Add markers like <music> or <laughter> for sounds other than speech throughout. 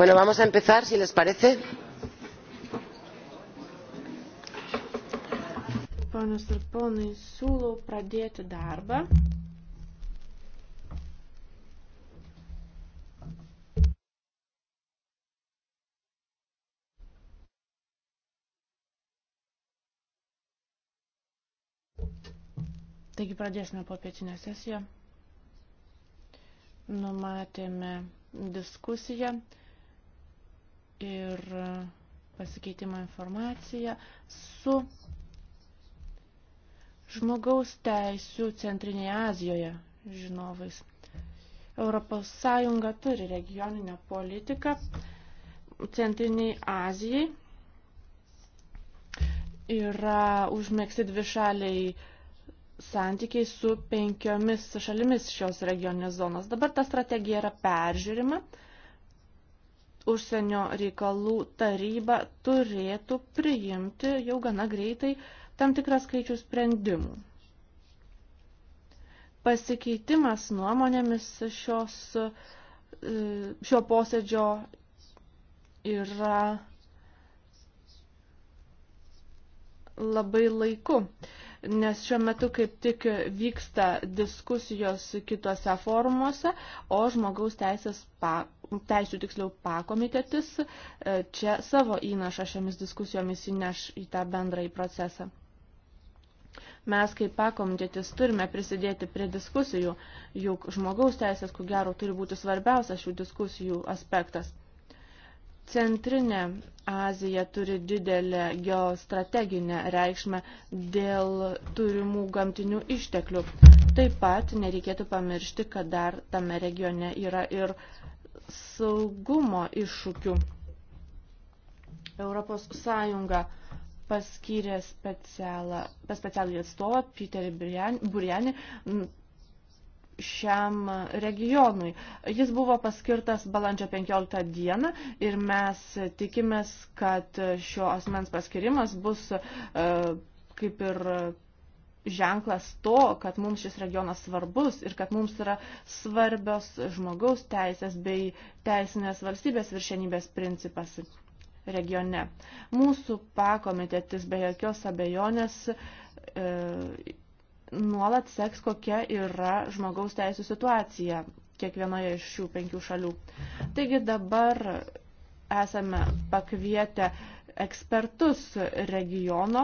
Bueno, vamos a empezar, si les parece. Ponas ir ponai, siūlau pradėti darbą. Taigi pradėsime po pietinę sesiją. Numatėme diskusiją ir pasikeitimą informaciją su žmogaus teisų Centrinėje Azijoje žinovais. Europos Sąjunga turi regioninę politiką Centriniai Azijai. Yra užmėgsti dvišaliai santykiai su penkiomis šalimis šios regioninės zonos. Dabar ta strategija yra peržiūrima užsienio reikalų taryba turėtų priimti jau gana greitai tam tikrą skaičių sprendimų. Pasikeitimas nuomonėmis šios, e, šio posėdžio yra labai laiku nes šiuo metu kaip tik vyksta diskusijos kitose forumuose, o žmogaus teisės pa, teisų tiksliau pakomitetis e, čia savo įnašą šiomis diskusijomis įneš į tą bendrąjį procesą. Mes kaip pakomitetis turime prisidėti prie diskusijų, juk žmogaus teisės, ku gero, turi būti svarbiausias šių diskusijų aspektas. Centrinė Azija turi didelę geostrateginę reikšmę dėl turimų gamtinių išteklių. Taip pat nereikėtų pamiršti, kad dar tame regione yra ir saugumo iššūkių. Europos Sąjunga paskyrė specialą, specialį atstovą Peterį Burjanį šiam regionui. Jis buvo paskirtas balandžio 15 dieną ir mes tikimės, kad šio asmens paskirimas bus e, kaip ir ženklas to, kad mums šis regionas svarbus ir kad mums yra svarbios žmogaus teisės bei teisinės valstybės viršenybės principas regione. Mūsų pakomitetis be jokios abejonės e, nuolat seks, kokia yra žmogaus teisų situacija kiekvienoje iš šių penkių šalių. Taigi dabar esame pakvietę ekspertus regiono.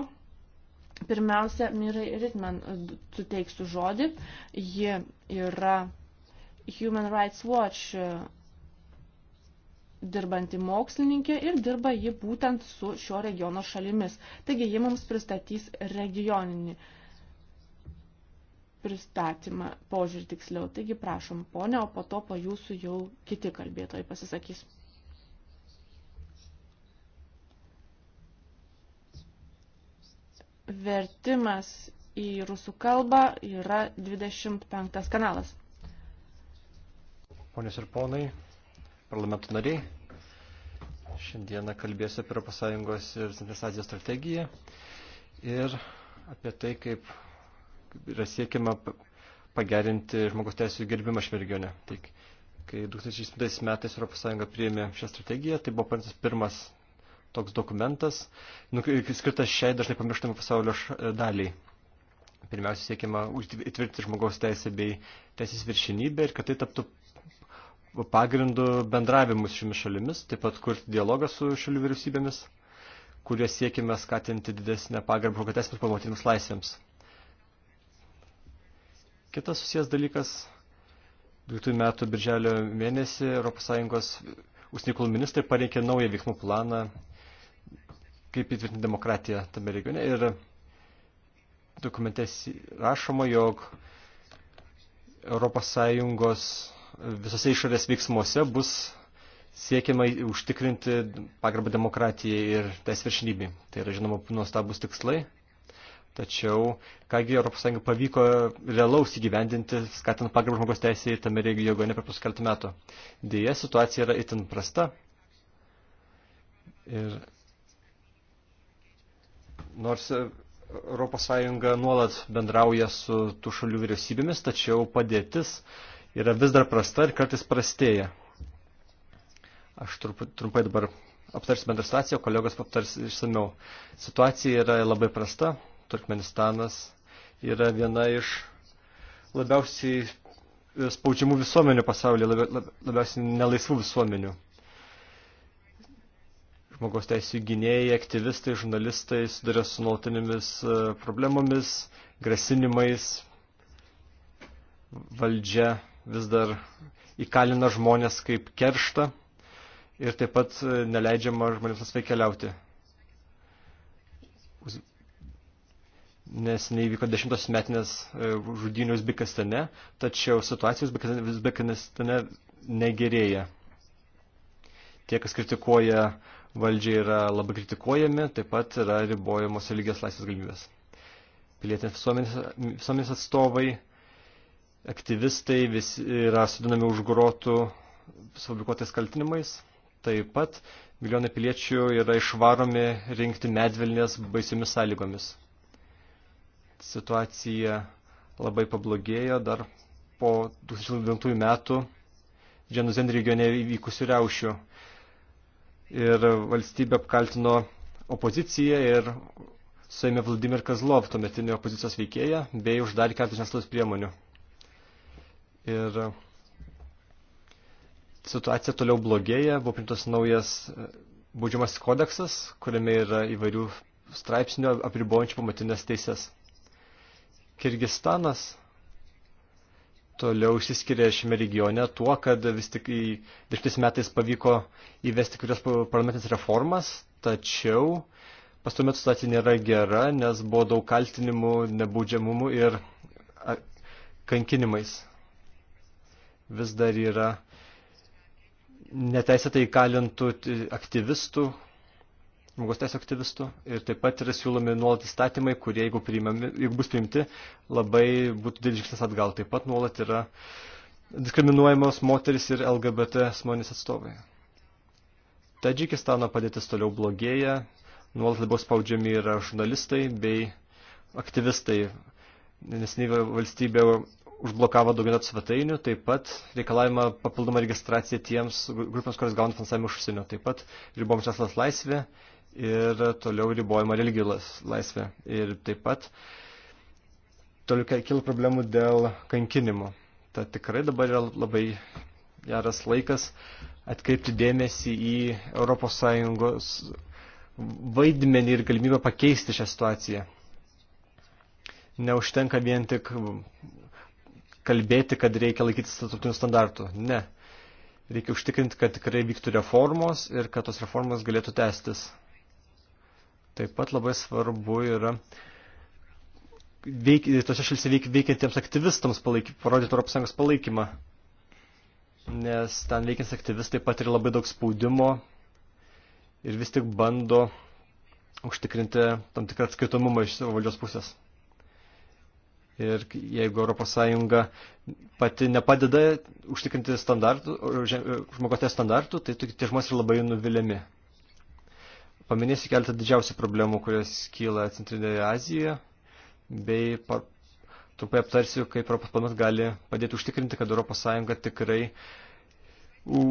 Pirmiausia, Mirai Ritman suteiksiu žodį. Ji yra Human Rights Watch dirbanti mokslininkė ir dirba ji būtent su šio regiono šalimis. Taigi ji mums pristatys regioninį uh, pristatymą, požiūrį tiksliau. Taigi prašom, ponia, o po to po jūsų jau kiti kalbėtojai pasisakys. Vertimas į rusų kalbą yra 25 kanalas. Ponios ir ponai, parlamentų nariai, šiandieną kalbėsiu apie Europos Sąjungos ir Centrinės Azijos strategiją ir apie tai, kaip yra siekiama pagerinti žmogaus teisų gerbimą šiame regione. Tai, kai 2007 metais ES priėmė šią strategiją, tai buvo parengtas pirmas toks dokumentas, nu, skirtas šiai dažnai pamirštami pasaulio e, daliai. Pirmiausia, siekiama įtvirtinti žmogaus teisę bei teisės viršinybę ir kad tai taptų pagrindu bendravimus šiomis šalimis, taip pat kurti dialogą su šalių vyriausybėmis, kurie siekime skatinti didesnę pagarbą žmogaus teisėms pamatinimus laisvėms. Kitas susijęs dalykas, 2000 metų birželio mėnesį ES užsienio ministrai pareikė naują veiksmų planą, kaip įtvirtinti demokratiją tame regione. Ir dokumente rašoma, jog ES visose išorės veiksmuose bus siekiama užtikrinti pagarbą demokratijai ir teisviršinybį. Tai yra, žinoma, nuostabus tikslai. Tačiau, kągi ES pavyko realaus įgyvendinti, skatinant pagarbą žmogaus teisėjai tame regione per puskeltų metų. Dėja, situacija yra itin prasta. Ir nors ES nuolat bendrauja su tų šalių vyriausybėmis, tačiau padėtis yra vis dar prasta ir kartais prastėja. Aš trumpai dabar aptarsiu bendrą situaciją, kolegos aptars išsamiau. Situacija yra labai prasta Turkmenistanas yra viena iš labiausiai e, spaudžiamų visuomenių pasaulyje, labiausiai nelaisvų visuomenių. Žmogaus teisų gynėjai, aktyvistai, žurnalistai sudarė su nuolatinėmis e, problemomis, grasinimais, valdžia vis dar įkalina žmonės kaip kerštą ir taip pat e, neleidžiama žmonėms laisvai keliauti. nes neįvyko dešimtos metinės e, žudynių Uzbekistane, tačiau situacija Uzbekistane negerėja. Tie, kas kritikuoja valdžią, yra labai kritikuojami, taip pat yra ribojamos lygios laisvės galimybės. Pilietinės visuomenės, visuomenės atstovai, aktyvistai visi yra sudinami už grotų sufabrikuotais kaltinimais. Taip pat milijonai piliečių yra išvaromi rinkti medvilnės baisiomis sąlygomis situacija labai pablogėjo dar po 2009 metų Dženuzen regione įvykusių riaušių. Ir valstybė apkaltino opoziciją ir suėmė Vladimir Kazlov, tuometinį opozicijos veikėją, bei uždarė keletą žiniasklaidos priemonių. Ir situacija toliau blogėja, buvo primtas naujas e, baudžiamas kodeksas, kuriame yra įvairių straipsnių apribojančių pamatinės teises. Kirgistanas toliau išsiskiria šiame regione tuo, kad vis tik į 10 metais pavyko įvesti kurios parlamentinės reformas, tačiau pastu metu situacija nėra gera, nes buvo daug kaltinimų, nebaudžiamumų ir kankinimais. Vis dar yra neteisėtai įkalintų aktyvistų, žmogaus teisų aktyvistų ir taip pat yra siūlomi nuolat įstatymai, kurie, jeigu, priimami, jeigu bus priimti, labai būtų didelis žingsnis atgal. Taip pat nuolat yra diskriminuojamos moteris ir LGBT žmonės atstovai. Tadžikistano padėtis toliau blogėja, nuolat labiau spaudžiami yra žurnalistai bei aktyvistai, nes valstybė užblokavo daugiau svetainių, taip pat reikalavimą papildomą registraciją tiems grupėms, kurios gauna finansavimą iš užsienio, taip pat ribom žiniasklaidos laisvė ir toliau ribojama religijos laisvė. Ir taip pat toliau kilo problemų dėl kankinimo. Tad tikrai dabar yra labai geras laikas atkreipti dėmesį į ES vaidmenį ir galimybę pakeisti šią situaciją. Neužtenka vien tik kalbėti, kad reikia laikytis statutinių standartų. Ne. Reikia užtikrinti, kad tikrai vyktų reformos ir kad tos reformos galėtų tęstis. Taip pat labai svarbu yra veik, tose šalyse veik, veikiantiems aktyvistams palaiky, parodyti Europos Sąjungos palaikymą. Nes ten veikiantys aktyvistai patiria labai daug spaudimo ir vis tik bando užtikrinti tam tikrą atskaitomumą iš savo valdžios pusės. Ir jeigu Europos Sąjunga pati nepadeda užtikrinti standartų, žmogatės standartų, tai tie žmonės yra labai nuviliami. Paminėsiu keletą didžiausių problemų, kurios kyla Centrinėje Azijoje, bei par... trumpai aptarsiu, kaip Europos planas gali padėti užtikrinti, kad ES tikrai u...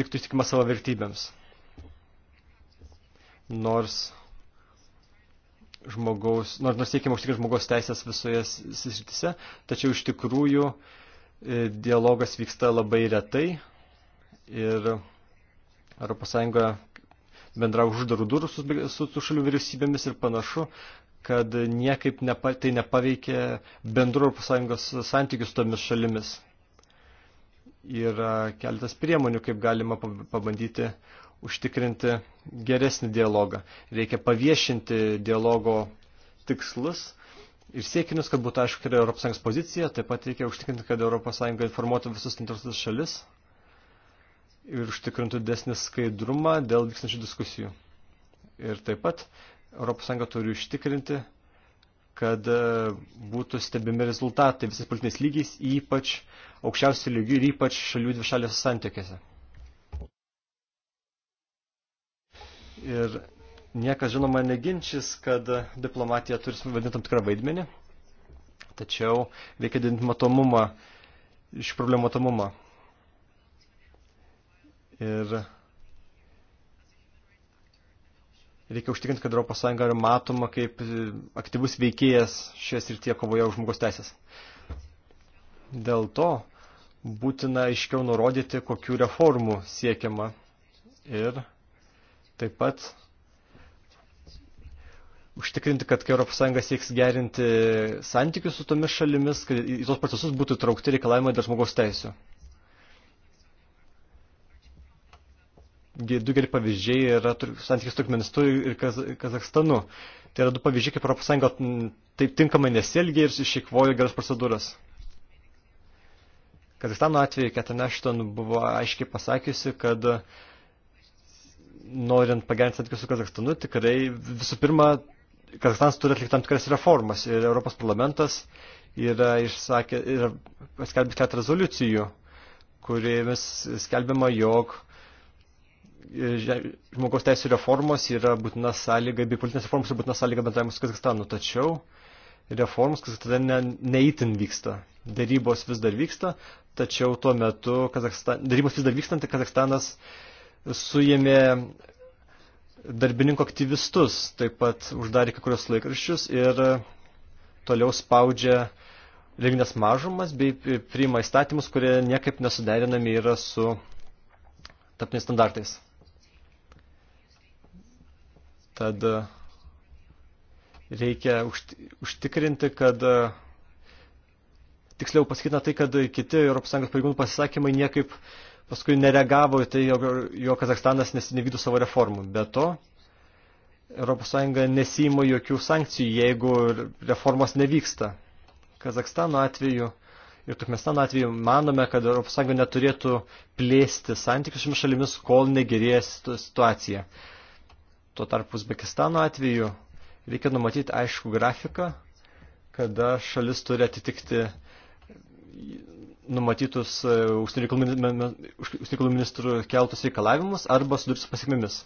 liktų įstikima savo vertybėms. Nors žmogaus, nors, nors siekiama užtikrinti žmogaus teisės visoje srityse, tačiau iš tikrųjų e, dialogas vyksta labai retai ir ES bendravo uždarų durų su, su tų šalių vyriausybėmis ir panašu, kad niekaip nepa, tai nepaveikė bendru ES santykius tomis šalimis. Yra keletas priemonių, kaip galima pabandyti užtikrinti geresnį dialogą. Reikia paviešinti dialogo tikslus ir siekinius, kad būtų aišku, kad ES pozicija, taip pat reikia užtikrinti, kad ES informuotų visus interesus šalis ir užtikrintų desnį skaidrumą dėl vykstančių diskusijų. Ir taip pat ES turi užtikrinti, kad e, būtų stebimi rezultatai visais politiniais lygiais, ypač aukščiausių lygių ir ypač šalių dvišalės santykiuose. Ir niekas žinoma neginčys, kad diplomatija turi vadinti tam tikrą vaidmenį, tačiau reikia didinti matomumą, iš problemų matomumą. Ir reikia užtikrinti, kad Europos Sąjunga yra matoma kaip aktyvus veikėjas šioje srityje kovoje už žmogus teisės. Dėl to būtina aiškiau nurodyti, kokių reformų siekiama ir taip pat užtikrinti, kad kai ES sieks gerinti santykius su tomis šalimis, kad į tos procesus būtų traukti reikalavimai dėl žmogaus teisų. du geri pavyzdžiai yra santykis Turkmenistu ir Kaz Kazakstanu. Tai yra du pavyzdžiai, kaip Europos Sąjunga taip tinkamai nesielgia ir išeikvojo geras procedūras. Kazakstano atveju Ketan Ashton buvo aiškiai pasakiusi, kad norint pagerinti santykius su Kazakstanu, tikrai visų pirma, Kazakstanas turi atlikti tam tikras reformas ir Europos parlamentas yra išsakę, yra paskelbęs keletą rezoliucijų, kuriomis skelbiama, jog žmogaus teisų reformos yra būtina sąlyga, bei politinės reformos yra būtina sąlyga bendravimus su Kazakstanu, tačiau reformos Kazakstane ne, neįtin vyksta. Darybos vis dar vyksta, tačiau tuo metu Kazakstan, darybos vis dar vykstant, tai Kazakstanas suėmė darbininkų aktyvistus, taip pat uždarė kai kurios laikraščius ir toliau spaudžia religinės mažumas bei priima įstatymus, kurie niekaip nesuderinami yra su tapniais standartais. Tad e, reikia užtikrinti, kad e, tiksliau pasakytina tai, kad kiti ES pareigūnų pasisakymai niekaip paskui nereagavo į tai, jog, jog Kazakstanas nesinevykdo savo reformų. Be to, ES nesima jokių sankcijų, jeigu reformos nevyksta. Kazakstano atveju ir Turkmenistano atveju manome, kad ES neturėtų plėsti santykius šiomis šalimis, kol negerėja situacija. Tuo tarpu Uzbekistano atveju reikia numatyti aišku grafiką, kada šalis turi atitikti numatytus e, užsienio reikalų ministrų keltus reikalavimus arba sudurti su pasiekmėmis.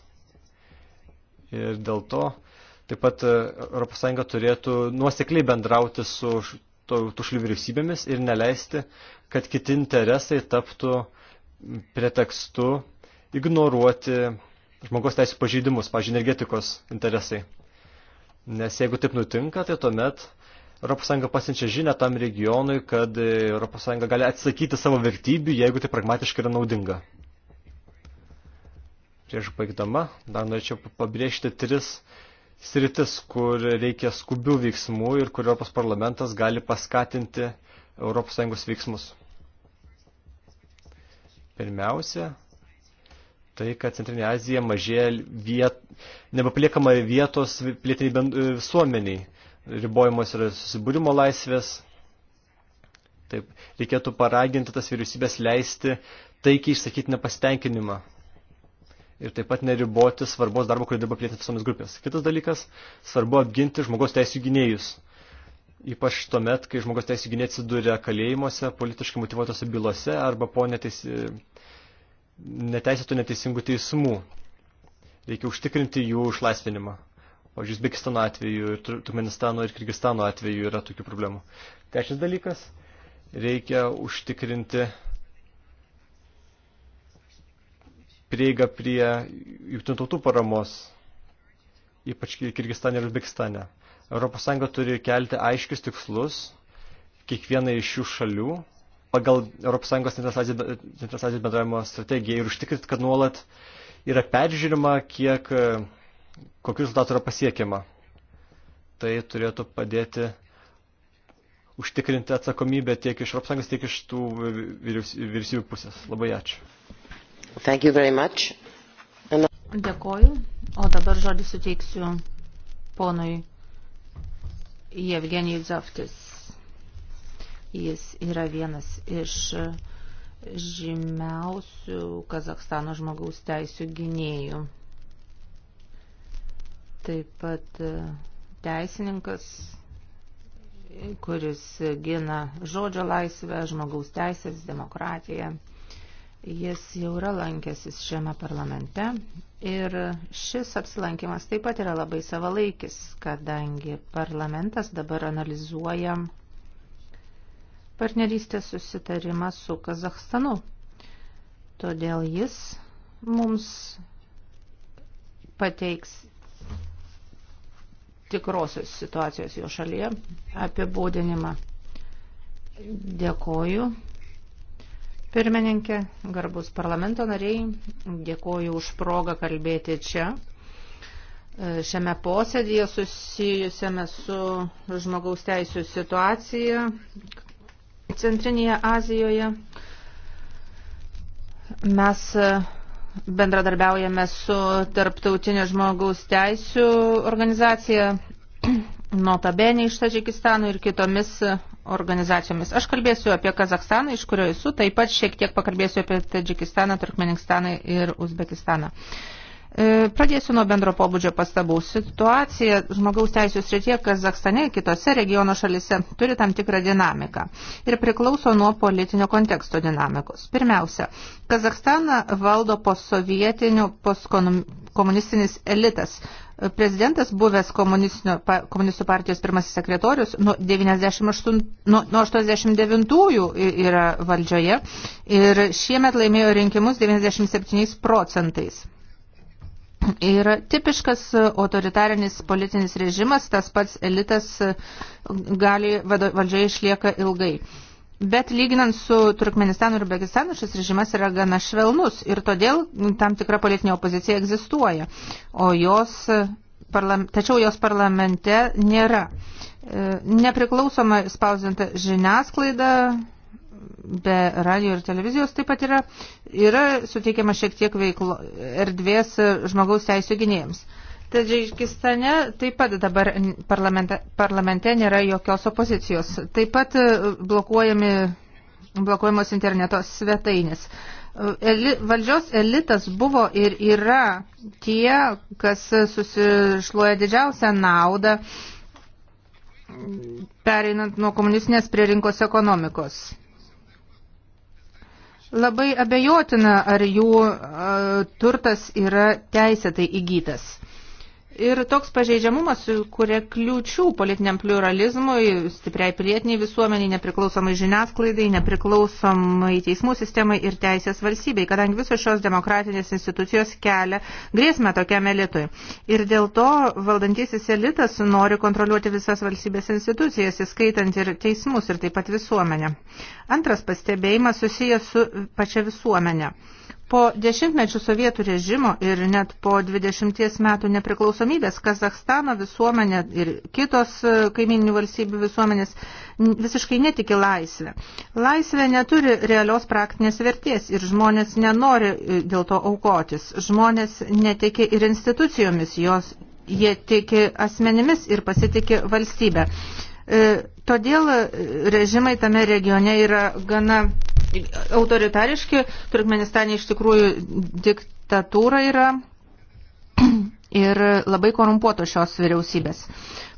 Ir dėl to taip pat ES turėtų nuosekliai bendrauti su tų šalių vyriausybėmis ir neleisti, kad kiti interesai taptų pretekstu ignoruoti žmogaus teisų pažeidimus, pažiūrėjau, energetikos interesai. Nes jeigu taip nutinka, tai tuomet ES pasiunčia žinę tam regionui, kad ES gali atsakyti savo vertybių, jeigu tai pragmatiškai yra naudinga. Prieš baigdama, dar norėčiau pabrėžti tris sritis, kur reikia skubių veiksmų ir kur Europos parlamentas gali paskatinti ES veiksmus. Pirmiausia, tai, kad Centrinė Azija mažėja viet, nebepaliekama vietos pilietiniai visuomeniai, ribojamos yra susibūrimo laisvės. Taip, reikėtų paraginti tas vyriausybės leisti taikiai išsakyti nepastenkinimą. Ir taip pat neriboti svarbos darbo, kurį dirba pilietinės visuomenės grupės. Kitas dalykas, svarbu apginti žmogaus teisų gynėjus. Ypač tuomet, kai žmogaus teisų gynėjai atsiduria kalėjimuose, politiškai motivuotose bylose arba po neteisės neteisėtų neteisingų teismų. Reikia užtikrinti jų išlaisvinimą. O Uzbekistano atveju, ir Turkmenistano ir Kirgistano atveju yra tokių problemų. Trečias dalykas - reikia užtikrinti prieigą prie jungtinių tautų paramos, ypač Kirgistane ir Uzbekistane. ES turi kelti aiškius tikslus kiekvienai iš šių šalių pagal ES Centras Azijos bendravimo strategiją ir užtikrinti, kad nuolat yra peržiūrima, kiek, e, kokių rezultatų yra pasiekiama. Tai turėtų padėti užtikrinti atsakomybę tiek iš ES, tiek iš tų vyriausybių pusės. Labai ačiū. Thank you very much. And... Dėkoju. O dabar žodį suteiksiu ponui Jevgenijui Zaftis. Jis yra vienas iš žymiausių Kazakstano žmogaus teisų gynėjų. Taip pat e, teisininkas, kuris gina žodžio laisvę, žmogaus teisės, demokratiją. Jis jau yra lankęsis šiame parlamente ir šis apsilankimas taip pat yra labai savalaikis, kadangi parlamentas dabar analizuojam partnerystės susitarimą su Kazahstanu. Todėl jis mums pateiks tikrosios situacijos jo šalyje apibūdinimą. Dėkoju. Pirmininkė, garbus parlamento nariai, dėkoju už progą kalbėti čia, šiame posėdėje susijusiame su žmogaus teisų situacija Centrinėje Azijoje mes e, bendradarbiaujame su tarptautinė žmogaus teisų organizacija Notabene iš Tadžikistano ir kitomis e, organizacijomis. Aš kalbėsiu apie Kazakstaną, iš kurio esu, taip pat šiek tiek pakalbėsiu apie Tadžikistaną, Turkmenistaną ir Uzbekistaną. Uh, E, pradėsiu nuo bendro pobūdžio pastabų. Situacija žmogaus teisų srityje Kazakstane ir kitose regiono šalise turi tam tikrą dinamiką ir priklauso nuo politinio konteksto dinamikos. Pirmiausia, Kazakstaną valdo posovietinių postkomunistinis elitas. Prezidentas buvęs komunistų partijos pirmasis sekretorius nuo 98, nuo, nuo 89-ųjų yra valdžioje ir šiemet laimėjo rinkimus 97 procentais. Ir tipiškas autoritarinis politinis režimas, tas pats elitas e, gali valdžioje išlieka ilgai. Bet lyginant su Turkmenistanu ir Uzbekistanu, šis režimas yra gana švelnus ir todėl tam tikra politinė opozicija egzistuoja, o jos, e, tačiau jos parlamente nėra. E, Nepriklausoma spausdinta žiniasklaida be radio ir televizijos taip pat yra, yra suteikiama šiek tiek veiklo, erdvės žmogaus teisų gynėjams. Tadžikistane taip pat dabar parlamente, parlamente nėra jokios opozicijos. Taip pat e, blokuojami, blokuojamos interneto svetainės. E, eli, valdžios elitas buvo ir yra tie, kas susišluoja didžiausią naudą pereinant nuo komunistinės prie rinkos ekonomikos. Labai abejotina, ar jų e, turtas yra teisėtai įgytas. Ir toks pažeidžiamumas, kuria kliūčių politiniam pluralizmui, stipriai pilietiniai visuomeniai, nepriklausomai žiniasklaidai, nepriklausomai teismų sistemai ir teisės valstybei, kadangi visos šios demokratinės institucijos kelia grėsmę tokiam elitui. Ir dėl to valdantysis elitas nori kontroliuoti visas valstybės institucijas, įskaitant ir teismus ir taip pat visuomenę. Antras pastebėjimas susijęs su pačia visuomenė. Po dešimtmečių sovietų režimo ir net po 20 metų nepriklausomybės Kazakstano visuomenė ir kitos e, kaiminių valstybių visuomenės visiškai netiki laisvę. Laisvė neturi realios praktinės vertės ir žmonės nenori e, dėl to aukotis. Žmonės netiki ir institucijomis, jos, jie tiki asmenimis ir pasitiki valstybę. E, todėl režimai tame regione yra gana autoritariški. Turkmenistane iš tikrųjų diktatūra yra <clears throat> ir labai korumpuoto šios vyriausybės.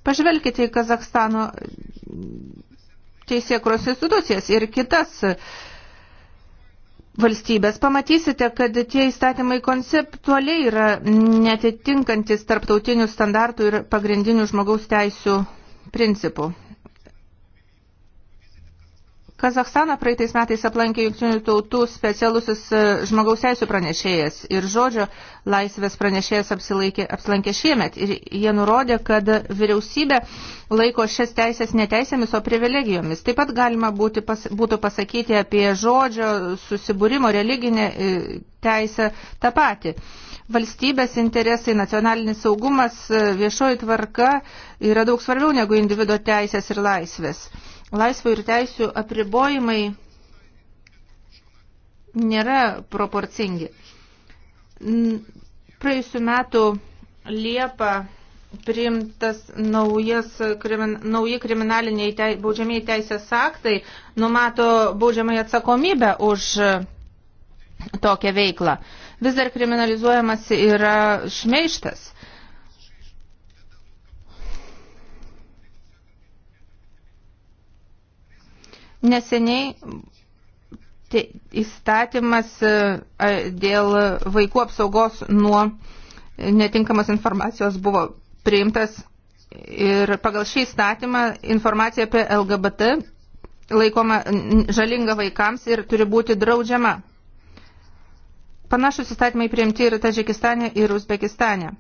Pažvelkite į Kazakstano teisėkros institucijas ir kitas valstybės, pamatysite, kad tie įstatymai konceptualiai yra netitinkantis tarptautinių standartų ir pagrindinių žmogaus teisių principų. Kazakstaną praeitais metais aplankė jungtinių tautų specialusis e, žmogaus teisų pranešėjas ir žodžio laisvės pranešėjas apsilaikė, apsilankė šiemet. Ir jie nurodė, kad vyriausybė laiko šias teisės neteisėmis, o privilegijomis. Taip pat galima būti, pas, būtų pasakyti apie žodžio susibūrimo religinę e, teisę tą patį valstybės interesai, nacionalinis saugumas, e, viešoji tvarka yra daug svarbiau negu individuo teisės ir laisvės laisvių ir teisių apribojimai nėra proporcingi. Praėjusiu metu Liepa priimtas naujas, krimin, nauji kriminaliniai tei, baudžiamiai teisės aktai numato baudžiamai atsakomybę už tokią veiklą. Vis dar kriminalizuojamas yra šmeištas. Neseniai įstatymas e, dėl vaikų apsaugos nuo netinkamos informacijos buvo priimtas ir pagal šį įstatymą informacija apie LGBT laikoma žalinga vaikams ir turi būti draudžiama. Panašus įstatymai priimti ir Tadžikistane, ir Uzbekistane.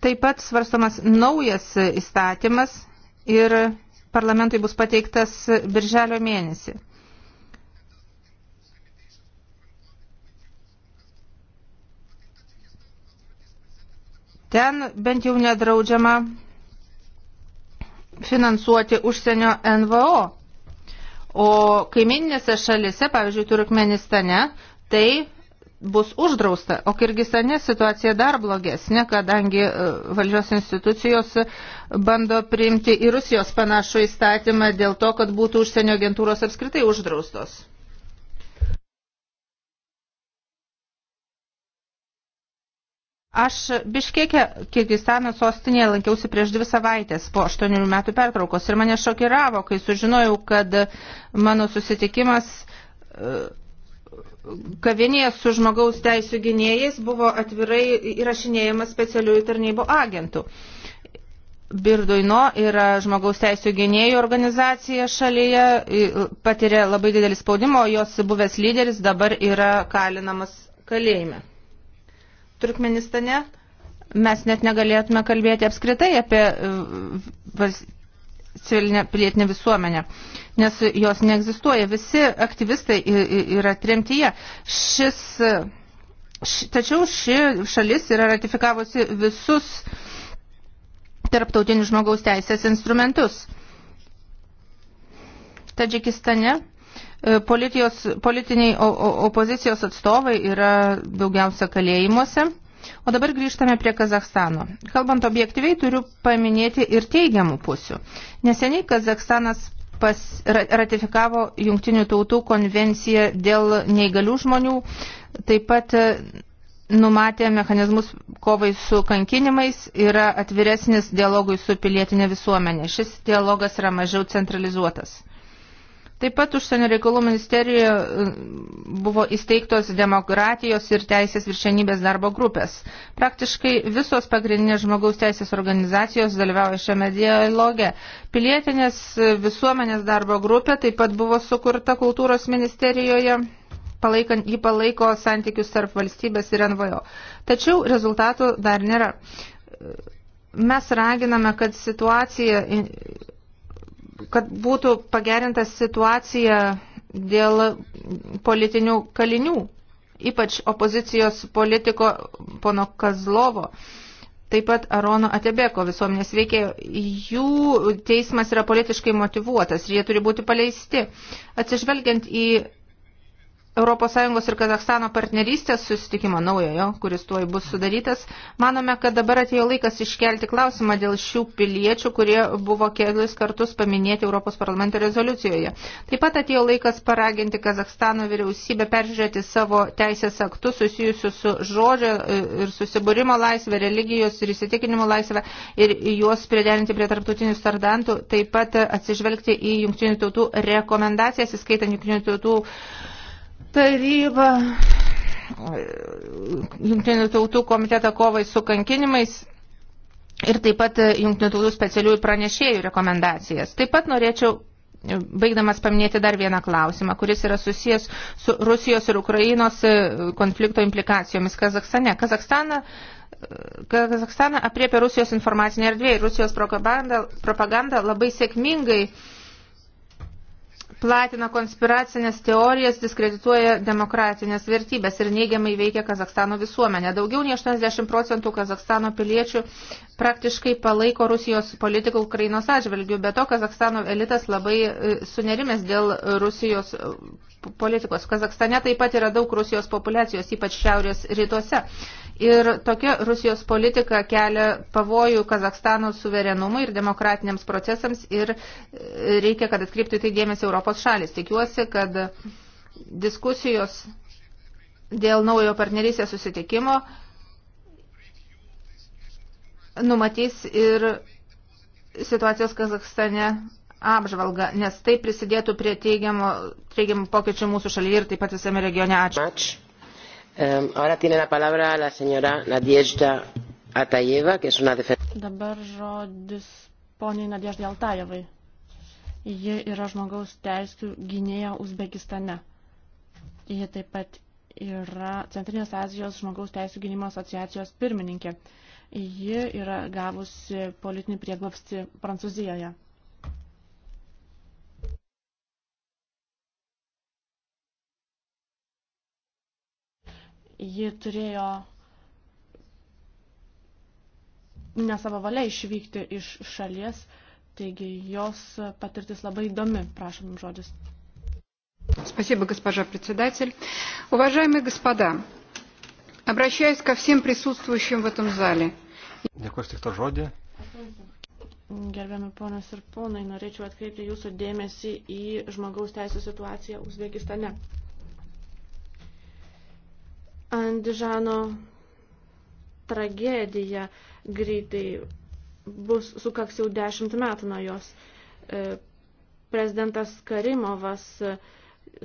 Taip pat svarstomas naujas įstatymas ir parlamentui bus pateiktas birželio mėnesį. Ten bent jau nedraudžiama finansuoti užsienio NVO. O kaimininėse šalise, pavyzdžiui, Turkmenistane, tai bus uždrausta, o Kirgistane situacija dar blogesnė, kadangi e, valdžios institucijos e, bando priimti į Rusijos panašų įstatymą dėl to, kad būtų užsienio agentūros apskritai uždraustos. Aš Biškėke, Kirgistano sostinėje, lankiausi prieš dvi savaitės po 8 metų pertraukos ir mane šokiravo, kai sužinojau, kad mano susitikimas e, kavinėje su žmogaus teisų gynėjais buvo atvirai įrašinėjamas specialiųjų tarnybų agentų. Birduino yra žmogaus teisų gynėjų organizacija šalyje, patiria labai didelį spaudimą, o jos buvęs lyderis dabar yra kalinamas kalėjime. Turkmenistane mes net negalėtume kalbėti apskritai apie e, civilinę pilietinę visuomenę. Uh, nes jos neegzistuoja. Visi aktyvistai yra tremtyje. Šis, š, tačiau ši šalis yra ratifikavusi visus tarptautinių žmogaus teisės instrumentus. Tadžikistane e, politijos, politiniai opozicijos atstovai yra daugiausia kalėjimuose. O dabar grįžtame prie Kazakstano. Kalbant objektyviai, turiu paminėti ir teigiamų pusių. Neseniai Kazakstanas pas, ratifikavo Jungtinių tautų konvenciją dėl neįgalių žmonių, taip pat e, numatė mechanizmus kovai su kankinimais, yra atviresnis dialogui su pilietinė visuomenė. Šis dialogas yra mažiau centralizuotas. Taip pat užsienio reikalų ministerijoje e, buvo įsteigtos demokratijos ir teisės viršenybės darbo grupės. Praktiškai visos pagrindinės žmogaus teisės organizacijos dalyvauja šiame dialoge. Pilietinės e, visuomenės darbo grupė taip pat buvo sukurta kultūros ministerijoje. Palaikant, jį palaiko santykius tarp valstybės ir NVO. Tačiau rezultatų dar nėra. E, mes raginame, kad situacija kad būtų pagerinta situacija dėl politinių kalinių, ypač opozicijos politiko pono Kazlovo, taip pat Arono Atebeko visuomenės veikėjo. Jų teismas yra politiškai motivuotas ir jie turi būti paleisti. Atsižvelgiant į ES ir Kazakstano partnerystės susitikimo naujojo, kuris tuoj bus sudarytas, manome, kad dabar atėjo laikas iškelti klausimą dėl šių piliečių, kurie buvo kelis kartus paminėti Europos parlamento rezoliucijoje. Taip pat atėjo laikas paraginti Kazakstano vyriausybę peržiūrėti savo teisės aktus susijusius su žodžio e, ir susibūrimo laisvė, religijos ir įsitikinimo laisvė ir juos priderinti prie tarptautinių stardantų, taip pat atsižvelgti į jungtinių tautų rekomendacijas, įskaitant jungtinių tautų Taryba Junktinių tautų komiteto kovai su kankinimais ir taip pat Junktinių tautų specialiųjų pranešėjų rekomendacijas. Taip pat norėčiau, baigdamas paminėti dar vieną klausimą, kuris yra susijęs su Rusijos ir Ukrainos e, konflikto implikacijomis Kazakstane. Kazakstana e, Kazakstaną apriepia Rusijos informacinė erdvė ir Rusijos propaganda, propaganda labai sėkmingai uh, platina konspiracinės teorijas, diskredituoja demokratinės vertybės ir neigiamai veikia Kazakstano visuomenę. Daugiau nei 80 procentų Kazakstano piliečių praktiškai palaiko Rusijos politiką Ukrainos atžvilgių. Be to, Kazakstano elitas labai e, sunerimės dėl Rusijos e, politikos. Kazakstane taip pat yra daug Rusijos populacijos, ypač šiaurės rytuose. Ir tokia Rusijos politika kelia pavojų Kazakstano suverenumui ir demokratiniams procesams ir e, reikia, kad atkreiptų tai dėmesį Europos šalis. Tikiuosi, kad diskusijos dėl naujo partnerysės susitikimo numatys ir situacijos Kazakstane apžvalgą, nes tai prisidėtų prie teigiamų, teigiamų pokyčių mūsų šalyje ir taip pat visame regione. Ačiū. Ačiū. Um, ahora tiene la palabra la señora Nadiežda Atajeva, que es una defensora. Dabar žodis poniai Nadieždai Altajevai. Ji yra žmogaus teisų gynėja Uzbekistane. Ji taip pat yra Centrinės Azijos žmogaus teisų gynimo asociacijos pirmininkė. Ji yra gavusi politinį prieglapstį Prancūzijoje. ji turėjo ne savo valia išvykti iš šalies, taigi jos patirtis labai įdomi, prašom žodis. Спасибо, госпожа председатель. Уважаемые господа, обращаюсь ко всем присутствующим в этом зале. Dėkui, tik to žodį. Gerbiami ponas ir ponai, norėčiau atkreipti jūsų dėmesį į žmogaus teisų situaciją Uzbekistane. Andižano tragedija greitai bus sukaks jau dešimt metų nuo jos. E, prezidentas Karimovas e,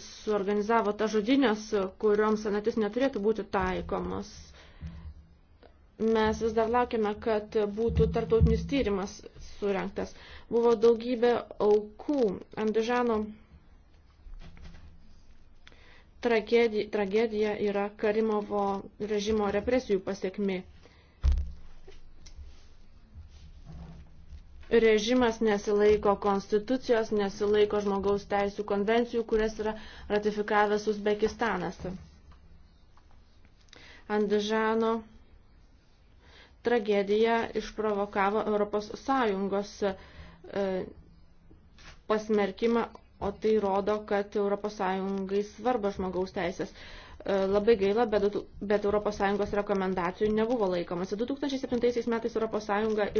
suorganizavo tą žudinės, kurioms senatis neturėtų būti taikomos. Mes vis dar laukiame, kad būtų tartautinis tyrimas surinktas. Buvo daugybė aukų. Andižano tragedija, tragedija yra Karimovo režimo represijų pasiekmi. Režimas nesilaiko konstitucijos, nesilaiko žmogaus teisų konvencijų, kurias yra ratifikavęs Uzbekistanas. Andižano tragedija išprovokavo Europos Sąjungos e, pasmerkimą o tai rodo, kad ES svarba žmogaus teisės. E, labai gaila, bet, bet ES rekomendacijų nebuvo laikomasi. 2007 metais ES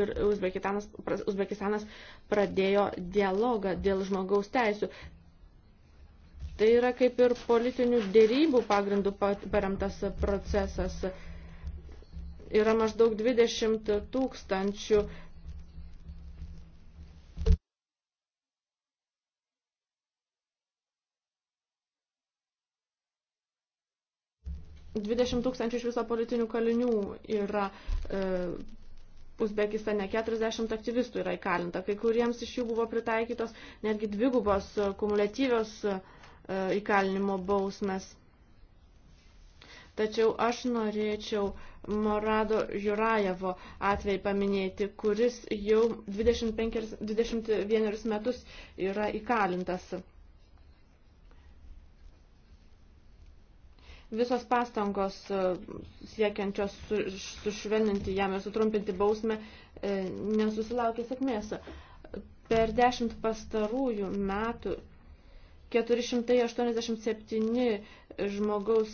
ir Uzbekistanas, Uzbekistanas pradėjo dialogą dėl žmogaus teisų. Tai yra kaip ir politinių dėrybų pagrindų paremtas procesas. Yra maždaug 20 tūkstančių 000 20 tūkstančių iš viso politinių kalinių yra e, Uzbekistane, 40 aktyvistų yra įkalinta, kai kuriems iš jų buvo pritaikytos netgi dvigubos kumuliatyvios e, įkalinimo bausmės. Tačiau aš norėčiau Morado Jurajevo atvejį paminėti, kuris jau 25, 21 metus yra įkalintas. Visos pastangos e, siekiančios sušvelninti jam ir sutrumpinti bausmę e, nesusilaukė sėkmės. Per dešimt pastarųjų metų 487 žmogaus,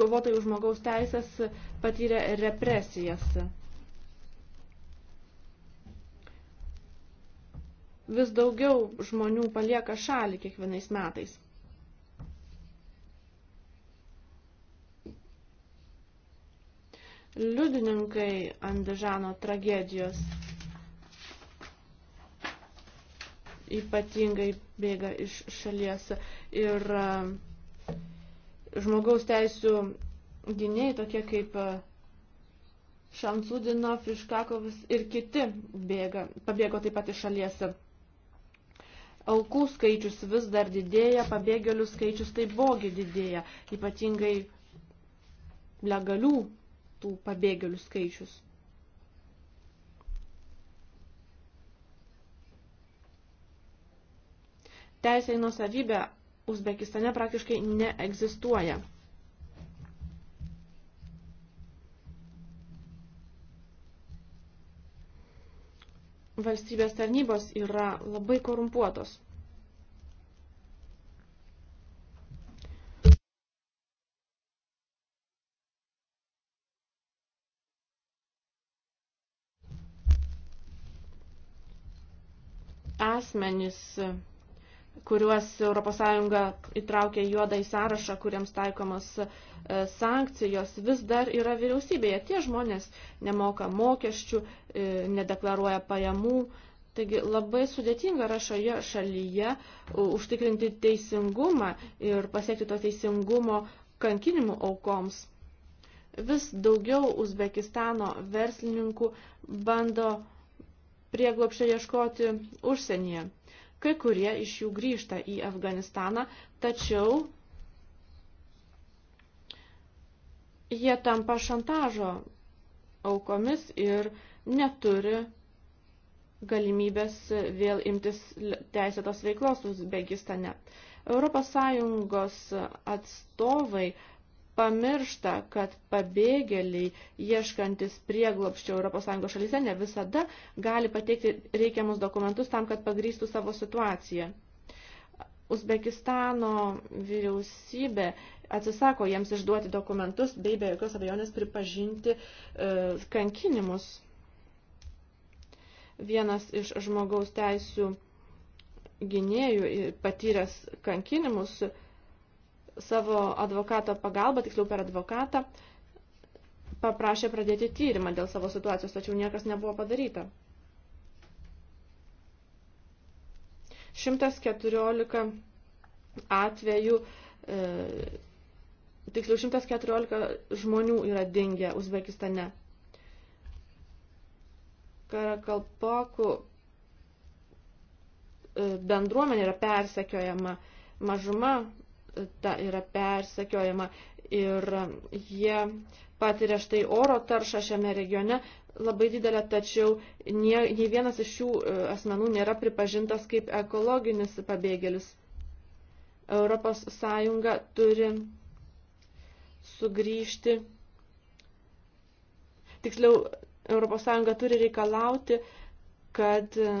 kovotojų žmogaus teisės patyrė represijas. Vis daugiau žmonių palieka šalį kiekvienais metais. liudininkai Andižano tragedijos ypatingai bėga iš šalies ir e, žmogaus teisų gynėjai tokie kaip e, Šamsudinov, Iškakovas ir kiti bėga, pabėgo taip pat iš šalies. Aukų skaičius vis dar didėja, pabėgėlių skaičius taipogi didėja, ypatingai legalių tų pabėgėlių skaičius. Teisė į nusavybę Uzbekistane praktiškai neegzistuoja. Valstybės tarnybos yra labai korumpuotos. asmenys, kuriuos ES įtraukė juodą į sąrašą, kuriems taikomas e, sankcijos, vis dar yra vyriausybėje. Tie žmonės nemoka mokesčių, e, nedeklaruoja pajamų. Taigi labai sudėtinga yra šioje šalyje užtikrinti teisingumą ir pasiekti to teisingumo kankinimų aukoms. Vis daugiau Uzbekistano verslininkų bando uh, prieglopščio ieškoti užsienyje. Kai kurie iš jų grįžta į Afganistaną, tačiau jie tampa šantažo aukomis ir neturi galimybės vėl imtis teisėtos veiklos Uzbekistane. ES atstovai pamiršta, kad pabėgėliai ieškantis prieglopščio ES šalyse ne visada gali pateikti reikiamus dokumentus tam, kad pagrįstų savo situaciją. Uzbekistano vyriausybė atsisako jiems išduoti dokumentus bei be jokios abejonės pripažinti e, kankinimus. Vienas iš žmogaus teisių gynėjų patyręs kankinimus e, savo advokato pagalbą, tiksliau per advokatą, paprašė pradėti tyrimą dėl savo situacijos, tačiau niekas nebuvo padaryta. 114 atvejų, e, tiksliau 114 žmonių yra dingę Uzbekistane. Karakalpokų e, bendruomenė yra persekiojama mažuma ta yra persekiojama ir jie patiria štai oro taršą šiame regione labai didelė, tačiau nie, nie vienas iš šių e, asmenų nėra pripažintas kaip ekologinis pabėgėlis. Europos Sąjunga turi sugrįžti, tiksliau, Europos Sąjunga turi reikalauti, kad e,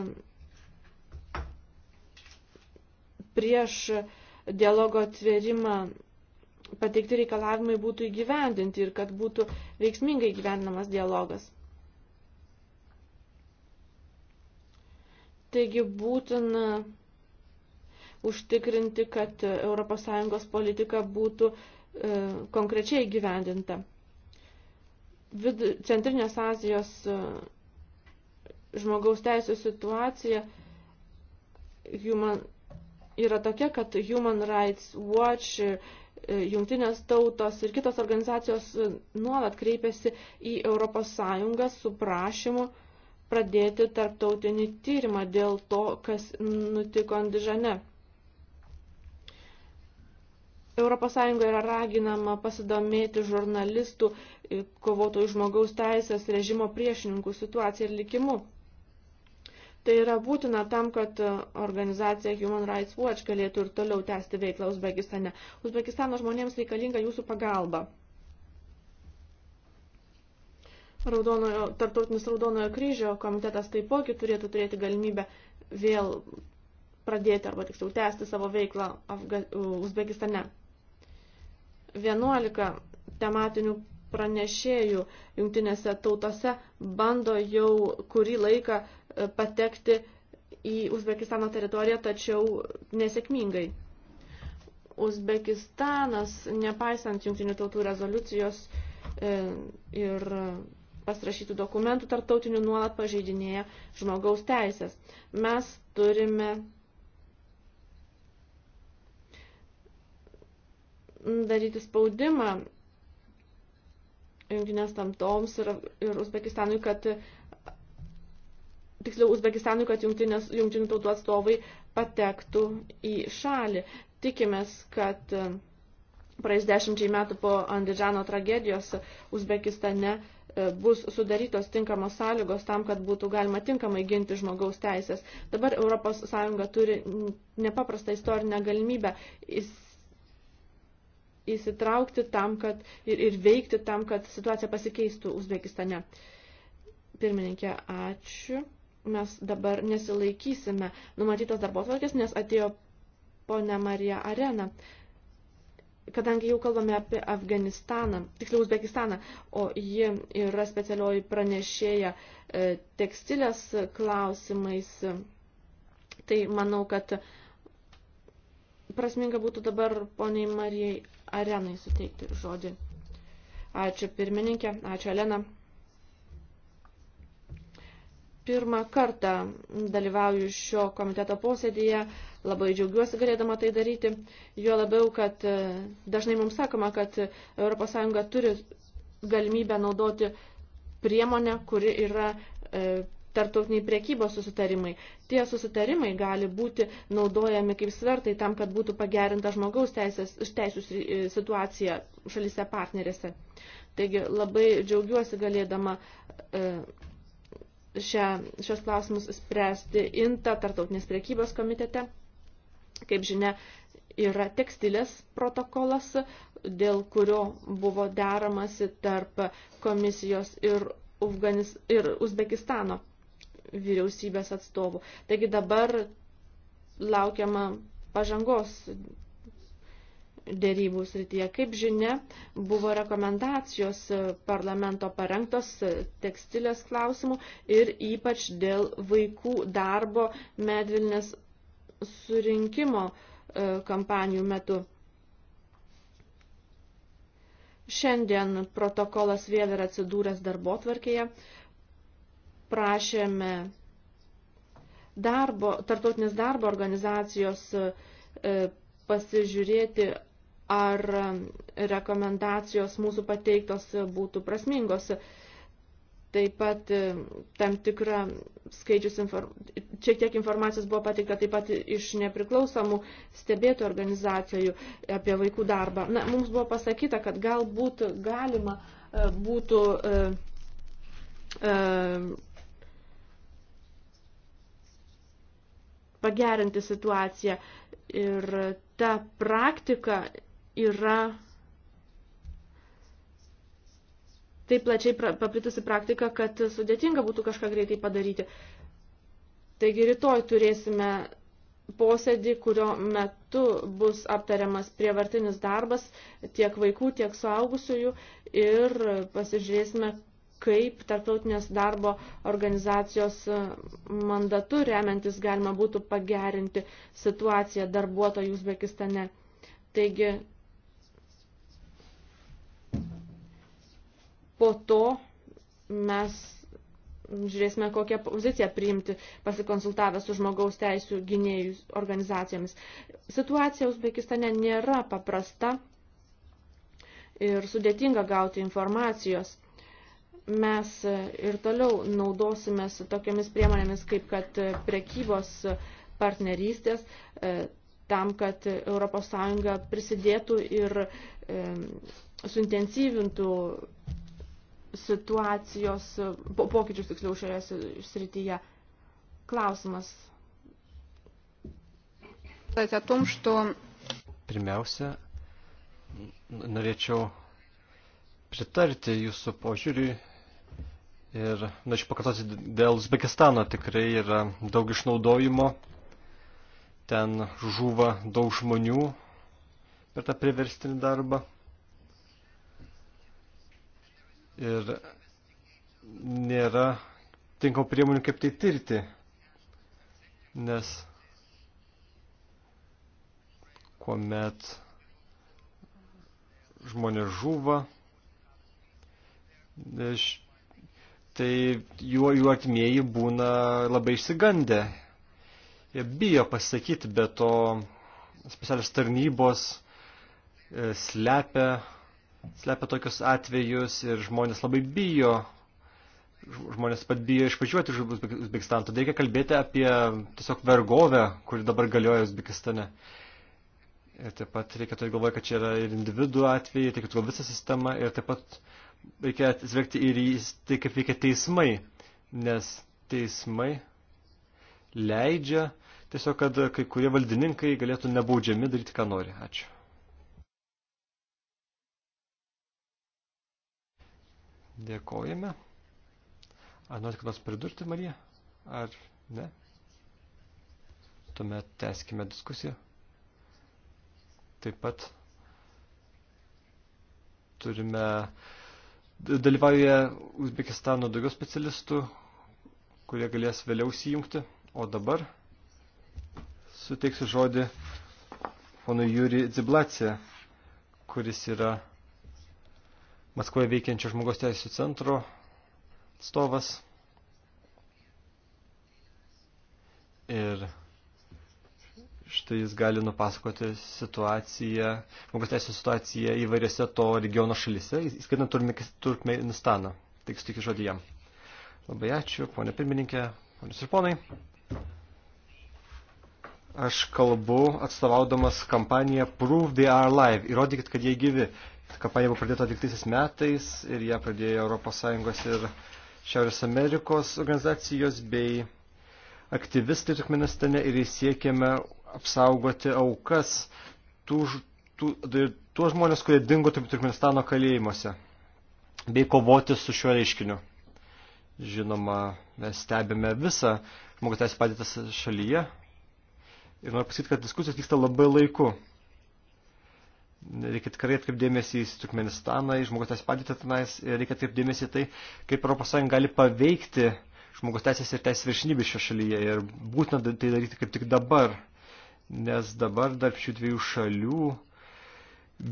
prieš uh, dialogo atvėrimą pateikti reikalavimai būtų įgyvendinti ir kad būtų veiksmingai gyvenamas dialogas. Taigi būtina užtikrinti, kad ES politika būtų e, konkrečiai gyvendinta. Vid Centrinės Azijos e, žmogaus teisų situacija Human yra tokia, kad Human Rights Watch, e, jungtinės tautos ir kitos organizacijos e, nuolat kreipiasi į ES su prašymu pradėti tarptautinį tyrimą dėl to, kas nutiko Andižane. ES yra raginama pasidomėti žurnalistų e, kovotojų žmogaus teisės režimo priešininkų situaciją ir likimu. Tai yra būtina tam, kad e, organizacija Human Rights Watch galėtų ir toliau tęsti veiklą Uzbekistane. Uzbekistano žmonėms reikalinga jūsų pagalba. Raudonojo, tarptautinis Raudonojo kryžio komitetas taipogi turėtų turėti galimybę vėl pradėti arba tiksliau tęsti savo veiklą Afga e, Uzbekistane. 11 tematinių pranešėjų jungtinėse tautose bando jau kurį laiką patekti į Uzbekistano teritoriją, tačiau nesėkmingai. Uzbekistanas, nepaisant jungtinių tautų rezoliucijos e, ir pasirašytų dokumentų tarptautinių nuolat pažeidinėja žmogaus teisės. Mes turime daryti spaudimą jungtinės tamtoms ir, ir Uzbekistanui, kad tiksliau Uzbekistanui, kad jungtinės, jungtinių tautų atstovai patektų į šalį. Tikimės, kad e, praeis dešimčiai metų po Andidžano tragedijos Uzbekistane e, bus sudarytos tinkamos sąlygos tam, kad būtų galima tinkamai ginti žmogaus teisės. Dabar ES turi nepaprastą istorinę galimybę įsitraukti tam, kad ir, ir veikti tam, kad situacija pasikeistų Uzbekistane. Pirmininkė, ačiū mes dabar nesilaikysime numatytos darbotvarkės, nes atėjo ponia Marija Arena. Kadangi jau kalbame apie Afganistaną, tiksliau Uzbekistaną, o ji yra specialioji pranešėja e, tekstilės klausimais, tai manau, kad prasminga būtų dabar poniai Marijai Arenai suteikti žodį. Ačiū pirmininkė, ačiū Elena pirmą kartą dalyvauju šio komiteto posėdėje, labai džiaugiuosi galėdama tai daryti, jo labiau, kad e, dažnai mums sakoma, kad ES turi galimybę naudoti priemonę, kuri yra e, tartautiniai priekybos susitarimai. Tie susitarimai gali būti naudojami kaip svertai tam, kad būtų pagerinta žmogaus teisės, teisų e, situacija šalise partnerėse. Taigi labai džiaugiuosi galėdama e, šią, šios klausimus spręsti INTA, tartautinės priekybos komitete. Kaip žinia, yra tekstilės protokolas, dėl kurio buvo deramasi tarp komisijos ir, Afganis, ir Uzbekistano vyriausybės atstovų. Taigi dabar laukiama pažangos dėrybų srityje. Kaip žinia, buvo rekomendacijos parlamento parengtos tekstilės klausimų ir ypač dėl vaikų darbo medvilnės surinkimo e, kampanijų metu. Šiandien protokolas vėl yra atsidūręs darbo tvarkėje. Prašėme darbo, tartautinės darbo organizacijos e, pasižiūrėti, ar um, rekomendacijos mūsų pateiktos būtų prasmingos. Taip pat um, tam tikra skaičius, šiek tiek informacijos buvo pateikta taip pat iš nepriklausomų stebėtų organizacijų apie vaikų darbą. Na, mums buvo pasakyta, kad galbūt galima uh, būtų e, e, pagerinti situaciją ir ta praktika yra taip plačiai paplitusi praktika, kad sudėtinga būtų kažką greitai padaryti. Taigi rytoj turėsime posėdį, kurio metu bus aptariamas prievartinis darbas tiek vaikų, tiek suaugusiųjų ir pasižiūrėsime, kaip tarptautinės darbo organizacijos mandatu remiantis galima būtų pagerinti situaciją darbuotojų Uzbekistane. Taigi po to mes žiūrėsime, kokią poziciją priimti pasikonsultavę su žmogaus teisų gynėjų organizacijomis. Situacija Uzbekistane nėra paprasta ir sudėtinga gauti informacijos. Mes ir toliau naudosime su tokiamis priemonėmis, kaip kad prekybos partnerystės, e, tam, kad ES prisidėtų ir e, suintensyvintų situacijos, po, pokyčius tiksliau šioje srityje. Klausimas. Tai, Pirmiausia, norėčiau pritarti jūsų požiūriui ir norėčiau pakartoti dėl Uzbekistano. Tikrai yra daug išnaudojimo, ten žuva daug žmonių per tą priverstinį darbą ir nėra tinkamų priemonių, kaip tai tirti. Nes kuomet žmonės žuva, tai jų, jų artimieji būna labai išsigandę. Jie bijo pasakyti, bet to specialios tarnybos e, slepia slepia tokius atvejus ir žmonės labai bijo, žmonės pat bijo išvažiuoti iš Uzbekistano. Tad reikia kalbėti apie tiesiog vergovę, kuri dabar galioja Uzbekistane. Ir taip pat reikia turėti galvoje, kad čia yra ir individų atvejai, tai kad visa sistema ir taip pat reikia atsvegti ir į tai, kaip veikia teismai, nes teismai leidžia tiesiog, kad kai kurie valdininkai galėtų nebaudžiami daryti, ką nori. Ačiū. Dėkojame. Ar norite ką nors pridurti, Marija? Ar ne? Tuomet teskime diskusiją. Taip pat turime dalyvauja Uzbekistano daugiau specialistų, kurie galės vėliau įsijungti. O dabar suteiksiu žodį ponui Jūri Dziblacija, kuris yra Maskvoje veikiančio žmogaus teisų centro atstovas. Ir štai jis gali nupasakoti situaciją, žmogaus teisų situaciją įvairiose to regiono šalise, įskaitant Turkmenistaną. Tik sutikiu žodį jam. Labai ačiū, ponė pirmininkė, ponės ir ponai. Aš kalbu atstovaudamas kampaniją Prove They Are Alive, įrodykit, kad jie gyvi. Kampanija buvo pradėta 12 metais ir ją pradėjo ES ir Šiaurės Amerikos organizacijos bei aktyvistai Turkmenistane ir siekėme apsaugoti aukas tų, tų, tai tuos žmonės, kurie dingo Turkmenistano kalėjimuose bei kovoti su šiuo reiškiniu. Žinoma, mes stebime visą žmogaus teisų padėtas šalyje ir noriu pasakyti, kad diskusijos vyksta labai laiku reikia tikrai atkreipdėmėsi į Turkmenistaną, į žmogus teisės padėtą tenais, ir reikia atkreipdėmėsi tai, kaip ES gali paveikti žmogus teisės ir teisės viršinybę šio šalyje. Ir būtina tai daryti kaip tik dabar, nes dabar tarp šių dviejų šalių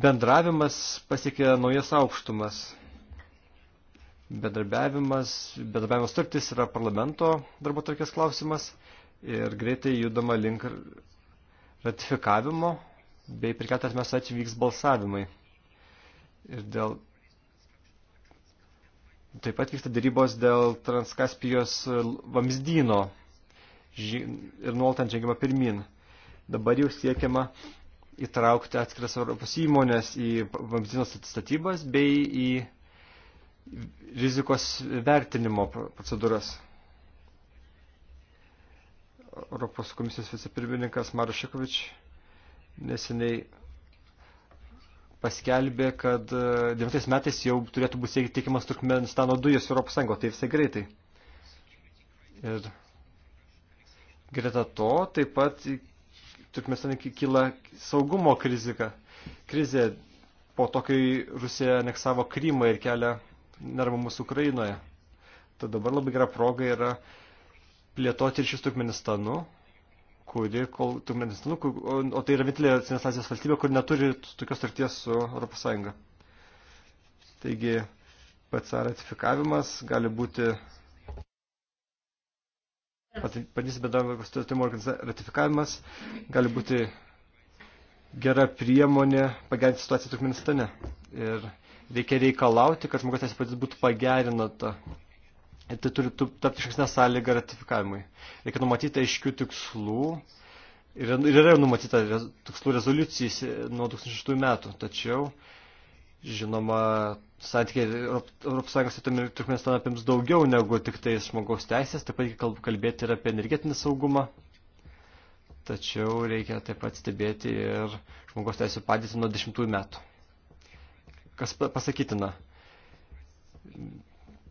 bendravimas pasiekė naujas aukštumas. Bendarbiavimas, bendarbiavimas turtis yra parlamento darbo tarkės klausimas ir greitai judama link ratifikavimo bei per keletą metų vyks balsavimai. Ir dėl... Taip pat vyksta dėrybos dėl Transkaspijos vamzdyno ži... ir nuoltant žengiama pirmin. Dabar jau siekiama įtraukti atskiras Europos įmonės į vamzdyno statybas bei į rizikos vertinimo procedūras. Europos komisijos vicepirmininkas Marošekovič neseniai paskelbė, kad 9 e, metais jau turėtų būti teikiamas Turkmenistano dujos Europos Sąjungo, tai visai greitai. Ir greta to taip pat Turkmenistane kyla saugumo krizika. krizė po to, kai Rusija aneksavo Krymą ir kelia nervumus Ukrainoje. Tad dabar labai gera proga yra plėtoti ir šis Turkmenistanu kuri, kol, nu, o, o tai yra vienintelė Centrinės Azijos valstybė, kur neturi tokios tarties su Europos Sąjunga. Taigi, pats ratifikavimas gali būti Padės bedavimo sutartimo ratifikavimas gali būti gera priemonė pagerinti situaciją Turkmenistane. Ir reikia reikalauti, kad žmogaus teisės padėtis būtų pagerinata ir tai turi tapti išankstinę sąlygą ratifikavimui. Reikia numatyti aiškių tikslų ir, ir yra numatyta tikslų rezoliucijas nuo 2006 metų, tačiau, žinoma, santykiai Europos Sąjungos ir Turkmenistano apims daugiau negu tik tai žmogaus teisės, taip pat kalbėti ir apie energetinį saugumą. Tačiau reikia taip pat stebėti ir žmogaus teisų padėtį nuo dešimtųjų metų. Kas pasakytina?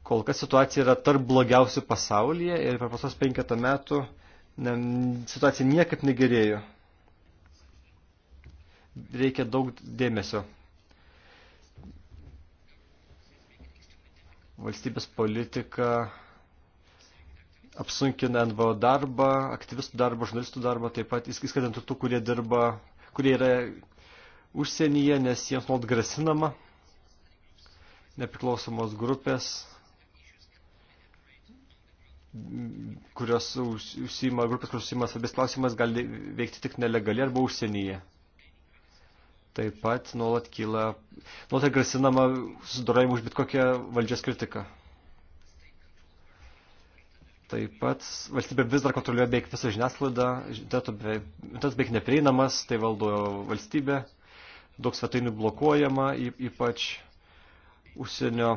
kol kas situacija yra tarp blogiausių pasaulyje ir per pasos penketą metų ne, situacija niekaip negerėjo. Reikia daug dėmesio. Valstybės politika apsunkina NVO darbą, aktyvistų darbą, žurnalistų darbą, taip pat įskaitant tų, kurie dirba, kurie yra užsienyje, nes jiems nuolat grasinama, nepriklausomos grupės kurios užsima, grupės, kurios užsima svarbės klausimas, gali veikti tik nelegaliai arba užsienyje. Taip pat nuolat kyla, nuolat grasinama susidorajimu už bet kokią valdžios kritiką. Taip pat valstybė vis dar kontroliuoja beveik visą žiniasklaidą, internetas beveik neprieinamas, tai valdo valstybė, daug svetainių blokuojama, ypač užsienio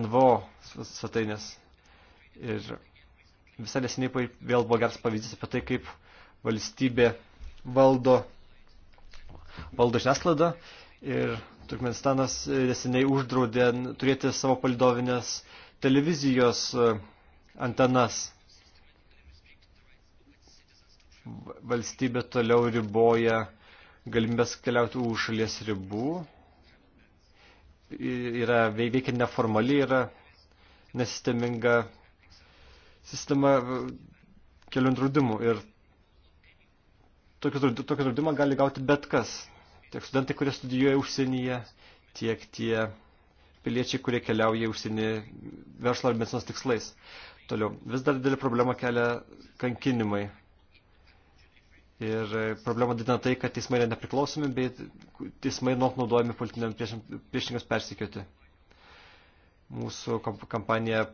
NVO svetainės. Ir visai neseniai vėl buvo geras pavyzdys apie tai, kaip valstybė valdo, valdo žiniasklaidą. Ir Turkmenistanas neseniai uždraudė turėti savo palidovinės televizijos e, antenas. Valstybė toliau riboja galimybės keliauti už šalies ribų. Yra veikia neformali, yra nesisteminga sistema e, kelių draudimų ir tokį draudimą gali gauti bet kas. Tiek studentai, kurie studijuoja užsienyje, tiek tie piliečiai, kurie keliauja užsienį verslo ar medicinos tikslais. Toliau, vis dar didelį problemą kelia kankinimai. Ir e, problema didina tai, kad teismai yra nepriklausomi, bei teismai nuot naudojami politiniam priešininkams persikioti. Mūsų kampanija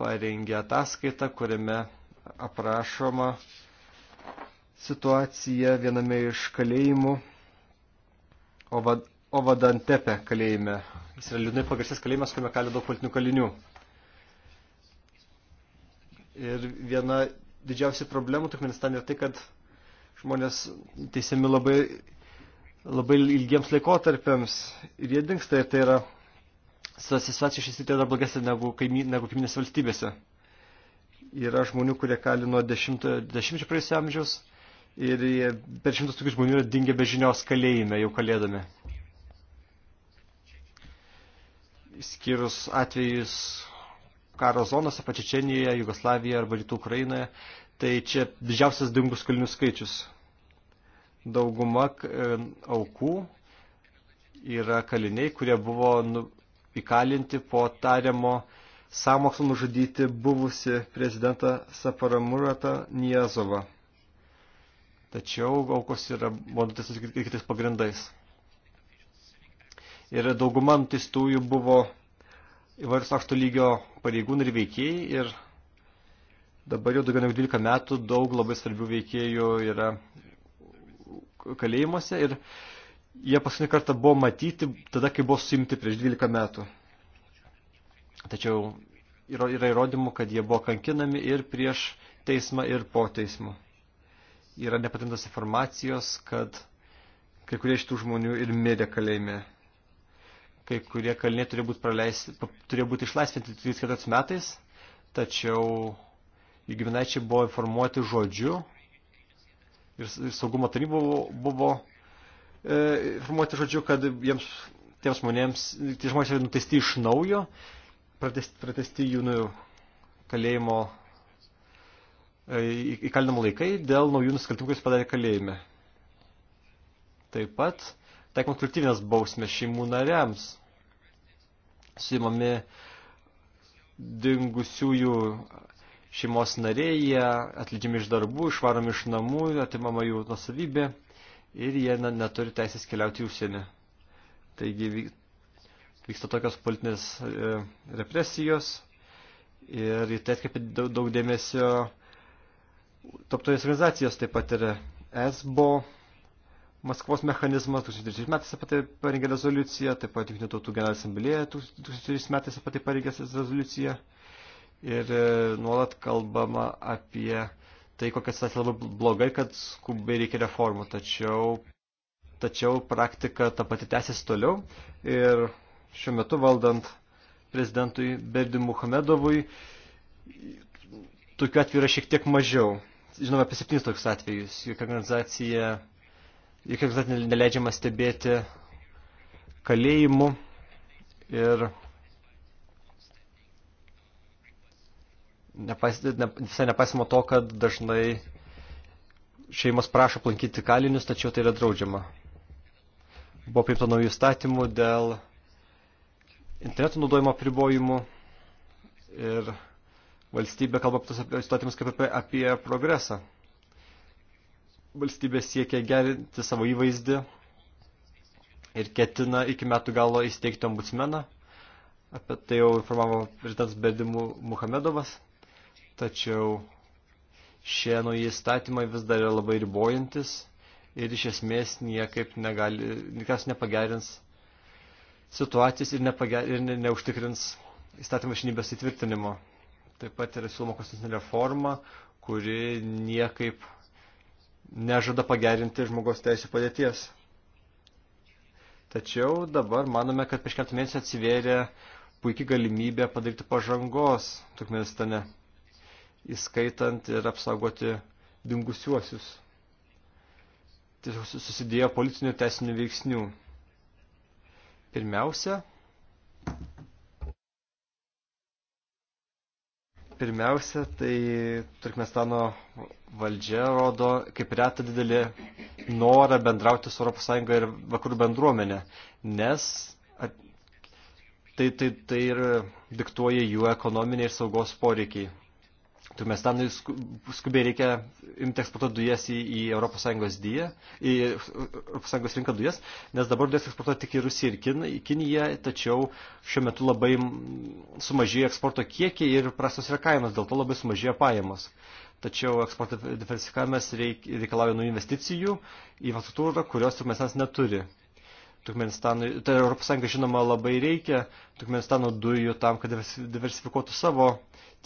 parengė ataskaitą, kuriame aprašoma situacija viename iš kalėjimų Ovad, Ovadantepe kalėjime. Jis yra liūdnai pagarsės kalėjimas, kuriame kali daug politinių kalinių. Ir viena didžiausių problemų Turkmenistane yra tai, kad žmonės teisiami labai, labai ilgiems laikotarpiams ir jie dinksta ir tai yra situacija iš esmės yra blogesnė negu, kaimy, negu kaiminės valstybėse. Yra žmonių, kurie kali nuo 10-10 praėjusio amžiaus ir jie, per šimtus tokių žmonių yra dingę be žinios kalėjime, jau kalėdami. Skyrus atvejus karo zonose, Pačečenijoje, Jugoslavijoje arba Rytų Ukrainoje, tai čia didžiausias dingus kalinių skaičius. Dauguma e, aukų yra kaliniai, kurie buvo nu, įkalinti po tariamo samokslo nužudyti buvusi prezidentą Saparamurata Niezovą. Tačiau aukos yra nuodytis ir kitais pagrindais. Ir dauguma nuteistųjų buvo įvairius aukšto lygio pareigūnai ir veikėjai ir dabar jau daugiau negu 12 metų daug labai svarbių veikėjų yra kalėjimuose ir jie paskutinį kartą buvo matyti tada, kai buvo suimti prieš 12 metų. Tačiau yra, yra įrodymų, kad jie buvo kankinami ir prieš teismą, ir po teismo. Yra nepatintas informacijos, kad kai kurie iš tų žmonių ir mirė kalėjime. Kai kurie kaliniai turėjo būti, praleisti, turėjo būti išlaisvinti 34 metais, tačiau jų giminaičiai buvo informuoti žodžiu ir saugumo taryba buvo, buvo E, informuoti žodžiu, kad jiems, tiems žmonėms, tie žmonės yra nuteisti iš naujo, pratesti, pratesti jų nu, kalėjimo e, įkalinimo laikai dėl naujų nusikaltimų, kuriuos padarė kalėjime. Taip pat taikomos kolektyvinės bausmės šeimų nariams. Suimami dingusiųjų šeimos nariai, jie atleidžiami iš darbų, išvaromi iš namų, atimama jų nusavybė ir jie neturi teisės keliauti į užsienį. Taigi vyksta tokios politinės e, represijos ir į tai atkaip daug, daug dėmesio taptojais organizacijos, taip pat ir ESBO, Maskvos mechanizmas, 2003 metais apie tai parengė rezoliuciją, taip pat Junktinių tautų generalinė asamblėja 2003 metais apie tai parengė rezoliuciją ir e, nuolat kalbama apie tai, kokia situacija labai blogai, kad skubiai reikia reformų, tačiau, tačiau praktika ta pati tęsis toliau ir šiuo metu valdant prezidentui Berdi Muhamedovui tokių atvejų yra šiek tiek mažiau. Žinome apie septynis tokius atvejus. Jokia organizacija, jokia organizacija neleidžiama stebėti kalėjimų ir nepas, ne, visai nepaisimo to, kad dažnai šeimos prašo aplankyti kalinius, tačiau tai yra draudžiama. Buvo priimta naujų statymų dėl interneto naudojimo pribojimų ir valstybė kalba apie tos įstatymus kaip apie, apie progresą. Valstybė siekia gerinti savo įvaizdį ir ketina iki metų galo įsteigti ombudsmeną. Apie tai jau informavo prezidentas Bedimų Muhamedovas tačiau šie nauji įstatymai vis dar yra labai ribojantis ir iš esmės niekaip negali, niekas nepagerins situacijas ir, nepager, ir ne, neužtikrins įstatymų išnybės įtvirtinimo. Taip pat yra siūloma konstitucinė reforma, kuri niekaip nežada pagerinti žmogaus teisų padėties. Tačiau dabar manome, kad prieš keletą mėnesių atsivėrė puikiai galimybė padaryti pažangos Turkmenistane įskaitant ir apsaugoti dingusiuosius. Tiesiog susidėjo politinių teisinių veiksnių. Pirmiausia, pirmiausia, tai Turkmenistano valdžia rodo kaip reta didelį norą bendrauti su ES ir vakarų bendruomenė, nes tai, tai, tai ir diktuoja jų ekonominiai ir saugos poreikiai. Turmestanui skubiai reikia imti eksportuoti dujas į, į ES, dyje, į ES rinką dujas, nes dabar dujas eksportuoja tik į Rusiją ir Kin, į Kiniją, tačiau šiuo metu labai sumažėjo eksporto kiekiai ir prastos yra kainos, dėl to labai sumažėjo pajamos. Tačiau eksporto diversifikavimas reikalauja nuo investicijų į infrastruktūrą, kurios Turmestanas neturi. Turkmenistanui, tai Europos Sąjunga žinoma labai reikia Turkmenistano dujų tam, kad diversifikuotų savo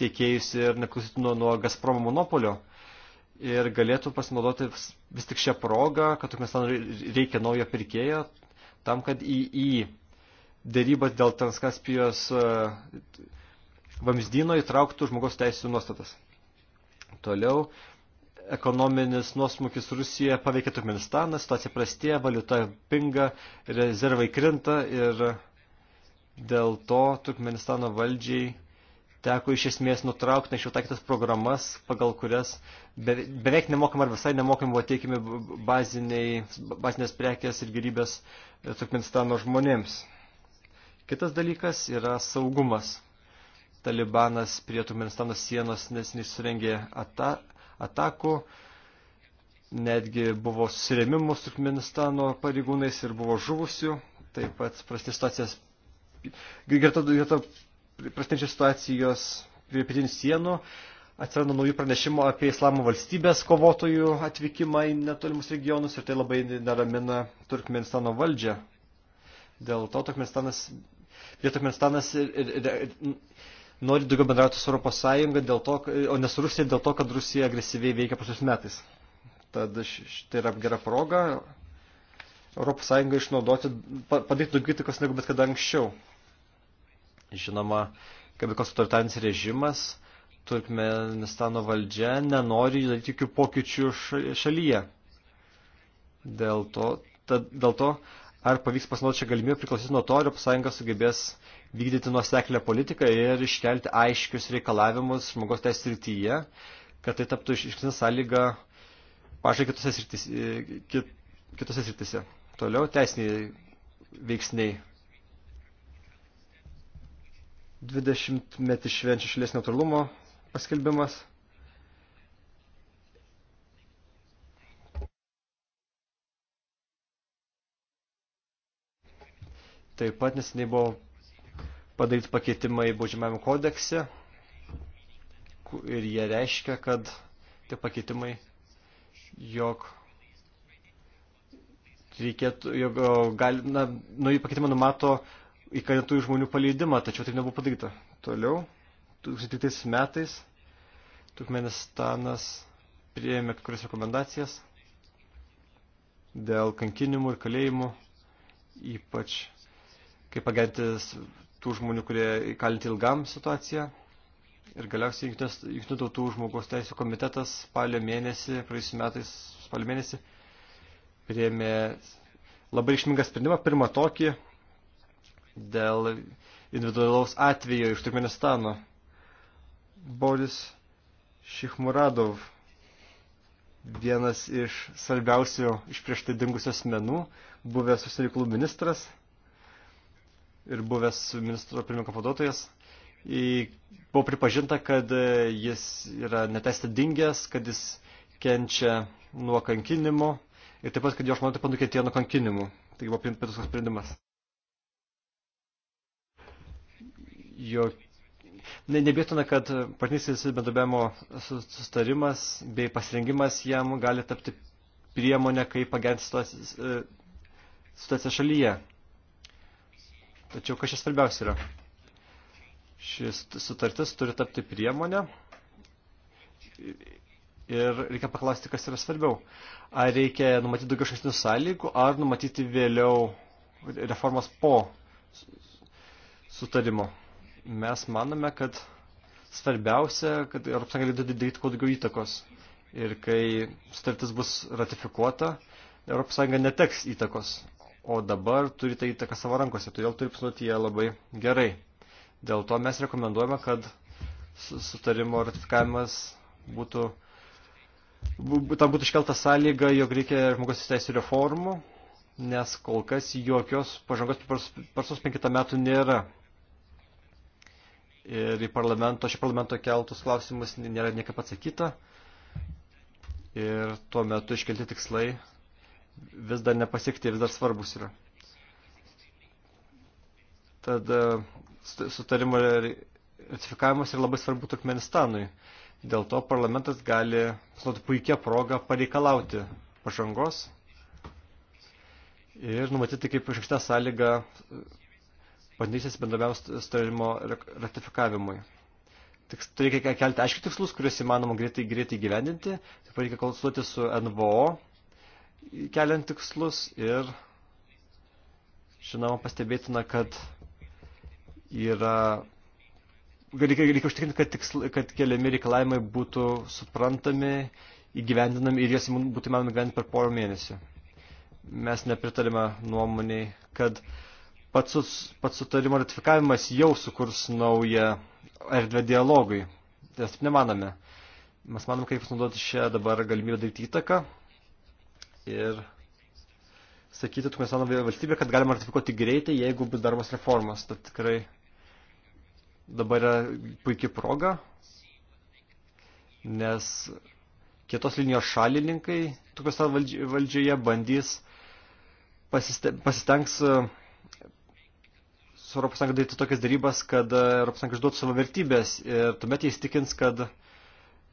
tiekėjus ir neklausytų nuo, nuo Gazpromo monopolio. Ir galėtų pasinaudoti vis, vis tik šią progą, kad Turkmenistanui reikia naujo pirkėjo, tam, kad į, į dėrybas dėl Transkaspijos e, vamzdyno įtrauktų žmogaus teisų nuostatas. Toliau ekonominis nuosmukis Rusija paveikia Turkmenistaną, situacija prastėja, valiuta pinga, rezervai krinta ir dėl to Turkmenistano valdžiai teko iš esmės nutraukti anksčiau taikytas programas, pagal kurias beveik nemokam ar visai nemokam buvo teikiami baziniai, bazinės prekės ir gerybės e, Turkmenistano žmonėms. Kitas dalykas yra saugumas. Talibanas prie Turkmenistano sienos nesiniai surengė ata, atakų, netgi buvo susirėmimų su Turkmenistano pareigūnais ir buvo žuvusių, taip pat prasti situacijas, greta, greta prastinčios situacijos prie pietinių sienų, atsiranda naujų pranešimų apie islamo valstybės kovotojų atvykimą į netolimus regionus ir tai labai neramina Turkmenistano valdžią. Dėl to Turkmenistanas, prie Turkmenistanas ir, ir, ir, nori daugiau bendrauti su Europos Sąjunga, dėl to, o ne su Rusija dėl to, kad Rusija agresyviai veikia pasis metais. Tad tai yra gera proga Europos Sąjunga išnaudoti, padaryti daugiau įtakos negu bet kada anksčiau. Žinoma, kad koks autoritarinis režimas, Turkmenistano valdžia nenori daryti jokių pokyčių šalyje. Dėl to, tad, dėl to ar pavyks pasinaudoti šią galimybę priklausys nuo to, ar Europos Sąjunga sugebės vykdyti nuoseklę politiką ir iškelti aiškius reikalavimus žmogaus teisės srityje, kad tai taptų išksinė sąlyga pažiūrė kitose srityse. Kit, kitose srityse. Toliau teisiniai veiksniai. 20 metį švenčia šalies natūralumo paskelbimas. Taip pat neseniai buvo padaryti pakeitimai baudžiamajame kodekse ir jie reiškia, kad tie pakeitimai, jog reikėtų, jog gali, na, nauji pakeitimai numato įkalintų žmonių paleidimą, tačiau tai nebuvo padaryta. Toliau, 2013 metais Turkmenistanas priėmė kai kurias rekomendacijas dėl kankinimų ir kalėjimų, ypač kaip pagerinti tų žmonių, kurie įkalinti ilgam situaciją. Ir galiausiai Junktinių tautų žmogaus teisų komitetas spalio mėnesį, praėjusiu metais spalio mėnesį, priėmė labai reikšmingą sprendimą, pirmą tokį, dėl individualaus atvejo iš Turkmenistano. Boris Šichmuradov, vienas iš svarbiausių iš prieš tai dingusios menų, buvęs užsienio reikalų ministras – ir buvęs ministro pirmininko pavaduotojas, buvo pripažinta, kad e, jis yra neteisėtai dingęs, kad jis kenčia nuo kankinimų ir taip pat, kad jo žmona taip pat nukentėjo nuo kankinimų. Taigi buvo priimtas toks sprendimas. Jo... Ne, nebėtume, kad partnerystės bendradarbiavimo sustarimas bei pasirengimas jam gali tapti priemonę, kaip pagerinti e, situaciją šalyje. Tačiau kas čia svarbiausia yra? Šis sutartis turi tapti priemonę ir reikia paklausti, kas yra svarbiau. Ar reikia numatyti daugiau šašnių sąlygų, ar numatyti vėliau reformas po sutarimo. Mes manome, kad svarbiausia, kad Europos Sąjunga galėtų daryti kuo daugiau įtakos. Ir kai sutartis bus ratifikuota, Europos Sąjunga neteks įtakos o dabar turi tai įtaką savo rankose, todėl turi pasinaudoti jie labai gerai. Dėl to mes rekomenduojame, kad sutarimo ratifikavimas būtų, tam būtų iškelta sąlyga, jog reikia žmogus teisų reformų, nes kol kas jokios pažangos per sus penkitą metų nėra. Ir į parlamento, šį parlamento keltus klausimus nėra niekaip atsakyta. Ir tuo metu iškelti tikslai vis dar nepasiekti, vis dar svarbus yra. Tad e, sutarimo ratifikavimas yra labai svarbu Turkmenistanui. Dėl to parlamentas gali pasinaudoti puikia proga pareikalauti pažangos ir numatyti kaip išankstinę sąlygą partnerystės e, bendrabiaus sutarimo ratifikavimui. Tik tai reikia kelti aiškiai tikslus, kuriuos įmanoma greitai, greitai gyvendinti. Taip pat reikia konsultuoti su NVO keliant tikslus ir žinoma pastebėtina, kad yra reikia, reikia užtikrinti, kad, tiksl, kad keliami reikalavimai būtų suprantami, įgyvendinami ir jas būtų įmanoma gyventi per porą mėnesių. Mes nepritarime nuomoniai, kad pats, pats sutarimo ratifikavimas jau sukurs naują erdvę dialogui. Nes taip nemaname. Mes manom, kaip naudoti šią dabar galimybę daryti įtaką ir sakyti Turkmenistano valstybė, kad galima ratifikuoti greitai, jeigu bus daromas reformas. Tad tikrai dabar yra puikia proga, nes kitos linijos šalininkai Turkmenistano valdži valdžioje bandys pasistengs e, su Europos Sąjunga daryti tokias darybas, kad e, Europos Sąjunga išduotų savo vertybės ir tuomet jie įstikins, kad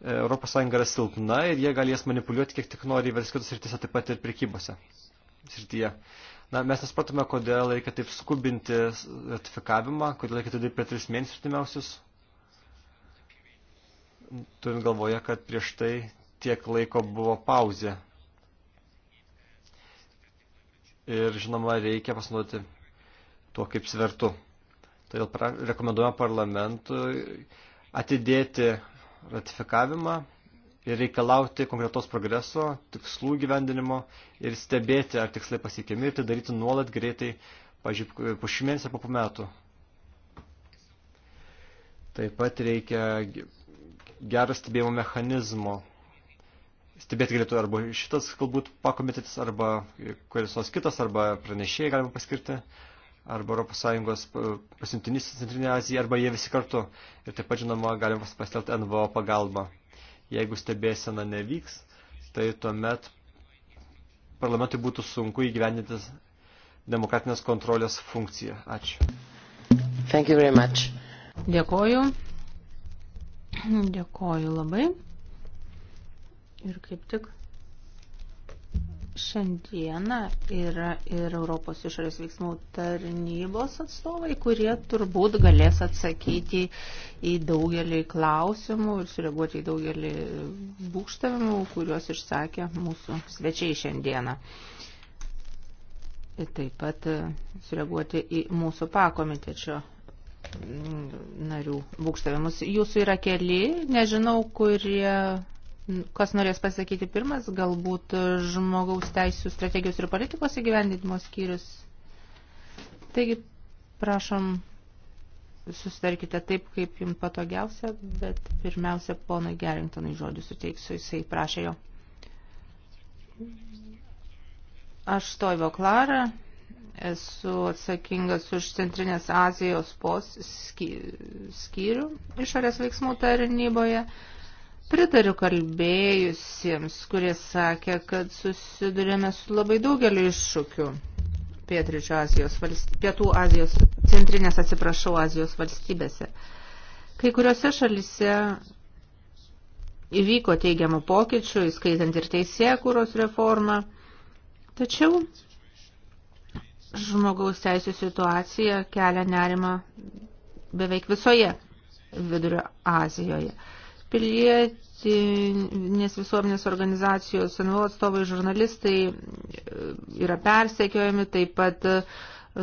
ES yra silpna ir jie galės manipuliuoti kiek tik nori įvairias kitus srityse, taip pat ir prekybose srityje. Na, mes nespratome, kodėl reikia taip skubinti ratifikavimą, kodėl reikia tai per tris mėnesius pirmiausius. Turint galvoje, kad prieš tai tiek laiko buvo pauzė. Ir žinoma, reikia pasinaudoti tuo kaip svertu. Todėl rekomenduojame parlamentui atidėti ratifikavimą ir reikalauti konkretos progreso, tikslų gyvendinimo ir stebėti, ar tikslai pasiekiami ir tai daryti nuolat greitai, pažiūrėjau, po šį mėnesį, po po metų. Taip pat reikia gerą stebėjimo mechanizmo. Stebėti galėtų arba šitas, galbūt, pakomitetis, arba e, kuris nors kitas, arba pranešėjai galima paskirti. Uh, arba ES e, pasiuntinys Centrinė Azija, arba jie visi kartu. Ir taip pat, žinoma, galim pasitelti NVO pagalbą. Jeigu stebėsena nevyks, tai tuomet parlamentui būtų sunku įgyvendinti demokratinės kontrolės funkciją. Ačiū. Thank you very much. Dėkoju. Dėkoju labai. Ir kaip tik Šiandieną yra ir Europos išorės veiksmų tarnybos atstovai, kurie turbūt galės atsakyti į daugelį klausimų ir sureaguoti į daugelį būkštavimų, kuriuos išsakė mūsų svečiai šiandieną. Ir taip pat sureaguoti į mūsų pakomitečio narių būkštavimus. Jūsų yra keli, nežinau, kurie Kas norės pasakyti pirmas, galbūt žmogaus teisų strategijos ir politikos įgyvendinimo skyrius. Taigi, prašom, susitarkite taip, kaip jums patogiausia, bet pirmiausia, ponui Geringtonui žodį suteiksiu, jisai prašė jo. Aš Toivo Klara, esu atsakingas už Centrinės Azijos pos skyrių išorės veiksmų tarnyboje. Ta Pritariu kalbėjusiems, kurie sakė, kad susidurėme su labai daugeliu iššūkių Pietričio Azijos valstybėse, Pietų Azijos, centrinės atsiprašau, Azijos valstybėse. Kai kuriuose šalise įvyko teigiamų pokyčių, įskaitant ir teisėkūros reformą, tačiau žmogaus teisų situacija kelia nerimą beveik visoje vidurio Azijoje pilietinės visuomenės organizacijos, NVO atstovai, žurnalistai e, yra persekiojami, taip pat e,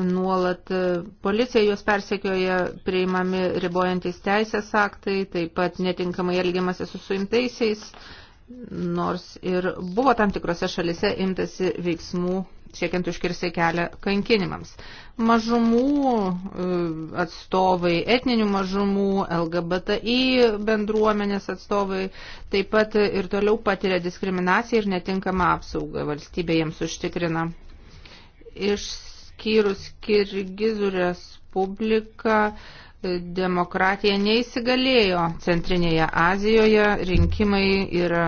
nuolat e, policija juos persekioja, priimami ribojantis teisės aktai, taip pat netinkamai elgiamasi su suimtaisiais, nors ir buvo tam tikrose šalise imtasi veiksmų siekiant užkirsti kelią kankinimams. Mažumų e, atstovai, etninių mažumų, LGBTI bendruomenės atstovai taip pat ir toliau patiria diskriminaciją ir netinkamą apsaugą valstybė jiems užtikrina. Išskyrus Kirgizų Respubliką, e, demokratija neįsigalėjo Centrinėje Azijoje, rinkimai yra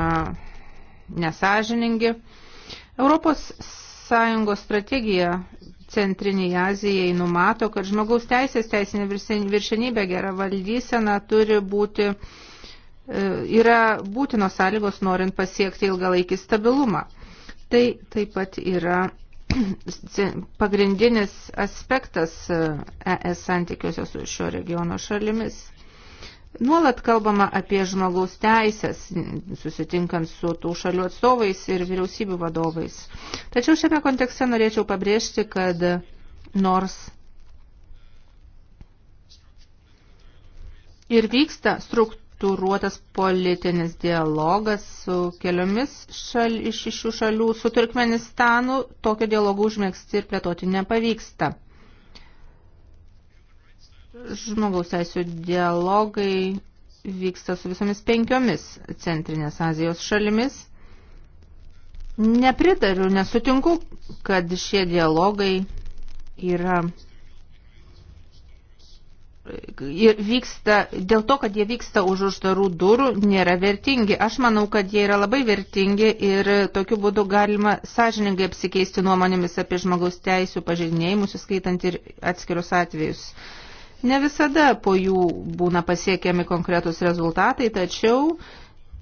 nesažiningi. Europos ES strategija Centriniai Azijai numato, kad žmogaus teisės teisinė viršenybė gera valdysena turi būti, e, yra būtinos sąlygos norint pasiekti ilgalaikį stabilumą. Tai taip pat yra <clears throat> pagrindinis aspektas ES e santykiuose su šio regiono šalimis. Nuolat kalbama apie žmogaus teisės, susitinkant su tų šalių atstovais ir vyriausybių vadovais. Tačiau šiame kontekste norėčiau pabrėžti, kad nors ir vyksta struktūruotas politinis dialogas su keliomis šal, iš šių šalių, su Turkmenistanu tokio dialogo užmėgsti ir plėtoti nepavyksta. Žmogaus teisų dialogai vyksta su visomis penkiomis Centrinės Azijos šalimis. Nepritariu, nesutinku, kad šie dialogai yra ir vyksta, dėl to, kad jie vyksta už uždarų durų, nėra vertingi. Aš manau, kad jie yra labai vertingi ir tokiu būdu galima sąžiningai apsikeisti nuomonėmis apie žmogaus teisų pažeidinėjimus, įskaitant ir atskirus atvejus. Uh, Ne visada po jų būna pasiekiami konkretus rezultatai, tačiau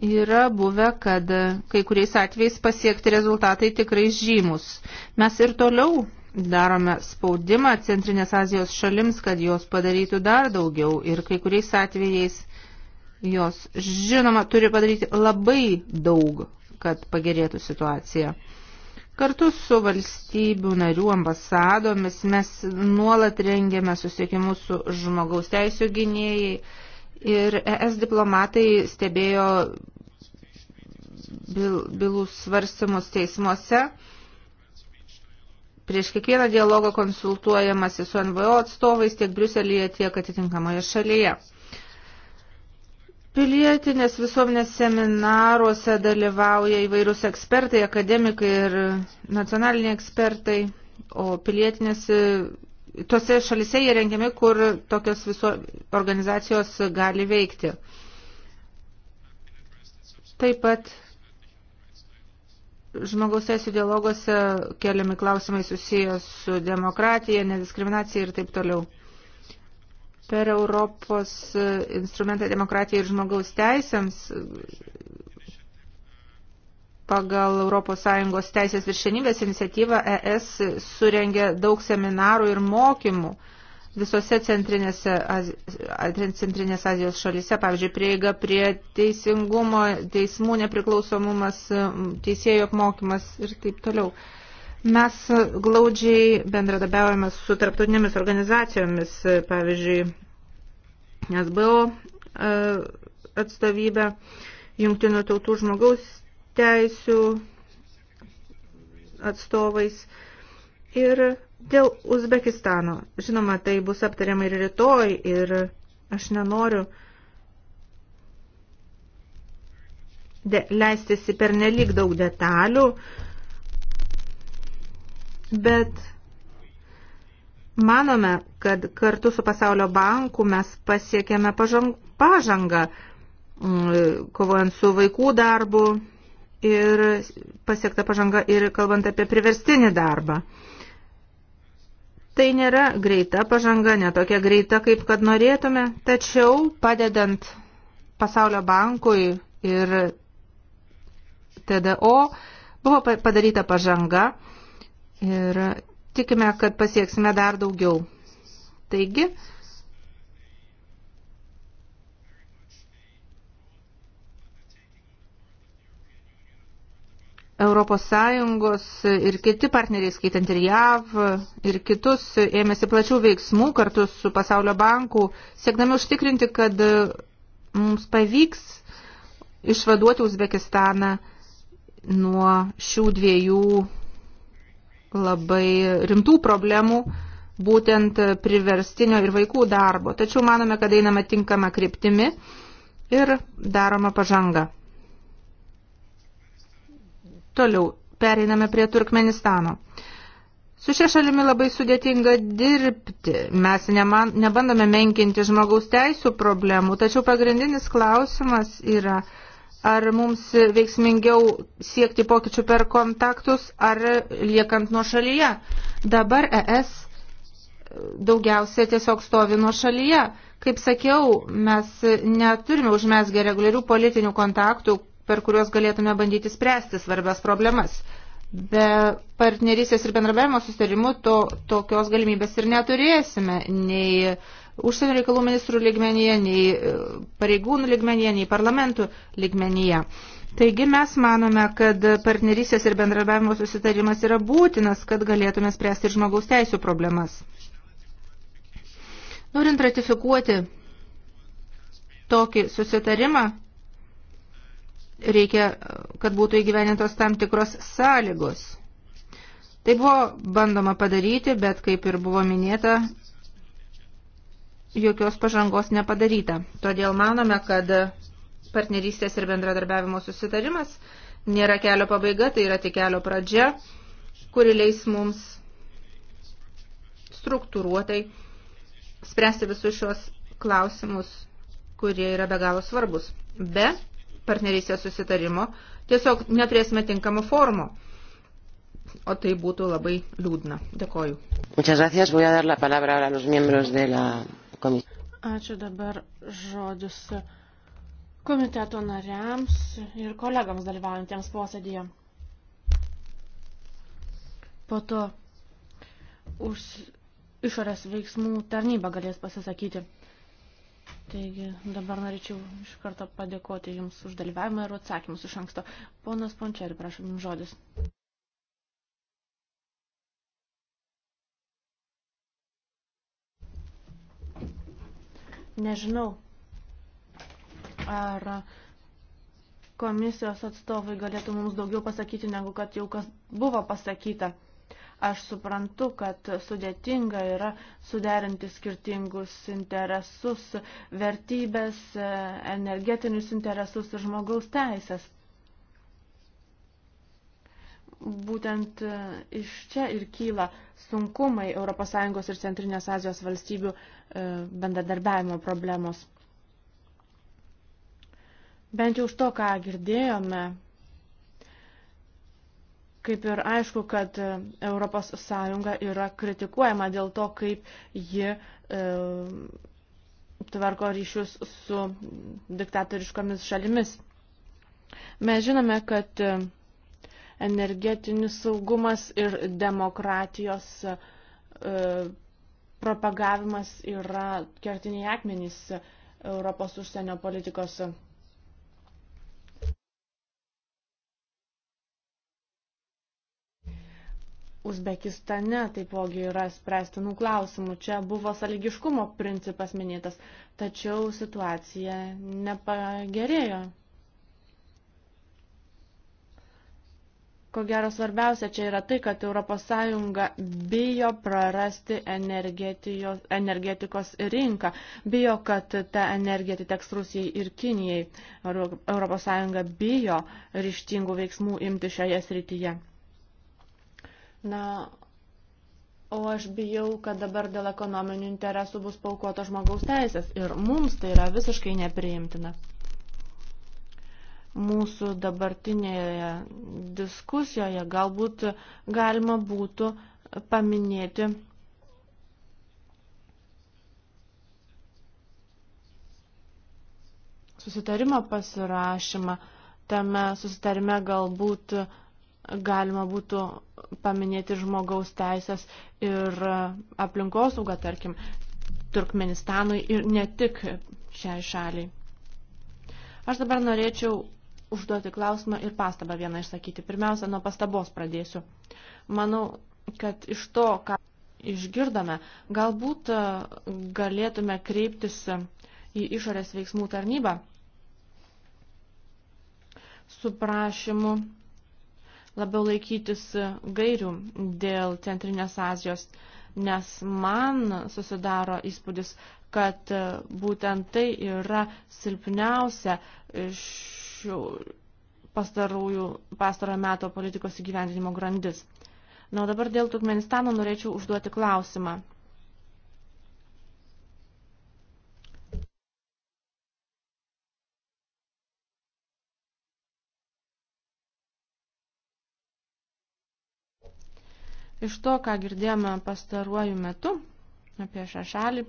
yra buvę, kad kai kuriais atvejais pasiekti rezultatai tikrai žymus. Mes ir toliau darome spaudimą Centrinės Azijos šalims, kad jos padarytų dar daugiau ir kai kuriais atvejais jos, žinoma, turi padaryti labai daug, kad pagerėtų situacija. Kartu su valstybių narių ambasadomis mes nuolat rengiame susiekimus su žmogaus teisų gynėjai ir ES diplomatai stebėjo bylų svarstymus teismuose. Prieš kiekvieną dialogą konsultuojamasi su NVO atstovais tiek Briuselėje, tiek atitinkamoje šalyje. Pilietinės visuomenės seminaruose dalyvauja įvairūs ekspertai, akademikai ir nacionaliniai ekspertai, o pilietinės tose šalise jie rengiami, kur tokios viso organizacijos gali veikti. Taip pat žmogaus teisų dialoguose keliami klausimai susijęs su demokratija, nediskriminacija ir taip toliau per Europos e, instrumentą demokratijai ir žmogaus teisėms pagal ES teisės viršenybės iniciatyvą ES surengė daug seminarų ir mokymų visose centrinėse, centrinės Azijos šalyse, pavyzdžiui, prieiga prie teisingumo, teismų nepriklausomumas, teisėjų apmokymas ir taip toliau. Mes glaudžiai bendradabiaujame su tarptautinėmis organizacijomis, pavyzdžiui, SBO e, atstovybę, jungtinių tautų žmogaus teisių atstovais. Ir dėl Uzbekistano, žinoma, tai bus aptariama ir rytoj, ir aš nenoriu leistis į pernelyg daug detalių, uh, bet manome, kad kartu su Pasaulio banku mes pasiekėme pažangą, mm, kovojant su vaikų darbu ir pasiekta pažanga ir kalbant apie priverstinį darbą. Tai nėra greita pažanga, netokia greita, kaip kad norėtume, tačiau padedant Pasaulio bankui ir TDO buvo padaryta pažanga Ir tikime, kad pasieksime dar daugiau. Taigi, Europos Sąjungos ir kiti partneriai, skaitant ir JAV, ir kitus, ėmėsi plačių veiksmų kartu su Pasaulio banku, siekdami užtikrinti, kad mums pavyks išvaduoti Uzbekistaną nuo šių dviejų labai rimtų problemų būtent priverstinio ir vaikų darbo. Tačiau manome, kad einama tinkama kryptimi ir daroma pažanga. Toliau pereiname prie Turkmenistano. Su šia šalimi labai sudėtinga dirbti. Mes neman, nebandome menkinti žmogaus teisų problemų, tačiau pagrindinis klausimas yra, Ar mums veiksmingiau siekti pokyčių per kontaktus, ar liekant nuo šalyje? Dabar ES daugiausia tiesiog stovi nuo šalyje. Kaip sakiau, mes neturime užmesgę reguliarių politinių kontaktų, per kuriuos galėtume bandyti spręsti svarbias problemas. Be partnerysės ir bendrabėjimo sustarimų to, tokios galimybės ir neturėsime, nei uh, užsienio reikalų ministrų lygmenyje, nei e, pareigūnų lygmenyje, nei parlamentų lygmenyje. Taigi mes manome, kad partnerysės ir bendradarbiavimo susitarimas yra būtinas, kad galėtume spręsti ir žmogaus teisų problemas. Norint ratifikuoti tokį susitarimą, reikia, kad būtų įgyvenintos tam tikros sąlygos. Tai buvo bandoma padaryti, bet kaip ir buvo minėta, jokios pažangos nepadaryta. Todėl manome, kad partnerystės ir bendradarbiavimo susitarimas nėra kelio pabaiga, tai yra tik kelio pradžia, kuri leis mums struktūruotai spręsti visus šios klausimus, kurie yra be galo svarbus. Be partnerystės susitarimo tiesiog neturėsime tinkamų formų. O tai būtų labai liūdna. Dėkoju. Muchas gracias. Voy a dar la palabra ahora a los miembros de la komisijos. Ačiū dabar žodžius komiteto nariams ir kolegams dalyvaujantiems posėdėje. Po to už išorės veiksmų tarnybą galės pasisakyti. Taigi dabar norėčiau iš karto padėkoti Jums už dalyvavimą ir atsakymus iš anksto. Ponas Pončeri, prašom Jums žodis. Nežinau, ar komisijos atstovai galėtų mums daugiau pasakyti, negu kad jau kas buvo pasakyta. Aš suprantu, kad sudėtinga yra suderinti skirtingus interesus, vertybės, energetinius interesus ir žmogaus teisės būtent e, iš čia ir kyla sunkumai ES ir Centrinės Azijos valstybių e, bendradarbiavimo problemos. Bent jau už to, ką girdėjome, kaip ir aišku, kad ES yra kritikuojama dėl to, kaip ji e, tvarko ryšius su diktatoriškomis šalimis. Mes žinome, kad e, energetinis saugumas ir demokratijos e, propagavimas yra kertiniai akmenys Europos užsienio politikos. Uzbekistane taipogi yra spręstinų klausimų. Čia buvo saligiškumo principas minėtas, tačiau situacija nepagerėjo. Ko gero svarbiausia čia yra tai, kad ES bijo prarasti energetikos rinką, bijo, kad ta energija atiteks Rusijai ir Kinijai. ES bijo ryštingų veiksmų imti šioje srityje. Na, o aš bijau, kad dabar dėl ekonominių interesų bus paukota žmogaus teisės ir mums tai yra visiškai nepriimtina mūsų dabartinėje diskusijoje galbūt galima būtų paminėti susitarimo pasirašymą. Tame susitarime galbūt galima būtų paminėti žmogaus teisės ir aplinkosaugą, tarkim, Turkmenistanui ir ne tik šiai šaliai. Aš dabar norėčiau užduoti klausimą ir pastabą vieną išsakyti. Pirmiausia, nuo pastabos pradėsiu. Manau, kad iš to, ką išgirdome, galbūt e, galėtume kreiptis į išorės veiksmų tarnybą su prašymu labiau laikytis gairių dėl Centrinės Azijos, nes man susidaro įspūdis, kad e, būtent tai yra silpniausia iš šių pastarojo meto politikos įgyvendinimo grandis. Na, o dabar dėl Turkmenistano norėčiau užduoti klausimą. Iš to, ką girdėjome pastaruoju metu apie šią šalį,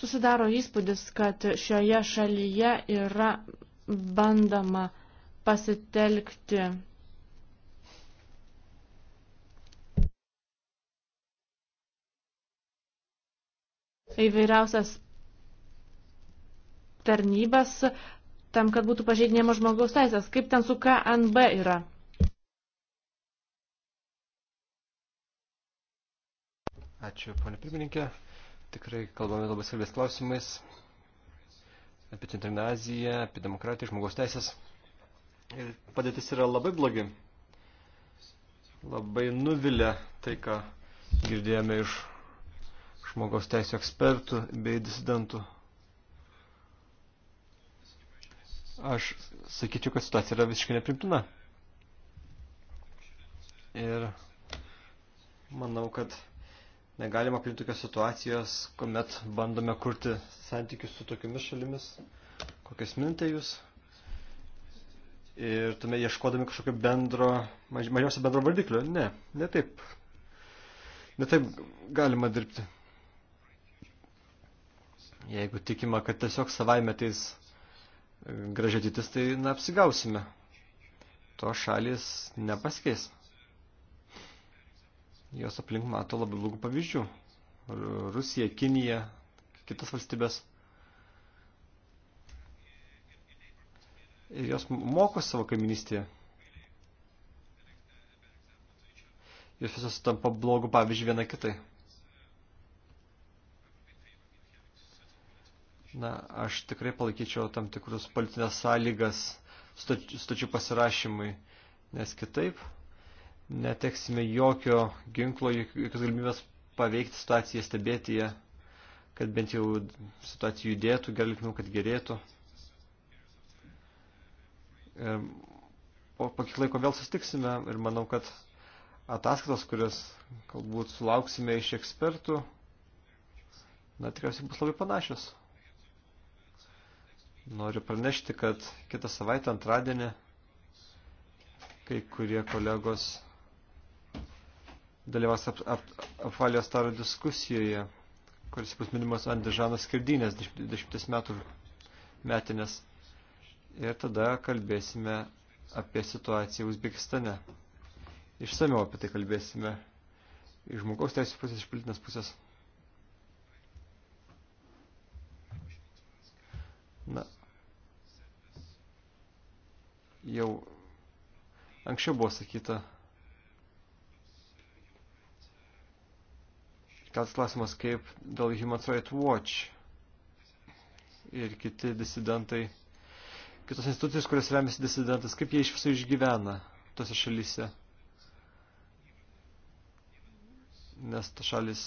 Susidaro įspūdis, kad šioje šalyje yra bandama pasitelkti įvairiausias tarnybas tam, kad būtų pažeidinėjamos žmogaus teisės. Kaip ten su KNB yra? Ačiū, ponė pirmininkė. Tikrai kalbame labai svarbės klausimais apie Centrinę Aziją, apie demokratiją, žmogaus teisės. Ir padėtis yra labai blogi. Labai nuvilia tai, ką girdėjome iš žmogaus teisų ekspertų bei disidentų. Aš sakyčiau, kad situacija yra visiškai neprimtina. Ir manau, kad negalima priimti tokios situacijos, kuomet bandome kurti santykius su tokiamis šalimis, kokias mintė jūs. Ir tuome ieškodami kažkokio bendro, maž, mažiausio bendro vardiklio. Ne, ne taip. Ne taip galima dirbti. Jeigu tikima, kad tiesiog savaime ateis e, gražėtytis, tai na, apsigausime. To šalis nepasikeis jos aplink mato labai blogų pavyzdžių. Rusija, Kinija, kitas valstybės. Ir jos moko savo kaiminystėje. Jos visos tampa blogų pavyzdžių viena kitai. Na, aš tikrai palaikyčiau tam tikrus politinės sąlygas stačių pasirašymui, nes kitaip neteksime jokio ginklo, jokios galimybės paveikti situaciją, stebėti ją, kad bent jau situacija judėtų, galėtume, kad gerėtų. Ir po, po kiek laiko vėl sustiksime ir manau, kad ataskaitos, kurias galbūt sulauksime iš ekspertų, na tikriausiai bus labai panašios. Noriu pranešti, kad kitą savaitę antradienį kai kurie kolegos dalyvas ap, ap, apvalijos taro diskusijoje, kuris bus minimas Andežanas skirdynės 10 metų metinės. Ir tada kalbėsime apie situaciją Uzbekistane. Išsamiau apie tai kalbėsime iš žmogaus teisų pusės, iš politinės pusės. Na, jau anksčiau buvo sakyta, Kels klausimas, kaip dėl Human Rights Watch ir kiti disidentai, kitos institucijos, kurias remiasi disidentas, kaip jie iš viso išgyvena tose šalyse. Nes to šalis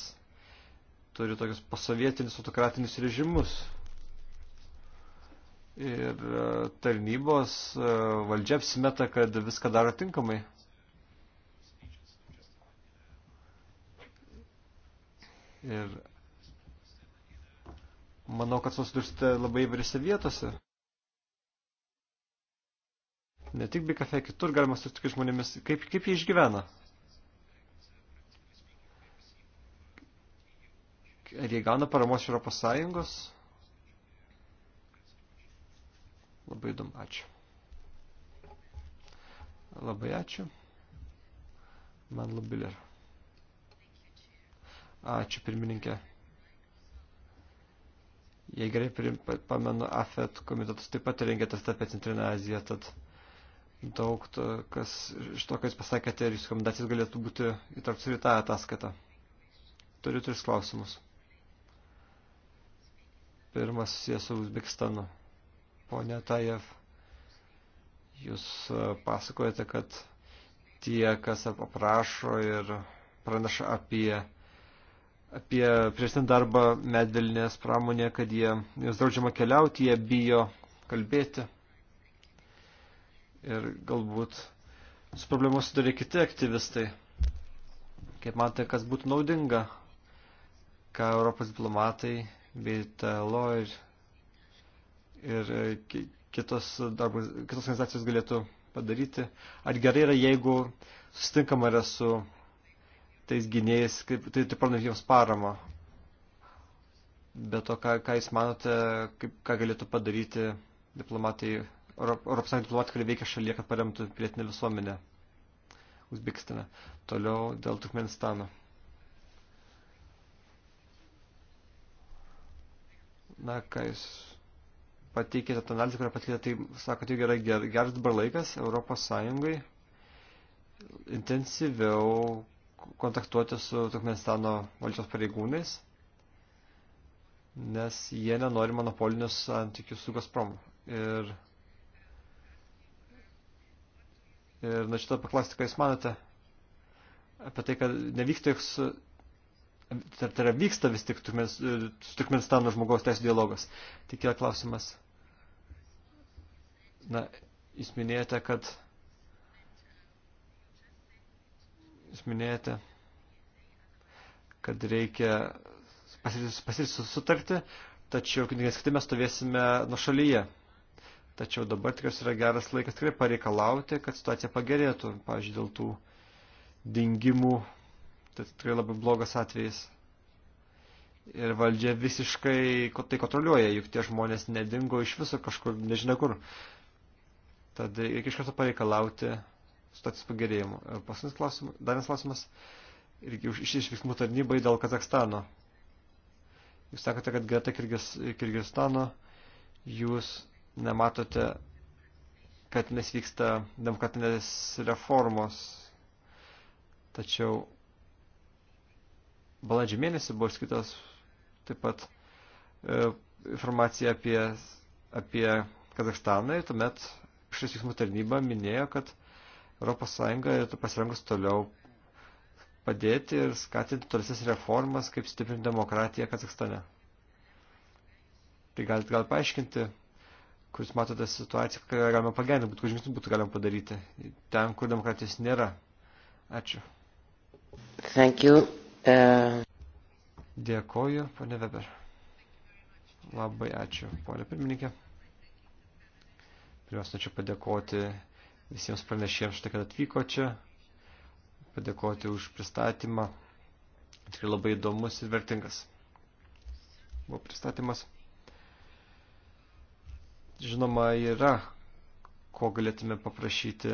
turi tokius pasovietinius autokratinius režimus. Ir e, tarnybos e, valdžia apsimeta, kad viską daro tinkamai. Ir manau, kad susidursite labai įvairiose vietose. Ne tik bei kafe, kitur galima susitikti žmonėmis. Kaip, kaip jie išgyvena? Ar jie gauna paramos Europos Sąjungos? Labai įdomu, ačiū. Labai ačiū. Man labai lėra. Ačiū, pirmininkė. Jei gerai pamenu, AFET komitetus taip pat rengė testą apie Centrinę Aziją, tad daug to, kas, iš to, ką jūs pasakėte, ir jūsų rekomendacijos galėtų būti įtrauktas ir į tą ataskaitą. Turiu tris klausimus. Pirmas susijęs su Uzbekistanu. Pone Tajev, jūs e, pasakojate, kad tie, kas aprašo ir praneša apie apie prieštinį darbą medvilnės pramonė, kad jie, jiems draudžiama keliauti, jie bijo kalbėti. Ir galbūt su problemu sudarė kiti aktyvistai. Kaip matai, kas būtų naudinga, ką Europos diplomatai bei TLO ir, ir kitos, darbus, kitos organizacijos galėtų padaryti. Ar gerai yra, jeigu susitinkama yra su tais gynėjais, kaip, tai, tai parnuoti jiems paramą. Be to, ką, ką jūs manote, kaip, ką galėtų padaryti diplomatai, Europos Sąjungos diplomatai, kurie veikia šalyje, kad paremtų pilietinę visuomenę Uzbekistane. Toliau dėl Turkmenistano. Na, ką jūs pateikėte tą analizę, kurią pateikėte, tai sakote, tai gerai, geras dabar laikas Europos Sąjungai intensyviau kontaktuoti su Turkmenistano valdžios pareigūnais, nes jie nenori monopolinių santykių su Gazpromu. Ir, ir na šitą paklausti, ką jūs manote apie tai, kad nevyksta joks, tai, tai yra vyksta vis tik su Turkmenistano žmogaus teisų dialogas. Tik yra klausimas. Na, jūs minėjote, kad Jūs minėjote, kad reikia pasirinkti sutartį, tačiau knygas kitame stovėsime nuo šalyje. Tačiau dabar tikras yra geras laikas tikrai pareikalauti, kad situacija pagerėtų, pavyzdžiui, dėl tų dingimų, tai tikrai labai blogas atvejis. Ir valdžia visiškai tai kontroliuoja, juk tie žmonės nedingo iš viso kažkur, nežinia kur. Tad reikia iš karto pareikalauti situacijos pagerėjimu. E, paskutinis klausimas, dar vienas klausimas, irgi už iš veiksmų tarnybai dėl Kazakstano. Jūs sakote, kad greta Kirgis, Kirgistano jūs nematote, kad nesvyksta demokratinės reformos. Tačiau balandžio mėnesį buvo skirtas taip pat e, informacija apie, apie Kazakstaną ir tuomet šis veiksmų tarnyba minėjo, kad Europos Sąjunga yra pasirengus toliau padėti ir skatinti tolesnes reformas, kaip stiprinti demokratiją Kazakstane. Tai galite gal paaiškinti, kuris matote situaciją, ką galima pagerinti, būtų žingsnių būtų galima padaryti ten, kur demokratijos nėra. Ačiū. Thank you. Uh... Dėkoju, ponė Weber. Labai ačiū, ponė pirmininkė. Pirmiausia, norėčiau padėkoti visiems pranešėjams štai, kad atvyko čia, padėkoti už pristatymą. Tikrai labai įdomus ir vertingas. Buvo pristatymas. Žinoma, yra, ko galėtume paprašyti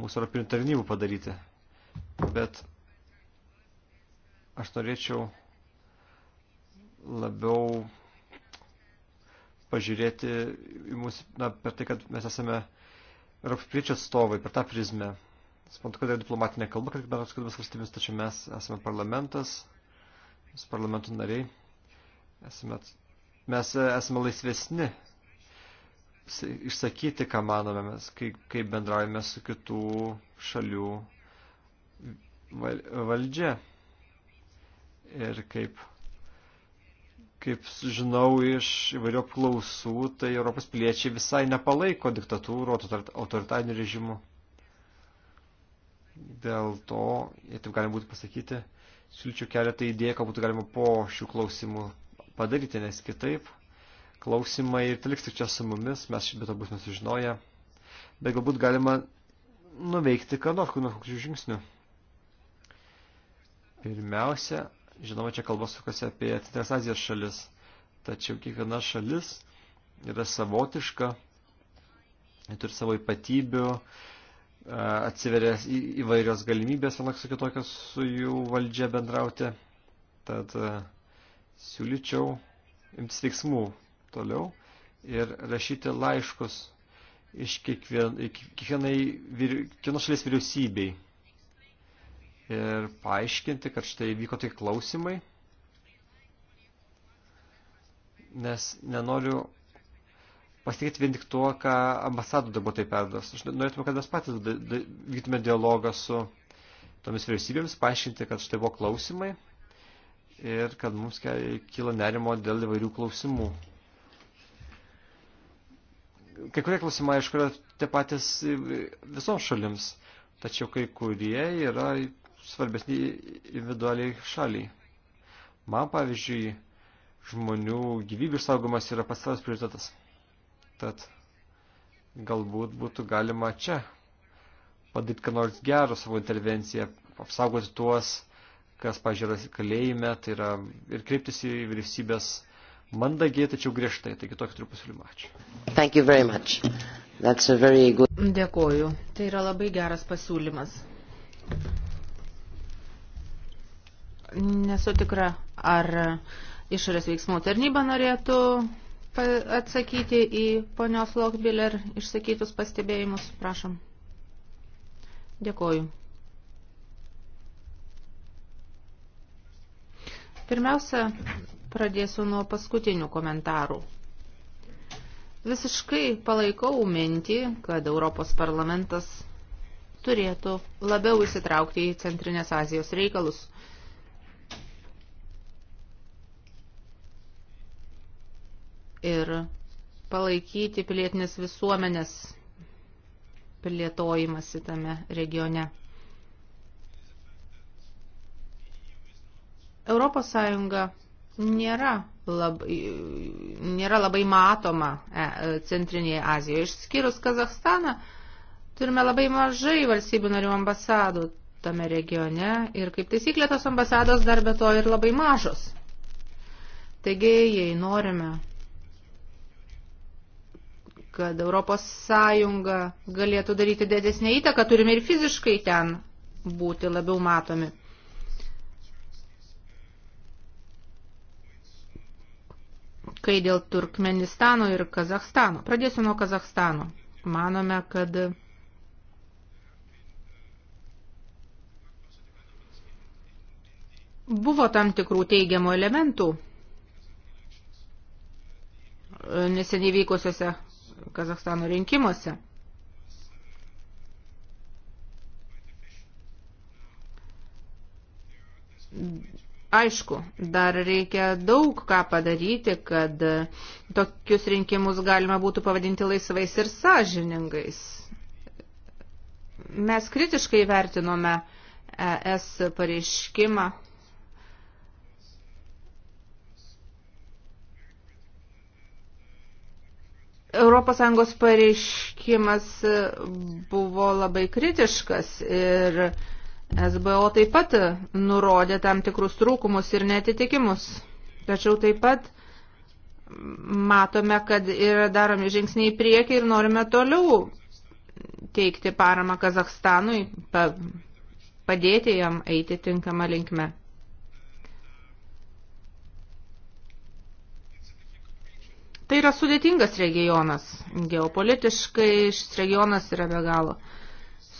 mūsų europinių tarnybų padaryti. Bet aš norėčiau labiau pažiūrėti į mūsų, na, per tai, kad mes esame Europos piliečių atstovai per tą prizmę. Suprantu, kad yra diplomatinė kalba, kad mes kalbės valstybės, tačiau mes esame parlamentas, mes parlamentų nariai, esame, mes e, esame laisvesni išsakyti, ką manome mes, kaip, kaip bendraujame su kitų šalių valdžia ir kaip Kaip žinau iš įvairių klausų, tai Europos piliečiai visai nepalaiko diktatūrų, autoritarinių režimų. Dėl to, jei taip galima būtų pasakyti, siūlyčiau keletą idėją, ką būtų galima po šių klausimų padaryti, nes kitaip klausimai ir teliks tik čia su mumis, mes šitą būsime sužinoję, bet galbūt galima nuveikti ką nors, kokių nors žingsnių. Pirmiausia, Žinoma, čia kalba sukasi apie Centrinės Azijos šalis, tačiau kiekviena šalis yra savotiška, turi savo ypatybių, e, atsiveria įvairios galimybės vienoks su kitokios su jų valdžia bendrauti. Tad e, siūlyčiau imtis veiksmų toliau ir rašyti laiškus iš kiekvien, kiekvienai, kiekvienos šalies vyriausybei ir paaiškinti, kad štai vyko tik klausimai, nes nenoriu pasitikėti vien tik tuo, ką ambasadų darbuotojai perduos. Aš norėtume, kad mes patys vyktume dialogą su tomis vyriausybėmis, paaiškinti, kad štai buvo klausimai ir kad mums kyla nerimo dėl įvairių klausimų. Kai kurie klausimai, aišku, yra tie patys visoms šalims, tačiau kai kurie yra svarbesnį individualiai šaliai. Man, pavyzdžiui, žmonių gyvybių saugomas yra pats savas prioritetas. Tad galbūt būtų galima čia padaryti, ką nors gero savo intervenciją, apsaugoti tuos, kas, pažiūrė, kalėjime, tai yra ir kreiptis į vyriausybės mandagiai, tačiau griežtai. Taigi tokį turiu pasiūlymą. Ačiū. Thank you very much. That's a very good... Dėkoju. Tai yra labai geras pasiūlymas. Nesu tikra, ar išorės veiksmų tarnyba norėtų atsakyti į ponios Lokbiller išsakytus pastebėjimus. Prašom. Dėkoju. Pirmiausia, pradėsiu nuo paskutinių komentarų. Visiškai palaikau mintį, kad Europos parlamentas turėtų labiau įsitraukti į Centrinės Azijos reikalus – ir palaikyti pilietinės visuomenės plėtojimasi tame regione. Europos Sąjunga nėra labai, nėra labai matoma e, Centrinėje Azijoje. Išskyrus Kazahstaną, turime labai mažai valstybių narių ambasadų tame regione ir kaip taisyklė tos ambasados dar be to ir labai mažos. Taigi, jei norime kad Europos Sąjunga galėtų daryti didesnį įtaką, turime ir fiziškai ten būti labiau matomi. Kai dėl Turkmenistano ir Kazahstano. Pradėsiu nuo Kazahstano. Manome, kad buvo tam tikrų teigiamų elementų neseniai vykusiuose Kazakstano rinkimuose. Aišku, dar reikia daug ką padaryti, kad tokius rinkimus galima būtų pavadinti laisvais ir sąžiningais. Mes kritiškai vertinome ES pareiškimą ES pareiškimas buvo labai kritiškas ir SBO taip pat nurodė tam tikrus trūkumus ir netitikimus. Tačiau taip pat matome, kad yra daromi žingsniai į priekį ir norime toliau teikti paramą Kazakstanui, pa, padėti jam eiti tinkamą linkmę. Tai yra sudėtingas regionas. Geopolitiškai šis regionas yra be galo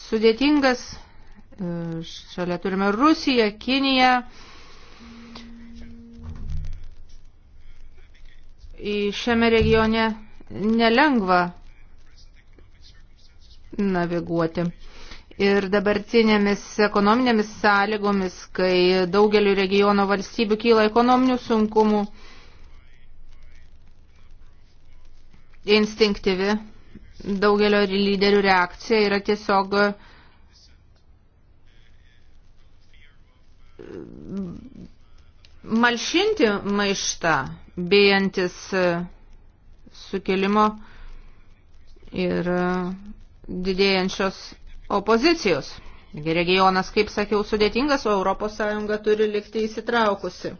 sudėtingas. E, šalia turime Rusiją, Kiniją. Į šiame regione nelengva naviguoti. Ir dabartinėmis ekonominėmis sąlygomis, kai daugeliu regiono valstybių kyla ekonominių sunkumų, instinktyvi daugelio lyderių reakcija yra tiesiog e, malšinti maištą, bijantis e, sukilimo ir e, didėjančios opozicijos. Regionas, kaip sakiau, sudėtingas, o ES turi likti įsitraukusi.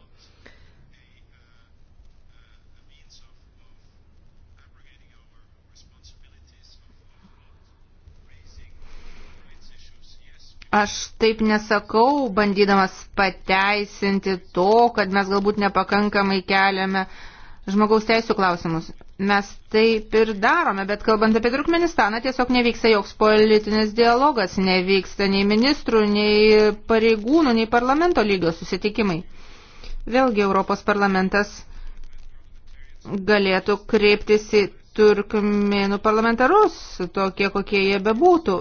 Aš taip nesakau, bandydamas pateisinti to, kad mes galbūt nepakankamai keliame žmogaus teisų klausimus. Mes taip ir darome, bet kalbant apie Turkmenistaną, tiesiog nevyksta joks politinis dialogas, nevyksta nei ministrų, nei pareigūnų, nei parlamento lygio susitikimai. Vėlgi Europos parlamentas galėtų kreiptis į turkmenų parlamentarus, tokie kokie jie bebūtų,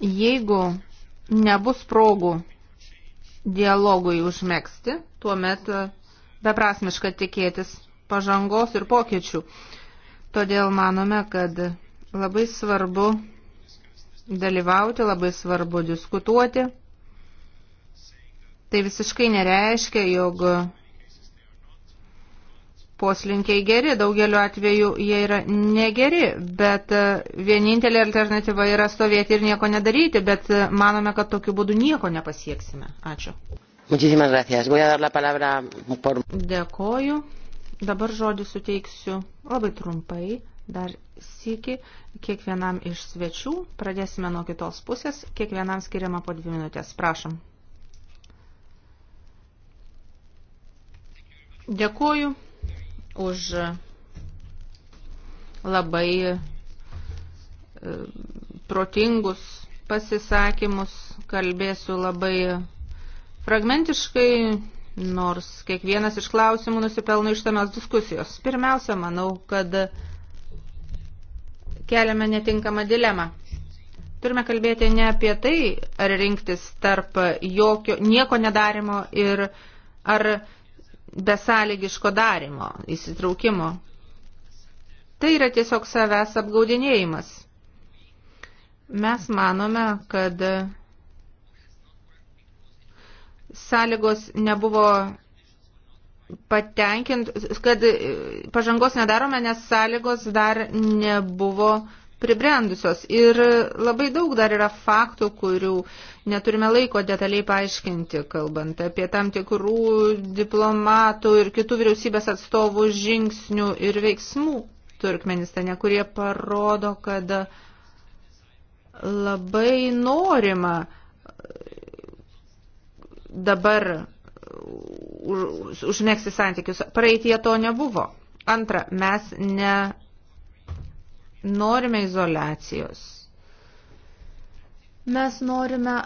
Jeigu nebus progų dialogui užmėgsti, tuomet e, beprasmiška tikėtis pažangos ir pokyčių. Todėl manome, kad labai svarbu dalyvauti, labai svarbu diskutuoti. Tai visiškai nereiškia, jog poslinkiai geri, daugeliu atveju jie yra negeri, bet e, vienintelė alternatyva yra stovėti ir nieko nedaryti, bet e, manome, kad tokiu būdu nieko nepasieksime. Ačiū. Por... Dėkoju. Dabar žodį suteiksiu labai trumpai, dar sėki, kiekvienam iš svečių. Pradėsime nuo kitos pusės, kiekvienam skiriama po dvi minutės. Prašom. Dėkoju už labai e, protingus pasisakymus, kalbėsiu labai fragmentiškai, nors kiekvienas iš klausimų nusipelno ištamios diskusijos. Pirmiausia, manau, kad keliame netinkamą dilemą. Turime kalbėti ne apie tai, ar rinktis tarp jokio, nieko nedarimo ir ar besąlygiško darimo, įsitraukimo. Tai yra tiesiog savęs apgaudinėjimas. Mes manome, kad sąlygos nebuvo patenkint, kad pažangos nedarome, nes sąlygos dar nebuvo pribrendusios ir labai daug dar yra faktų, kurių neturime laiko detaliai paaiškinti, kalbant apie tam tikrų diplomatų ir kitų vyriausybės atstovų žingsnių ir veiksmų Turkmenistane, kurie parodo, kad labai norima dabar už, užmėgsti santykius. Praeitie to nebuvo. Antra, mes ne norime izolacijos. Mes norime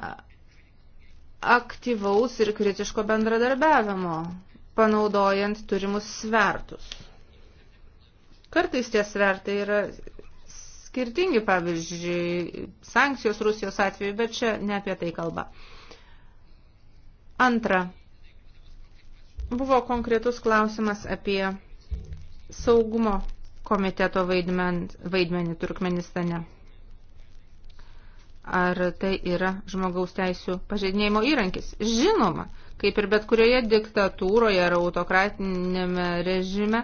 aktyvaus ir kritiško bendradarbiavimo, panaudojant turimus svertus. Kartais tie svertai yra skirtingi, pavyzdžiui, sankcijos Rusijos atveju, bet čia ne apie tai kalba. Antra, buvo konkretus klausimas apie saugumo komiteto vaidmen, vaidmenį Turkmenistane. Ar tai yra žmogaus teisų pažeidinėjimo įrankis? Žinoma, kaip ir bet kurioje diktatūroje ar autokratinėme režime,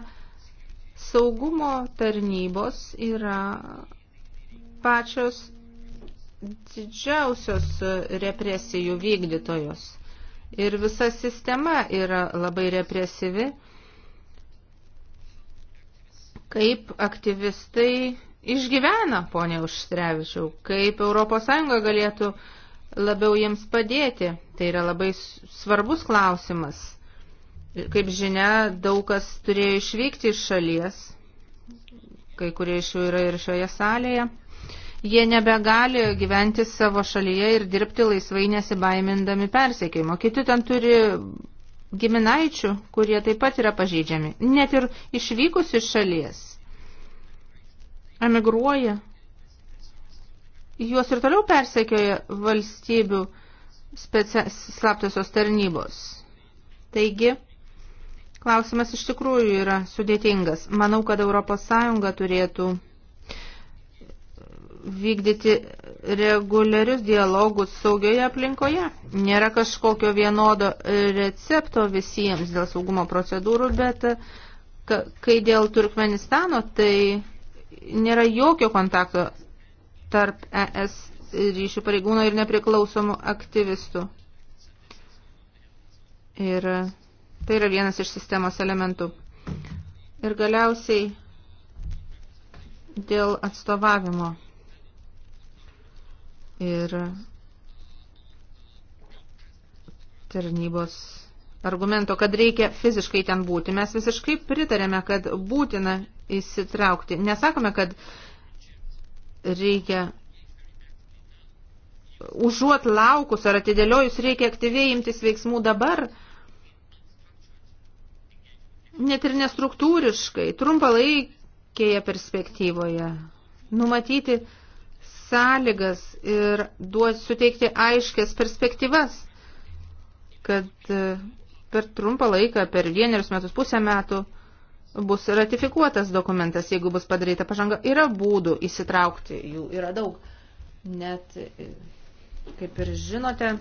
saugumo tarnybos yra pačios didžiausios represijų vykdytojos. Ir visa sistema yra labai represyvi kaip aktyvistai išgyvena, ponė Užstrevičiau, kaip ES galėtų labiau jiems padėti. Tai yra labai svarbus klausimas. Kaip žinia, daug kas turėjo išvykti iš šalies, kai kurie iš jų yra ir šioje salėje. Jie nebegali gyventi savo šalyje ir dirbti laisvai nesibaimindami persiekimo. Kiti ten turi giminaičių, kurie taip pat yra pažeidžiami, net ir išvykus iš šalies, emigruoja, juos ir toliau persekioja valstybių slaptosios tarnybos. Taigi, klausimas iš tikrųjų yra sudėtingas. Manau, kad ES turėtų vykdyti reguliarius dialogus saugioje aplinkoje. Nėra kažkokio vienodo recepto visiems dėl saugumo procedūrų, bet kai dėl Turkmenistano, tai nėra jokio kontakto tarp ES ryšių pareigūno ir nepriklausomų aktyvistų. Ir tai yra vienas iš sistemos elementų. Ir galiausiai dėl atstovavimo ir tarnybos argumento, kad reikia fiziškai ten būti. Mes visiškai pritarėme, kad būtina įsitraukti. Nesakome, kad reikia užuot laukus ar atidėliojus, reikia aktyviai imtis veiksmų dabar. Net ir nestruktūriškai, trumpalaikėje perspektyvoje. Numatyti sąlygas ir duos, suteikti aiškias perspektyvas, kad e, per trumpą laiką, per vienerius metus, pusę metų bus ratifikuotas dokumentas, jeigu bus padaryta pažanga. Yra būdų įsitraukti, jų yra daug. Net, e, kaip ir žinote,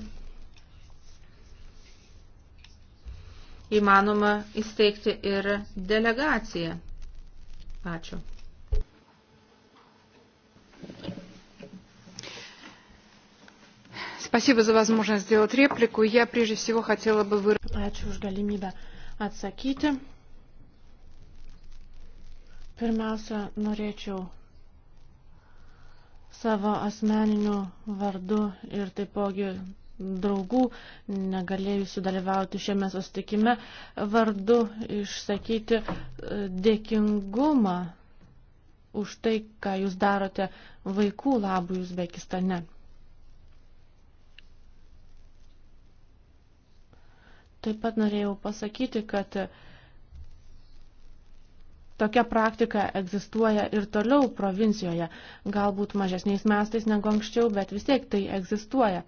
įmanoma įsteigti ir delegaciją. Ačiū. Спасибо за возможность сделать реплику. Я прежде всего хотела бы выразить... Ačiū už galimybę atsakyti. Pirmiausia, norėčiau savo asmeniniu vardu ir taipogi draugų, negalėjusių dalyvauti šiame sustikime, vardu išsakyti e, dėkingumą už tai, ką jūs darote vaikų labui Uzbekistane. Taip pat norėjau pasakyti, kad tokia praktika egzistuoja ir toliau provincijoje, galbūt mažesniais mestais negu anksčiau, bet vis tiek tai egzistuoja.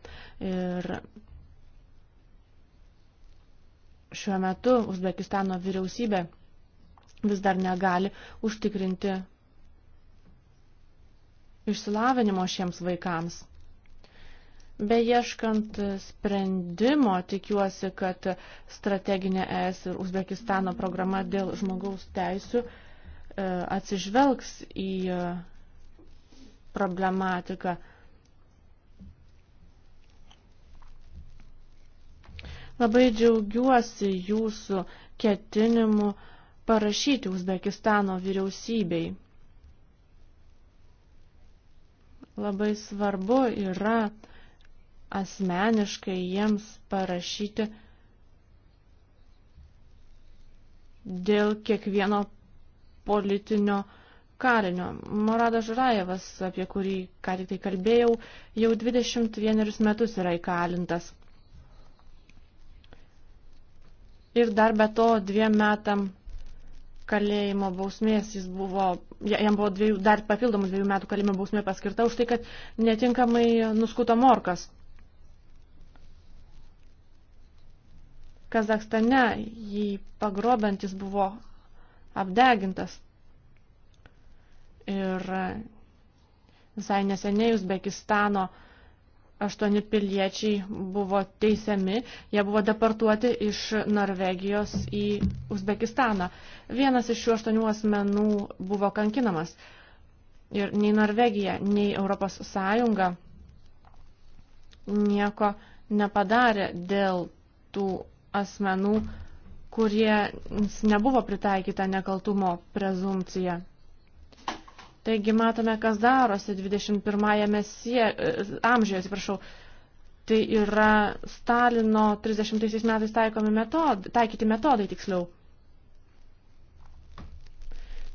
Ir šiuo metu Uzbekistano vyriausybė vis dar negali užtikrinti išsilavinimo šiems vaikams. Beieškant sprendimo, tikiuosi, kad strateginė ES ir Uzbekistano programa dėl žmogaus teisų e, atsižvelgs į e, problematiką. Labai džiaugiuosi jūsų ketinimu parašyti Uzbekistano vyriausybei. Labai svarbu yra, asmeniškai jiems parašyti dėl kiekvieno politinio kalinio. Moradas Žurajevas, apie kurį ką tik tai kalbėjau, jau 21 metus yra įkalintas. Ir dar be to dviem metam kalėjimo bausmės jis buvo, jam buvo dviejų, dar papildomų dviejų metų kalėjimo bausmė paskirta už tai, kad netinkamai nuskuto morkas. Kazakstane jį pagrobantis buvo apdegintas. Ir e, visai neseniai Uzbekistano aštuoni piliečiai buvo teisiami, jie buvo deportuoti iš Norvegijos į Uzbekistaną. Vienas iš šių aštuonių asmenų buvo kankinamas. Ir nei Norvegija, nei Europos Sąjunga nieko nepadarė dėl tų asmenų, kurie nebuvo pritaikyta nekaltumo prezumcija. Taigi matome, kas darosi 21-ame amžiuje, atsiprašau, tai yra Stalino 30 metais taikomi metodai, taikyti metodai tiksliau.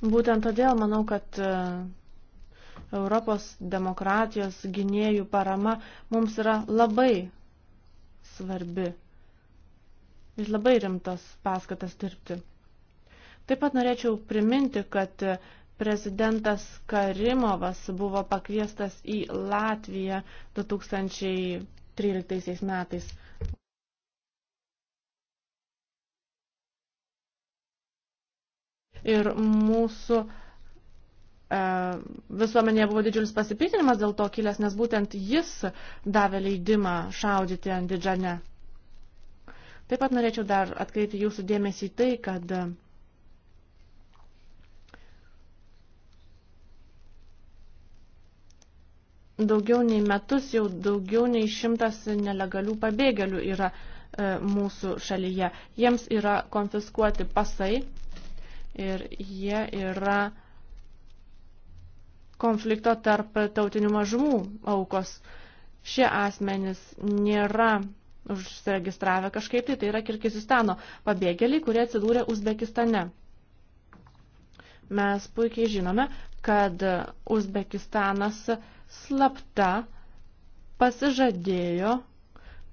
Būtent todėl manau, kad e, Europos demokratijos gynėjų parama mums yra labai svarbi ir labai rimtas paskatas dirbti. Taip pat norėčiau priminti, kad prezidentas Karimovas buvo pakviestas į Latviją 2013 metais. Ir mūsų e, visuomenėje buvo didžiulis pasipiktinimas dėl to kilęs, nes būtent jis davė leidimą šaudyti ant didžiane. Taip pat norėčiau dar atkreipti jūsų dėmesį į tai, kad e, daugiau nei metus jau daugiau nei šimtas nelegalių pabėgėlių yra e, mūsų šalyje. Jiems yra konfiskuoti pasai ir jie yra konflikto tarp tautinių mažumų aukos. Šie asmenys nėra užsiregistravę kažkaip, tai tai yra Kirgizistano pabėgėliai, kurie atsidūrė Uzbekistane. Mes puikiai žinome, kad Uzbekistanas slapta pasižadėjo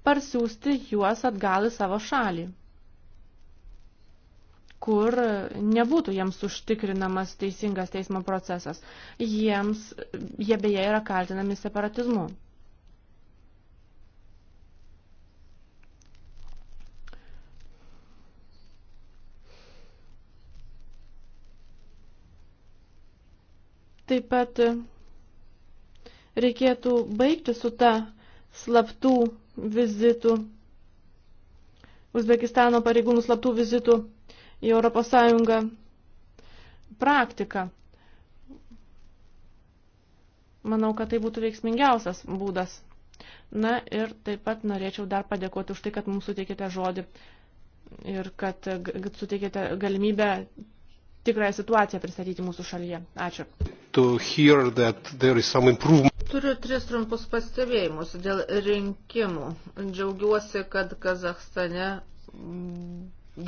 parsiųsti juos atgal į savo šalį, kur nebūtų jiems užtikrinamas teisingas teismo procesas. Jiems, jie beje yra kaltinami separatizmu. Taip pat reikėtų baigti su ta slaptų vizitų, Uzbekistano pareigūnų slaptų vizitų į ES praktiką. Manau, kad tai būtų veiksmingiausias būdas. Na ir taip pat norėčiau dar padėkoti už tai, kad mums suteikėte žodį ir kad suteikėte galimybę tikrąją situaciją pristatyti mūsų šalyje. Ačiū. Turiu tris trumpus pastebėjimus dėl rinkimų. Džiaugiuosi, kad Kazakstane,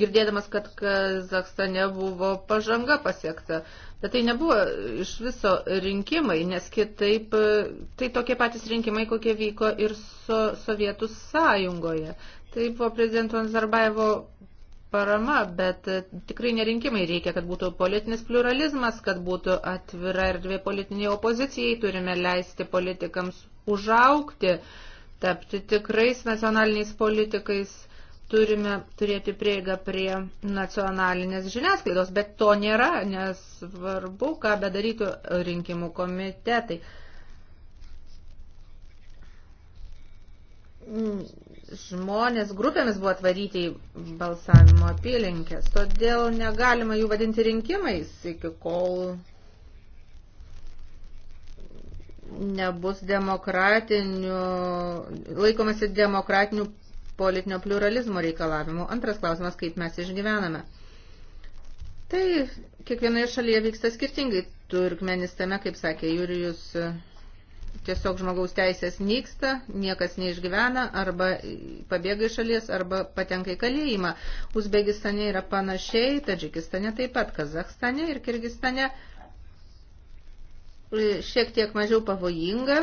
girdėdamas, kad Kazakstane buvo pažanga pasiekta, bet tai nebuvo iš viso rinkimai, nes kitaip tai tokie patys rinkimai, kokie vyko ir so, Sovietų sąjungoje. Tai buvo prezidento Nazarbaevo parama, bet e, tikrai nerinkimai reikia, kad būtų politinis pluralizmas, kad būtų atvira erdvė politiniai opozicijai, turime leisti politikams užaukti, tapti tikrais nacionaliniais politikais, turime turėti prieigą prie nacionalinės žiniasklaidos, bet to nėra, nesvarbu, ką bedarytų rinkimų komitetai žmonės grupėmis buvo atvaryti į balsavimo apylinkės, todėl negalima jų vadinti rinkimais iki kol nebus demokratinių, laikomasi demokratinių politinio pluralizmo reikalavimų. Antras klausimas, kaip mes išgyvename. Tai kiekvienoje šalyje vyksta skirtingai. Turkmenistame, kaip sakė Jurijus tiesiog žmogaus teisės nyksta, niekas neišgyvena, arba pabėga iš šalies, arba patenka į kalėjimą. Uzbekistane yra panašiai, Tadžikistane taip pat, Kazakstane ir Kirgistane e, šiek tiek mažiau pavojinga.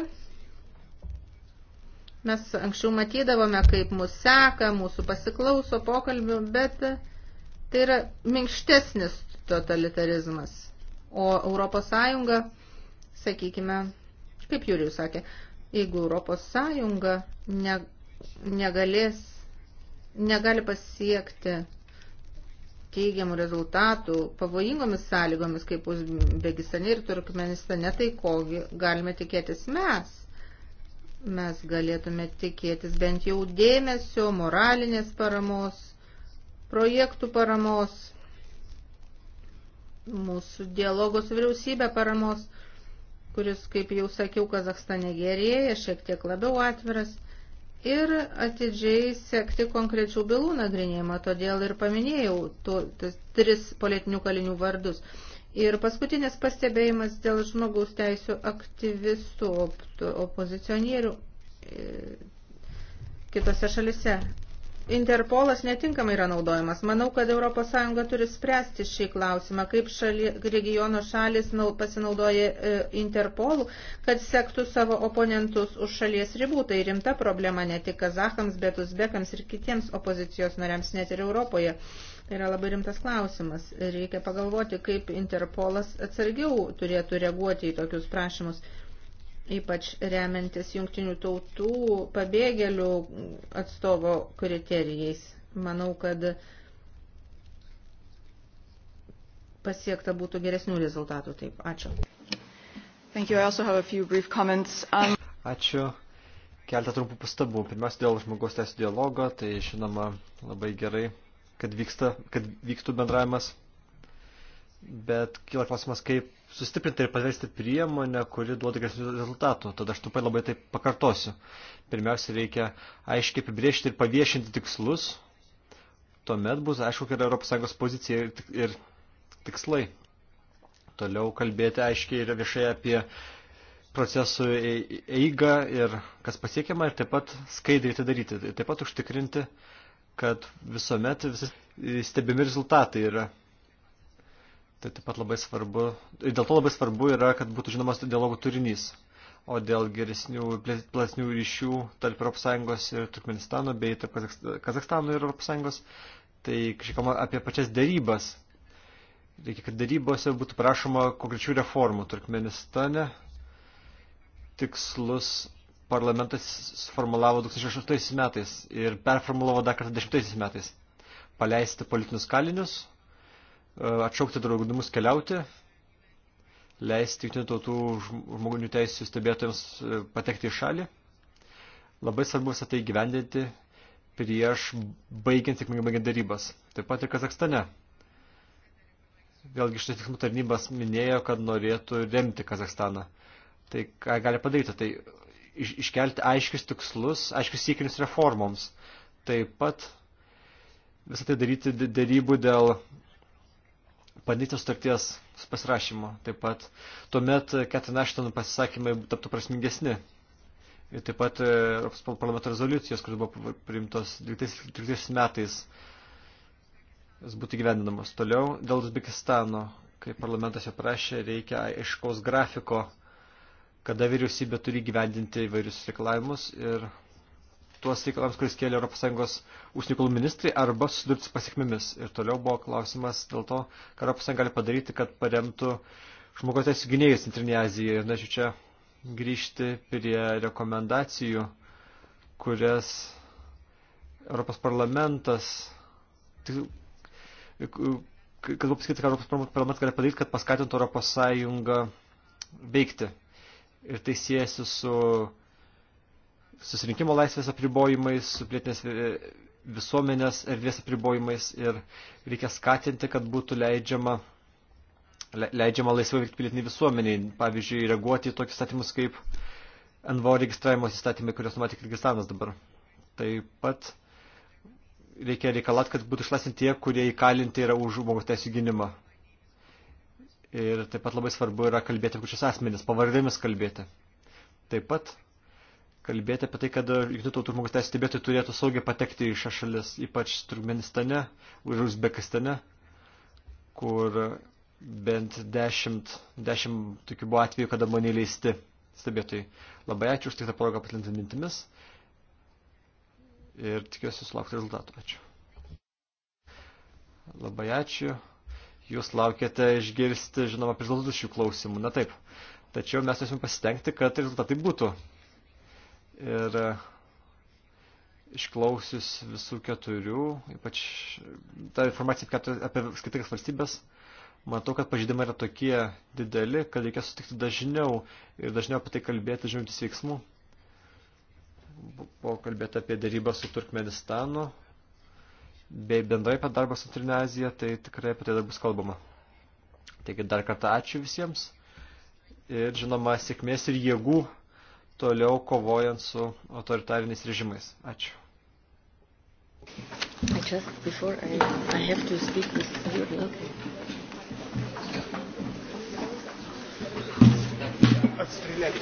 Mes anksčiau matydavome, kaip mūsų seka, mūsų pasiklauso pokalbių, bet tai yra minkštesnis totalitarizmas. O Europos Sąjunga, sakykime, kaip Jurijus sakė, jeigu Europos Sąjunga ne, negalės, negali pasiekti teigiamų rezultatų pavojingomis sąlygomis, kaip Uzbekistane ir Turkmenistane, tai ko galime tikėtis mes? Mes galėtume tikėtis bent jau dėmesio, moralinės paramos, projektų paramos, mūsų dialogo su vyriausybė paramos kuris, kaip jau sakiau, Kazakstane gerėja, šiek tiek labiau atviras ir atidžiai sekti konkrečių bylų nagrinėjimą, todėl ir paminėjau tu, tas, tris politinių kalinių vardus. Ir paskutinis pastebėjimas dėl žmogaus teisų aktyvistų, op, opozicionierių e, kitose šalise. Interpolas netinkamai yra naudojamas. Manau, kad ES turi spręsti šį klausimą, kaip šali, regiono šalis pasinaudoja e, Interpolų, kad sektų savo oponentus už šalies ribų. Tai rimta problema ne tik kazahams, bet uzbekams ir kitiems opozicijos nariams, net ir Europoje. Tai yra labai rimtas klausimas. Reikia pagalvoti, kaip Interpolas atsargiau turėtų reaguoti į tokius prašymus ypač remiantis jungtinių tautų pabėgėlių atstovo kriterijais. Manau, kad pasiekta būtų geresnių rezultatų. Taip, ačiū. Thank you. I also have a few brief comments. Um... Ačiū. Keltą trumpų pastabų. Pirmiausia, dėl žmogaus teisų dialogo, tai žinoma labai gerai, kad, vyksta, kad vyktų bendravimas. Bet kyla klausimas, kaip sustiprinti ir paversti priemonę, kuri duoda geresnių rezultatų. Tada aš tupai labai tai pakartosiu. Pirmiausia, reikia aiškiai apibriežti ir paviešinti tikslus. Tuomet bus aišku, kokia yra ES pozicija ir tikslai. Toliau kalbėti aiškiai ir viešai apie procesų e- eigą ir kas pasiekiama ir taip pat skaidriai tai daryti. Taip pat užtikrinti, kad visuomet visi stebimi rezultatai yra Tai taip pat labai svarbu, dėl to labai svarbu yra, kad būtų žinomas dialogų turinys. O dėl geresnių, platesnių ryšių tarp ES ir Turkmenistano bei tarp Kazakstano ir ES, tai kažkaip kalbama apie pačias dėrybas. Reikia, kad dėrybose būtų prašoma konkrečių reformų Turkmenistane. Tikslus parlamentas suformulavo 2008 metais ir performulavo dar kartą 10 metais. Paleisti politinius kalinius, E, atšaukti draudimus keliauti, leisti jungtinių tautų žmogonių teisų stebėtojams e, patekti į šalį. Labai svarbu visą tai gyvendinti prieš baigiant sėkmingai baigiant darybas. Taip pat ir Kazakstane. Vėlgi šitas tikslų tarnybas minėjo, kad norėtų remti Kazakstaną. Tai ką gali padaryti? Tai iš, iškelti aiškius tikslus, aiškius siekinius reformoms. Taip pat visą tai daryti darybų dėl padėtis sutarties pasirašymo taip pat. Tuomet Ketin Ashton pasisakymai taptų prasmingesni. Ir taip pat e, Europos parlamento rezoliucijos, kurios buvo priimtos 2013 metais, jis būtų gyvendinamas. Toliau dėl Uzbekistano, kaip parlamentas jau prašė, reikia aiškaus grafiko, kada vyriausybė turi gyvendinti įvairius reikalavimus ir tuos reikalams, kuris kėlė ES užsienio ministrai, arba susidurti su pasiekmėmis. Ir toliau buvo klausimas dėl to, ką ES gali padaryti, kad paremtų žmogaus teisų gynėjus Centrinėje Azijoje. Ir norėčiau čia grįžti prie rekomendacijų, kurias Europos parlamentas, kad buvo pasakyti, ką Europos parlamentas gali padaryti, kad paskatintų Europos Sąjungą veikti. Ir tai siejasi su susirinkimo laisvės apribojimais, su plėtinės e, visuomenės erdvės apribojimais ir reikia skatinti, kad būtų leidžiama, leidžiama laisvai veikti pilietiniai visuomeniai. Pavyzdžiui, reaguoti į tokius statymus kaip NVO registravimo įstatymai, kurios numatė Kirgistanas dabar. Taip pat reikia reikalauti, kad būtų išlaisvinti tie, kurie įkalinti yra už žmogaus teisų gynimą. Ir taip pat labai svarbu yra kalbėti apie šios asmenys, pavardėmis kalbėti. Taip pat kalbėti apie tai, kad jungtinių tautų žmogus teisės stebėtojai turėtų saugiai patekti į šią šalis, ypač Turkmenistane, už Uzbekistane, kur bent dešimt, dešimt tokių buvo atvejų, kada buvo neįleisti stebėtojai. Labai ačiū už tai tą progą patilinti mintimis ir tikiuosi sulaukti rezultatų. Ačiū. Labai ačiū. Jūs laukiate išgirsti, žinoma, rezultatus šių klausimų. Na taip. Tačiau mes esame pasitengti, kad rezultatai būtų. Ir e, išklausius visų keturių, ypač tą informaciją apie skirtingas valstybės, matau, kad pažydimai yra tokie dideli, kad reikia sutikti dažniau ir dažniau apie tai kalbėti žimtis veiksmų. Buvo kalbėti apie dėrybą su Turkmenistanu, bei bendrai apie darbą su Trinazija, tai tikrai apie tai dar bus kalbama. Taigi dar kartą ačiū visiems ir žinoma sėkmės ir jėgų toliau kovojant su autoritariniais režimais. Ačiū. I just before I, I have to speak with you. Okay. Отстреляли.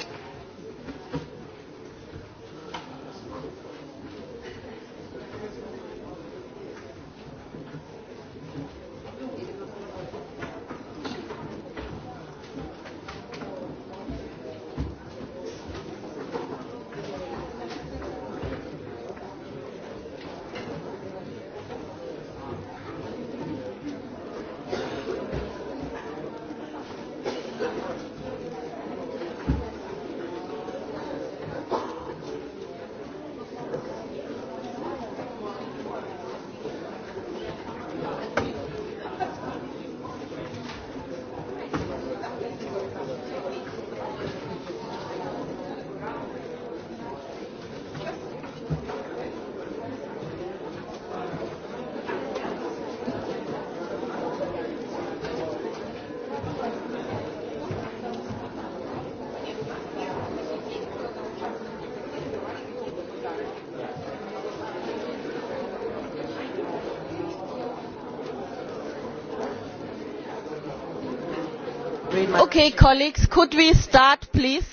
read my... Okay, colleagues, could we start, please?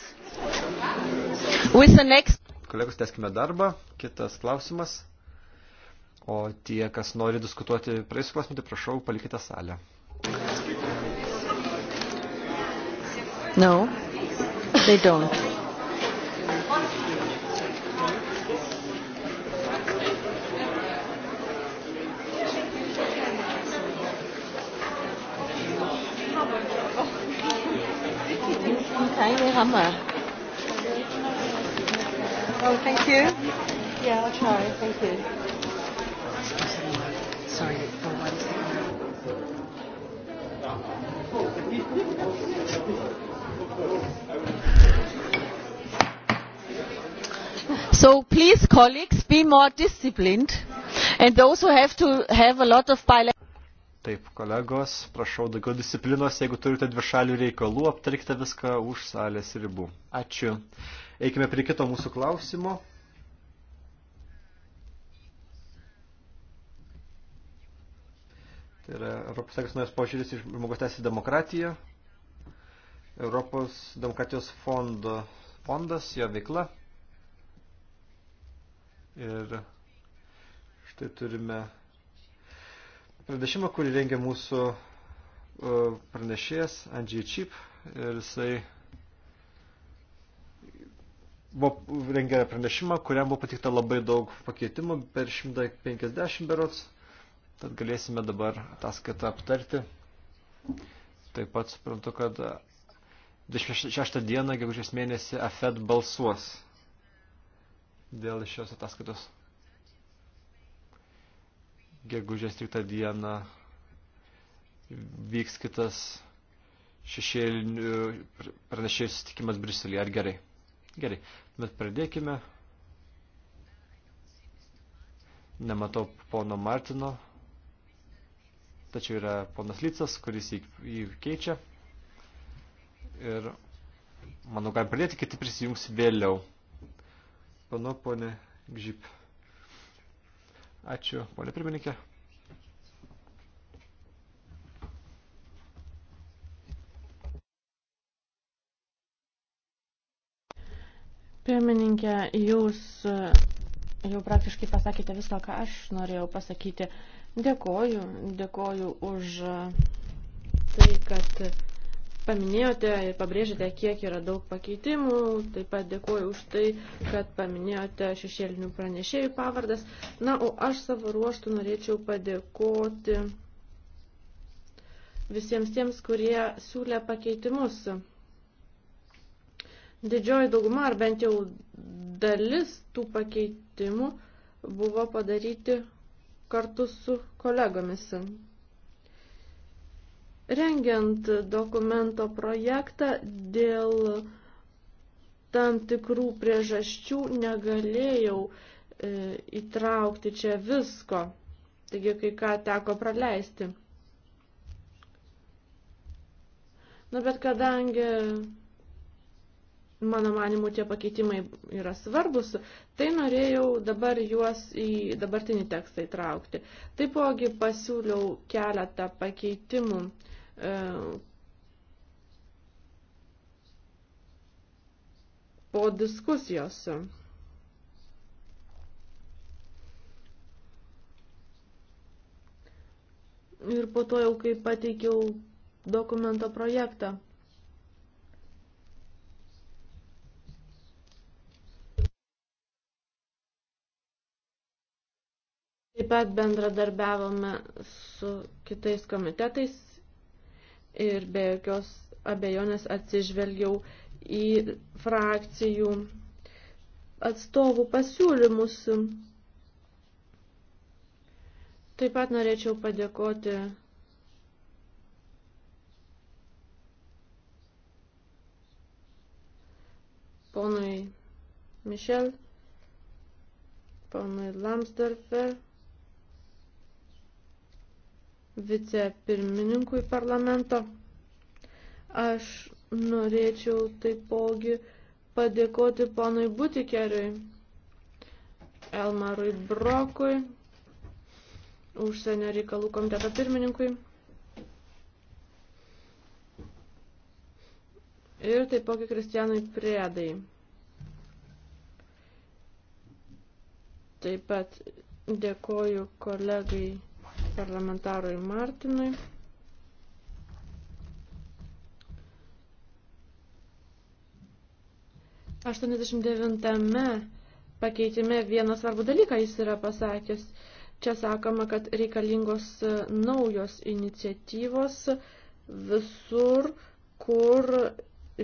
With the next... Kolegos, teskime darbą. Kitas klausimas. O tie, kas nori diskutuoti praeisų klausimų, tai prašau, palikite salę. No, they don't. tiny hammer. Oh, thank you. Yeah, I'll try. Thank you. Sorry, for one second. So please, colleagues, be more disciplined, and those who have to have a lot of bilateral. Taip, kolegos, prašau daugiau disciplinos, jeigu turite dvišalių reikalų, aptarkite viską už salės ribų. Ačiū. Eikime prie kito mūsų klausimo. Tai yra Europos Sąjungos naujas požiūris į žmogaus teisę demokratiją. Europos demokratijos fondo, fondas, jo veikla. Ir štai turime pranešimą, kurį rengia mūsų e, pranešėjas Andžiai Čip ir jisai buvo rengė pranešimą, kuriam buvo patikta labai daug pakeitimų per 150 berots, tad galėsime dabar ataskaitą aptarti. Taip pat suprantu, kad 26 dieną, gegužės mėnesį, AFED balsuos dėl šios ataskaitos gegužės 3 dieną vyks kitas šešėlinių pranešėjų susitikimas Briuselėje. Ar gerai? Gerai. Bet pradėkime. Nematau pono Martino. Tačiau yra ponas Lycas, kuris jį, jį keičia. Ir manau, galim pradėti, kiti prisijungs vėliau. Pano, ponė Gžip. Ačiū, ponė pirmininkė. Pirmininkė, jūs jau praktiškai pasakėte viską, ką aš norėjau pasakyti. Dėkoju, dėkoju už tai, kad paminėjote ir pabrėžėte, kiek yra daug pakeitimų. Taip pat dėkuoju už tai, kad paminėjote šešėlinių pranešėjų pavardas. Na, o aš savo ruoštų norėčiau padėkoti visiems tiems, kurie siūlė pakeitimus. Didžioji dauguma, ar bent jau dalis tų pakeitimų buvo padaryti kartu su kolegomis. Rengiant dokumento projektą dėl tam tikrų priežasčių negalėjau e, įtraukti čia visko, taigi kai ką teko praleisti. Na bet kadangi mano manimu, tie pakeitimai yra svarbus, tai norėjau dabar juos į dabartinį tekstą įtraukti. Taipogi pasiūliau keletą pakeitimų E, po diskusijos. Ir po to jau, kai pateikiau dokumento projektą. Taip pat bendradarbiavome su kitais komitetais ir be jokios abejonės atsižvelgiau į frakcijų atstovų pasiūlymus. Taip pat norėčiau padėkoti ponui Mišel, ponui Lamsdorfer vicepirmininkui parlamento. Aš norėčiau taipogi padėkoti ponui Butikeriui, Elmarui Brokui, užsienio reikalų komiteto pirmininkui. Ir taipogi Kristianui Priedai. Taip pat dėkoju kolegai parlamentarui Martinui. Aštuoniasdešimt devintame pakeitime vieną svarbų dalyką jis yra pasakęs. Čia sakoma, kad reikalingos naujos iniciatyvos visur, kur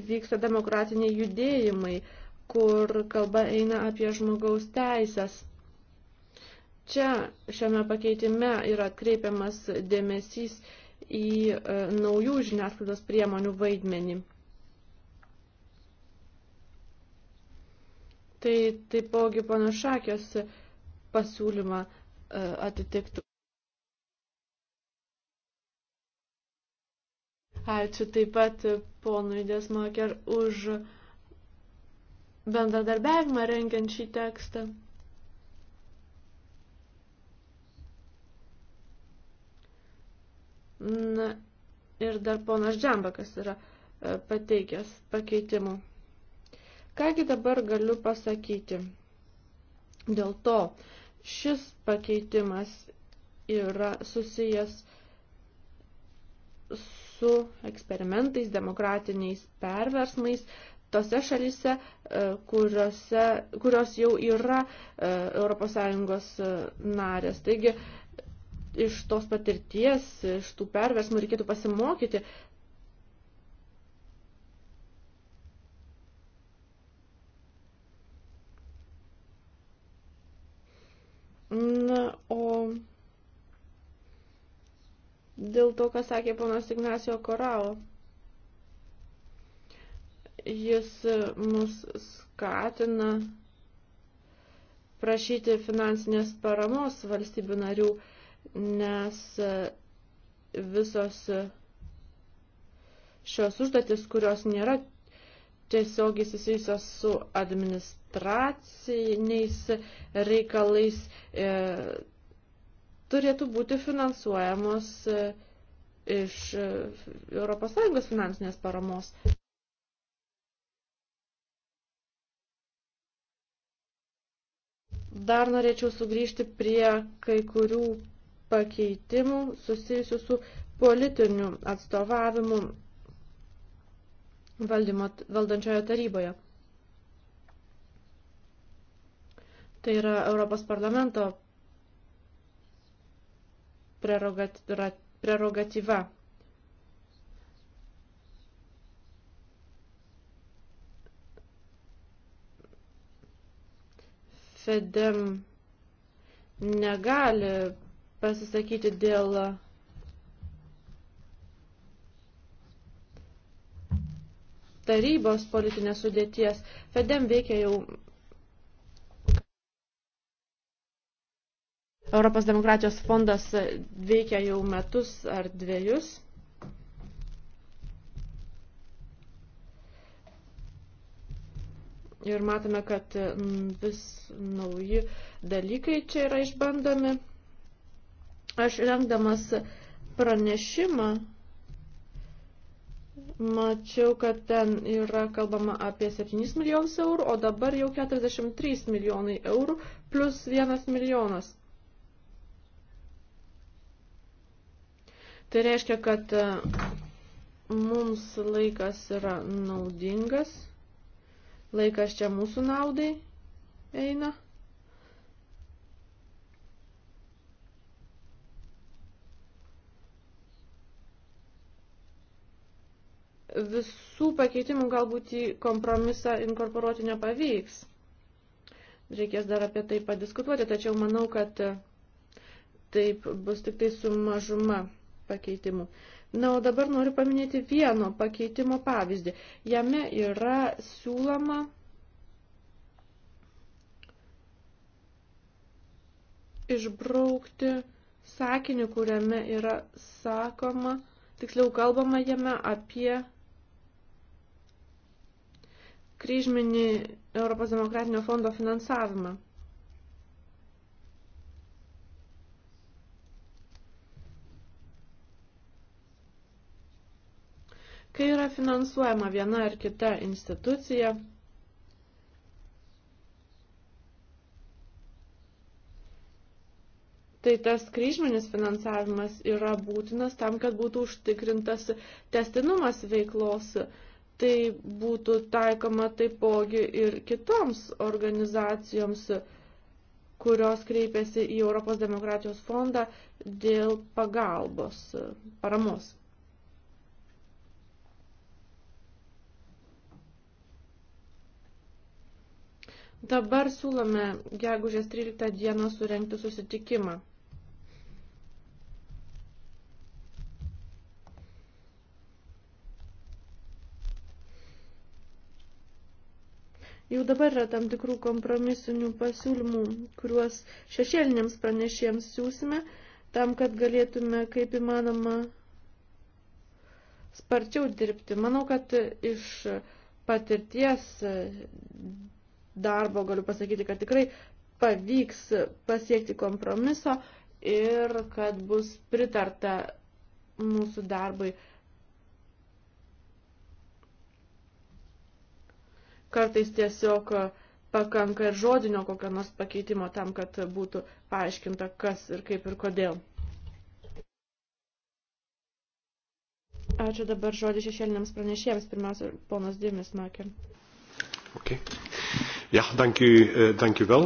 vyksta demokratiniai judėjimai, kur kalba eina apie žmogaus teisės. Čia šiame pakeitime yra atkreipiamas dėmesys į e, naujų žiniasklaidos priemonių vaidmenį. Tai taipogi panašakios pasiūlymą e, atitiktų. Ačiū taip pat ponui Desmaker už bendradarbiavimą rengiant šį tekstą. Na, ir dar ponas Džambakas yra e, pateikęs pakeitimų. Kągi dabar galiu pasakyti? Dėl to šis pakeitimas yra susijęs su eksperimentais, demokratiniais perversmais tose šalyse, e, kuriuose, kurios jau yra ES e, narės. Taigi iš tos patirties, iš tų perversmų reikėtų pasimokyti. Na, o dėl to, ką sakė ponas Ignacio Korao, jis mus skatina prašyti finansinės paramos valstybių narių nes e, visos e, šios užduotis, kurios nėra tiesiogiai susijusios su administraciniais reikalais, e, turėtų būti finansuojamos e, iš e, ES finansinės paramos. Dar norėčiau sugrįžti prie kai kurių pakeitimų susijusių su politiniu atstovavimu valdymo, valdančiojo taryboje. Tai yra Europos parlamento prerogatyva. Fedem negali pasisakyti dėl uh, tarybos politinės sudėties. Fedem veikia jau Europos demokratijos fondas veikia jau metus ar dviejus. Ir matome, kad mm, vis nauji dalykai čia yra išbandomi. Aš rengdamas pranešimą mačiau, kad ten yra kalbama apie 7 milijonus eurų, o dabar jau 43 milijonai eurų plus 1 milijonas. Tai reiškia, kad e, mums laikas yra naudingas, laikas čia mūsų naudai eina. visų pakeitimų galbūt į kompromisą inkorporuoti nepavyks. Reikės dar apie tai padiskutuoti, tačiau manau, kad e, taip bus tik tai su mažuma pakeitimų. Na, o dabar noriu paminėti vieno pakeitimo pavyzdį. Jame yra siūloma išbraukti sakinį, kuriame yra sakoma, tiksliau kalbama jame apie kryžminį Europos demokratinio fondo finansavimą. Kai yra finansuojama viena ar kita institucija, tai tas kryžminis finansavimas yra būtinas tam, kad būtų užtikrintas testinumas veiklos uh, tai būtų taikoma taipogi ir kitoms organizacijoms, kurios kreipiasi į Europos demokratijos fondą dėl pagalbos, paramos. Dabar siūlome gegužės 13 dieną surenkti susitikimą. Jau dabar yra tam tikrų kompromisinių pasiūlymų, kuriuos šešėliniams pranešėjams siūsime, tam, kad galėtume kaip įmanoma sparčiau dirbti. Manau, kad iš patirties darbo galiu pasakyti, kad tikrai pavyks pasiekti kompromiso ir kad bus pritarta mūsų darbui. Kartais tiesiog e, pakanka ir žodinio kokio nors pakeitimo tam, kad būtų paaiškinta, kas ir kaip ir kodėl. Ačiū dabar žodį šešėliniams pranešėjams. Pirmiausia, ponas Dėmis Makė. Okay. Ja, dank u, uh, dank u wel.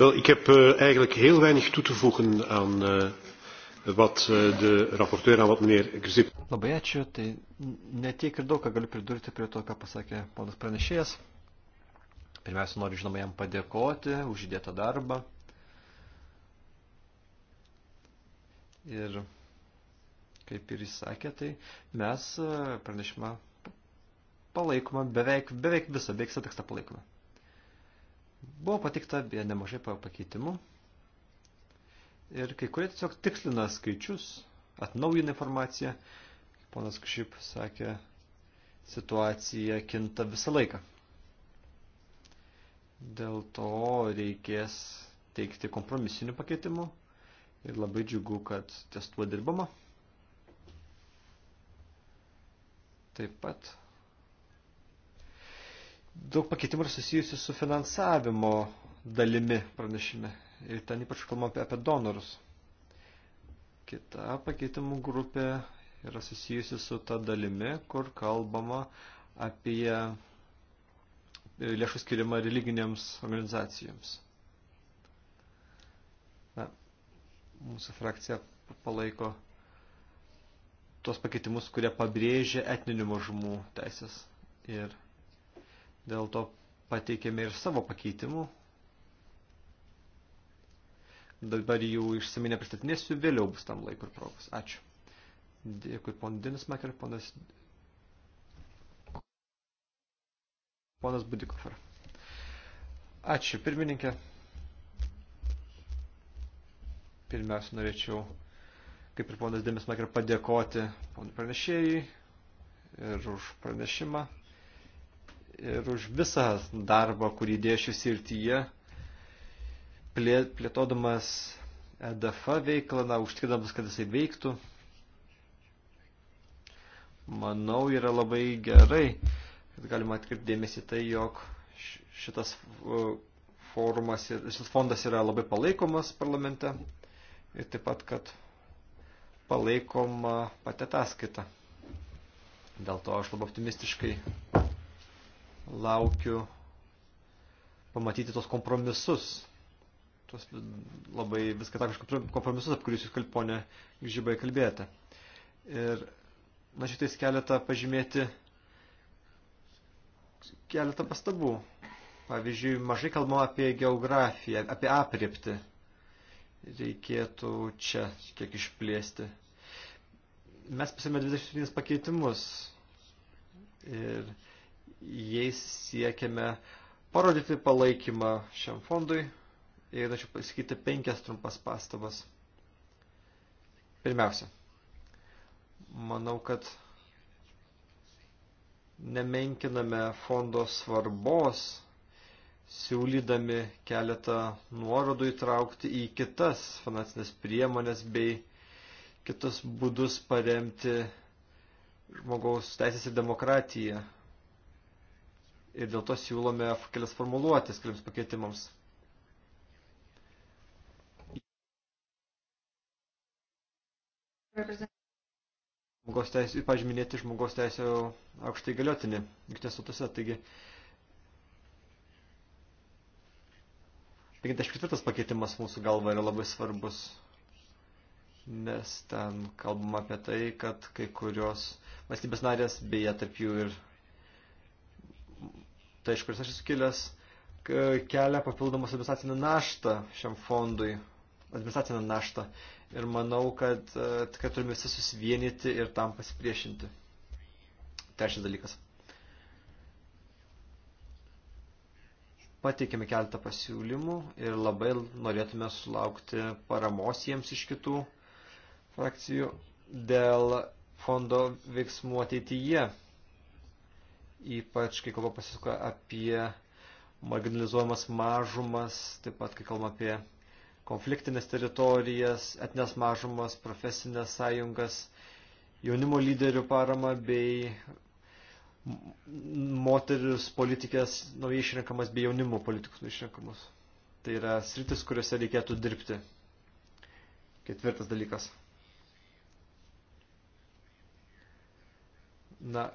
Wel, ik heb uh, eigenlijk heel weinig toe te voegen aan uh, wat uh, de rapporteur, aan wat meneer Grzip. Labai ačiū, tai ne tiek ir daug ką galiu pridurti prie to, ką pasakė ponas pranešėjas. Pirmiausia, noriu žinoma jam padėkoti už įdėtą darbą. Ir kaip ir jis sakė, tai mes e, pranešimą palaikome beveik, beveik visą, beveik visą tekstą palaikome. Buvo patikta nemažai pakeitimų ir kai kurie tiesiog tikslina skaičius, atnaujina informaciją. Ponas Kšyp sakė, situacija kinta visą laiką. Dėl to reikės teikti kompromisinių pakeitimų ir labai džiugu, kad ties tuo dirbama. Taip pat daug pakeitimų yra susijusių su finansavimo dalimi pranešime ir ten ypač kalbama apie, apie donorus. Kita pakeitimų grupė yra susijusi su ta dalimi, kur kalbama apie lėšų skiriama religinėms organizacijoms. Na, mūsų frakcija palaiko tuos pakeitimus, kurie pabrėžia etninių mažumų teisės. Ir dėl to pateikėme ir savo pakeitimų. Dabar jų išsiminę pristatinėsiu, vėliau bus tam laiko ir progos. Ačiū. Dėkui, pon Dinis Maker, ponas Ponas Budikofer. Ačiū, pirmininkė. Pirmiausia, norėčiau, kaip ir ponas Demismaker, padėkoti ponui pranešėjai ir už pranešimą ir už visą darbą, kurį dėjo šis ir tyje, plėtodamas EDF veiklą, na, užtikrindamas, kad jisai veiktų manau, yra labai gerai, kad galima atkirti dėmesį tai, jog šitas forumas, šis fondas yra labai palaikomas parlamente ir taip pat, kad palaikoma pati ataskaita. Dėl to aš labai optimistiškai laukiu pamatyti tos kompromisus, tuos labai viską tą kažkokius kompromisus, apie kuriuos jūs, kalb, ponė, žybai kalbėjote. Ir na šitais keletą pažymėti keletą pastabų. Pavyzdžiui, mažai kalbama apie geografiją, apie apripti. Reikėtų čia kiek išplėsti. Mes pasime 27 pakeitimus ir jais siekiame parodyti palaikymą šiam fondui ir norėčiau pasakyti penkias trumpas pastabas. Pirmiausia, manau, kad nemenkiname fondo svarbos, siūlydami keletą nuorodų įtraukti į kitas finansinės priemonės bei kitus būdus paremti žmogaus teisės ir demokratiją. Ir dėl to siūlome kelias formuluotės keliams pakeitimams. Represent žmogaus teisų, ypač minėti žmogaus teisų aukštai galiotinį, jungtinės tautose, taigi 54 pakeitimas mūsų galva yra labai svarbus, nes ten kalbama apie tai, kad kai kurios valstybės narės, beje, tarp jų ir tai, iš kuris aš esu kilęs, kelia papildomą administracinę naštą šiam fondui, administracinę naštą ir manau, kad tikrai e, turime visi susivienyti ir tam pasipriešinti. Trečias dalykas. Pateikėme keletą pasiūlymų ir labai norėtume sulaukti paramos jiems iš kitų frakcijų dėl fondo veiksmų ateityje. Ypač, kai kalba pasisuka apie marginalizuojamas mažumas, taip pat, kai kalba apie konfliktinės teritorijas, etnes mažumas, profesinės sąjungas, jaunimo lyderių paramą bei moteris politikės naujai išrenkamas bei jaunimo politikus išrenkamus. Tai yra sritis, kuriuose reikėtų dirbti. Ketvirtas dalykas. Na,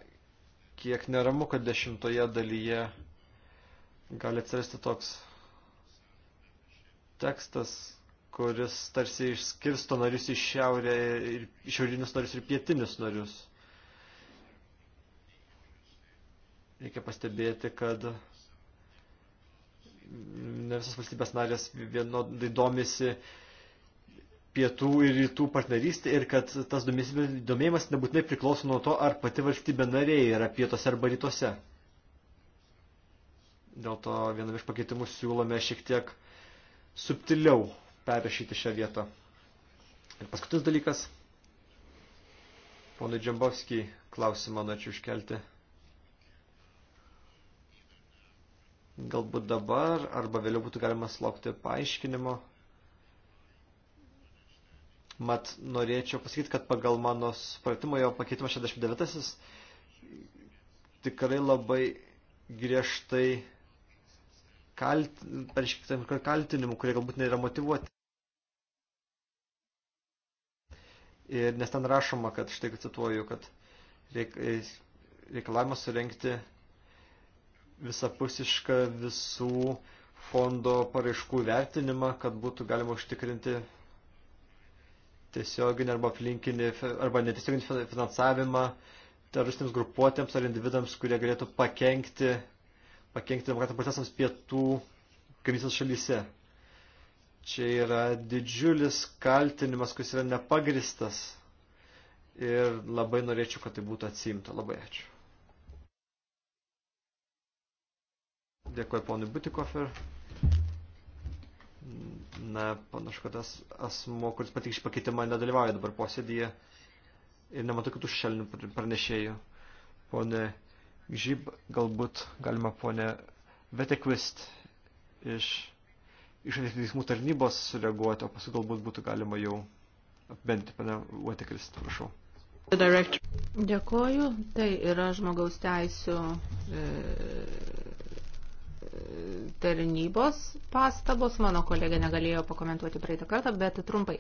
kiek neramu, kad dešimtoje dalyje gali atsirasti toks tekstas, kuris tarsi išskirsto narius į šiaurę, ir, šiaurinius narius ir pietinius narius. Reikia pastebėti, kad ne visas valstybės narės vienodai domisi pietų ir rytų partnerystė ir kad tas domėjimas nebūtinai priklauso nuo to, ar pati valstybė narė yra pietose arba rytuose. Dėl to vienam iš pakeitimų siūlome šiek tiek uh, subtiliau perrašyti šią vietą. Ir paskutinis dalykas. Ponai Džambovskijai klausimą norėčiau iškelti. Galbūt dabar arba vėliau būtų galima slaukti paaiškinimo. Mat, norėčiau pasakyti, kad pagal mano supratimo jo pakeitimo 69 tikrai labai griežtai kalt, pareiškia tam kaltinimų, kurie galbūt nėra motivuoti. Ir nes ten rašoma, kad štai cituoju, kad reik, reikalavimas surenkti visapusišką visų fondo paraiškų vertinimą, kad būtų galima užtikrinti tiesioginį arba aplinkinį arba netiesioginį finansavimą teroristiniams grupuotėms ar individams, kurie galėtų pakengti pakengti demokratiniam procesams pietų kaimynės šalyse. Čia yra didžiulis kaltinimas, kuris yra nepagristas. Ir labai norėčiau, kad tai būtų atsiimta. Labai ačiū. Dėkuoju ponui Butikofer. Na, panašu, kad tas asmo, kuris patikš pakeitimą, nedalyvauja dabar posėdėje. Ir nematau kitų šešėlinių pranešėjų. Pone Žyb galbūt galima ponė Vetekvist iš išorės teismų tarnybos sureaguoti, o paskui galbūt būtų galima jau apibendrinti, pana Vetekrist, prašau. Dėkoju. Tai yra žmogaus teisų e, tarnybos pastabos. Mano kolegė negalėjo pakomentuoti praeitą kartą, bet trumpai.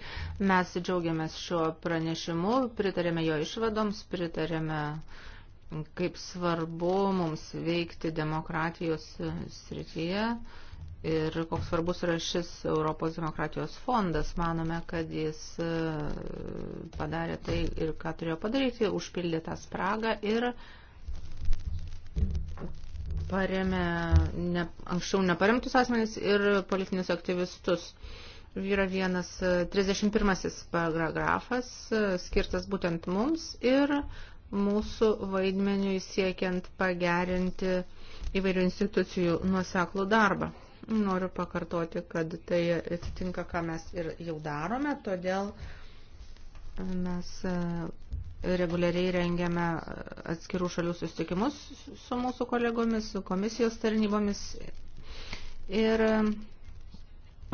Mes džiaugiamės šiuo pranešimu, pritarėme jo išvadoms, pritarėme e, kaip svarbu mums veikti demokratijos srityje ir koks svarbus yra šis Europos demokratijos fondas. Manome, kad jis e, padarė tai ir ką turėjo padaryti, užpildė tą spragą ir paremė ne, anksčiau neparemtus asmenys ir politinius aktyvistus yra vienas 31 e, paragrafas e, skirtas būtent mums ir mūsų vaidmeniui siekiant pagerinti įvairių institucijų nuoseklų darbą. Noriu pakartoti, kad tai atsitinka, ką mes ir jau darome, todėl mes e, reguliariai rengiame atskirų šalių susitikimus su mūsų kolegomis, su komisijos tarnybomis. Ir e,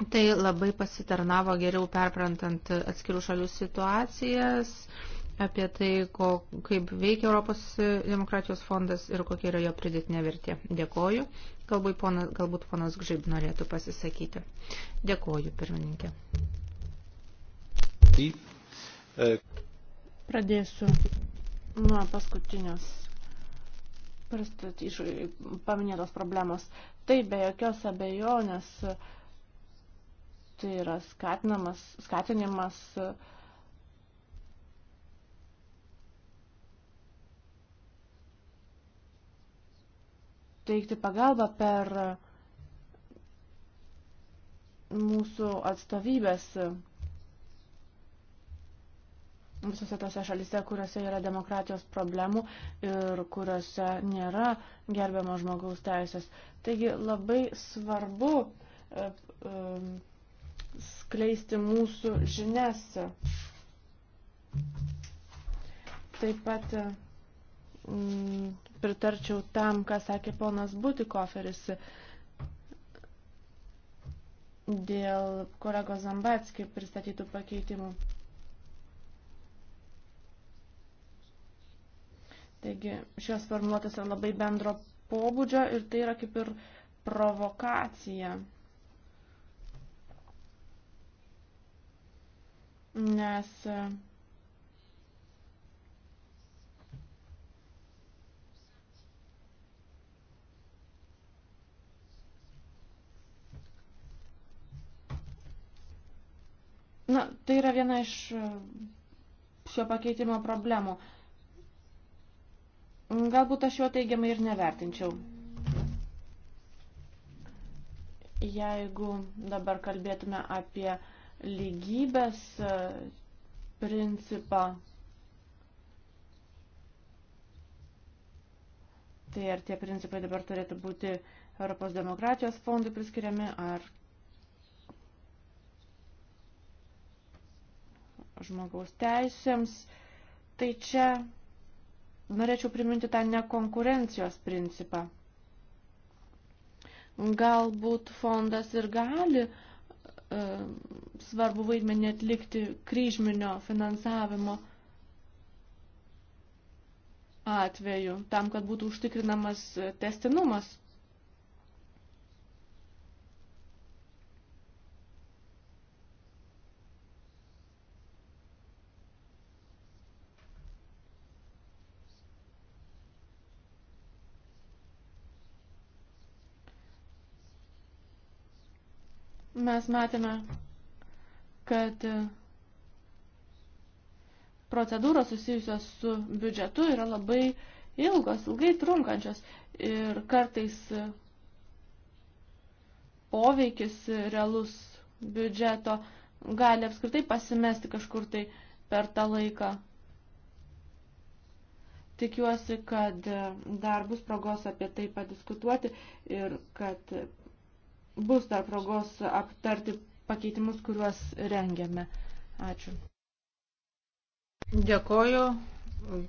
tai labai pasitarnavo geriau perprantant atskirų šalių situacijas apie tai, ko, kaip veikia Europos demokratijos fondas ir kokia yra jo pridėtinė vertė. Dėkoju. Galbūt ponas, galbūt ponas Gžib norėtų pasisakyti. Dėkoju, pirmininkė. E, Pradėsiu nuo paskutinios paminėtos problemos. Tai be jokios abejonės tai yra skatinamas, skatinimas, skatinimas teikti pagalbą per mūsų atstovybės visose tose šalise, kuriuose yra demokratijos problemų ir kuriuose nėra gerbiamo žmogaus teisės. Taigi labai svarbu e, e, skleisti mūsų žinias. Taip pat e, pritarčiau tam, ką sakė ponas Butikoferis dėl kolego Zambatskį pristatytų pakeitimų. Taigi šios formuluotės yra labai bendro pobūdžio ir tai yra kaip ir provokacija. Nes Na, tai yra viena iš e, šio pakeitimo problemų. Galbūt aš jo teigiamai ir nevertinčiau. Jeigu dabar kalbėtume apie lygybės e, principą, tai ar tie principai dabar turėtų būti Europos demokratijos fondui priskiriami, ar žmogaus teisėms, tai čia norėčiau priminti tą nekonkurencijos principą. Galbūt fondas ir gali e, svarbu vaidmenį atlikti kryžminio finansavimo atveju, tam, kad būtų užtikrinamas testinumas mes matėme, kad e, procedūros susijusios su biudžetu yra labai ilgos, ilgai trunkančios ir kartais e, poveikis realus biudžeto gali apskritai pasimesti kažkur tai per tą laiką. Tikiuosi, kad e, dar bus progos apie tai padiskutuoti ir kad bus dar progos aptarti pakeitimus, kuriuos rengiame. Ačiū. Dėkoju.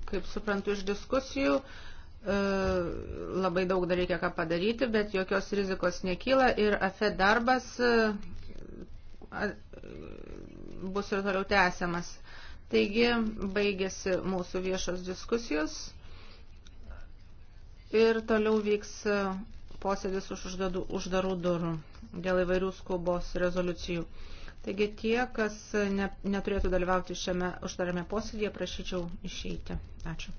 Kaip suprantu iš diskusijų, e, labai daug dar reikia ką padaryti, bet jokios rizikos nekyla ir AFE darbas e, bus ir toliau tęsiamas. Taigi baigėsi mūsų viešos diskusijos ir toliau vyks posėdis už uždarų durų dėl įvairių skubos rezoliucijų. Taigi tie, kas ne, neturėtų dalyvauti šiame uždarame posėdėje, prašyčiau išeiti. Ačiū.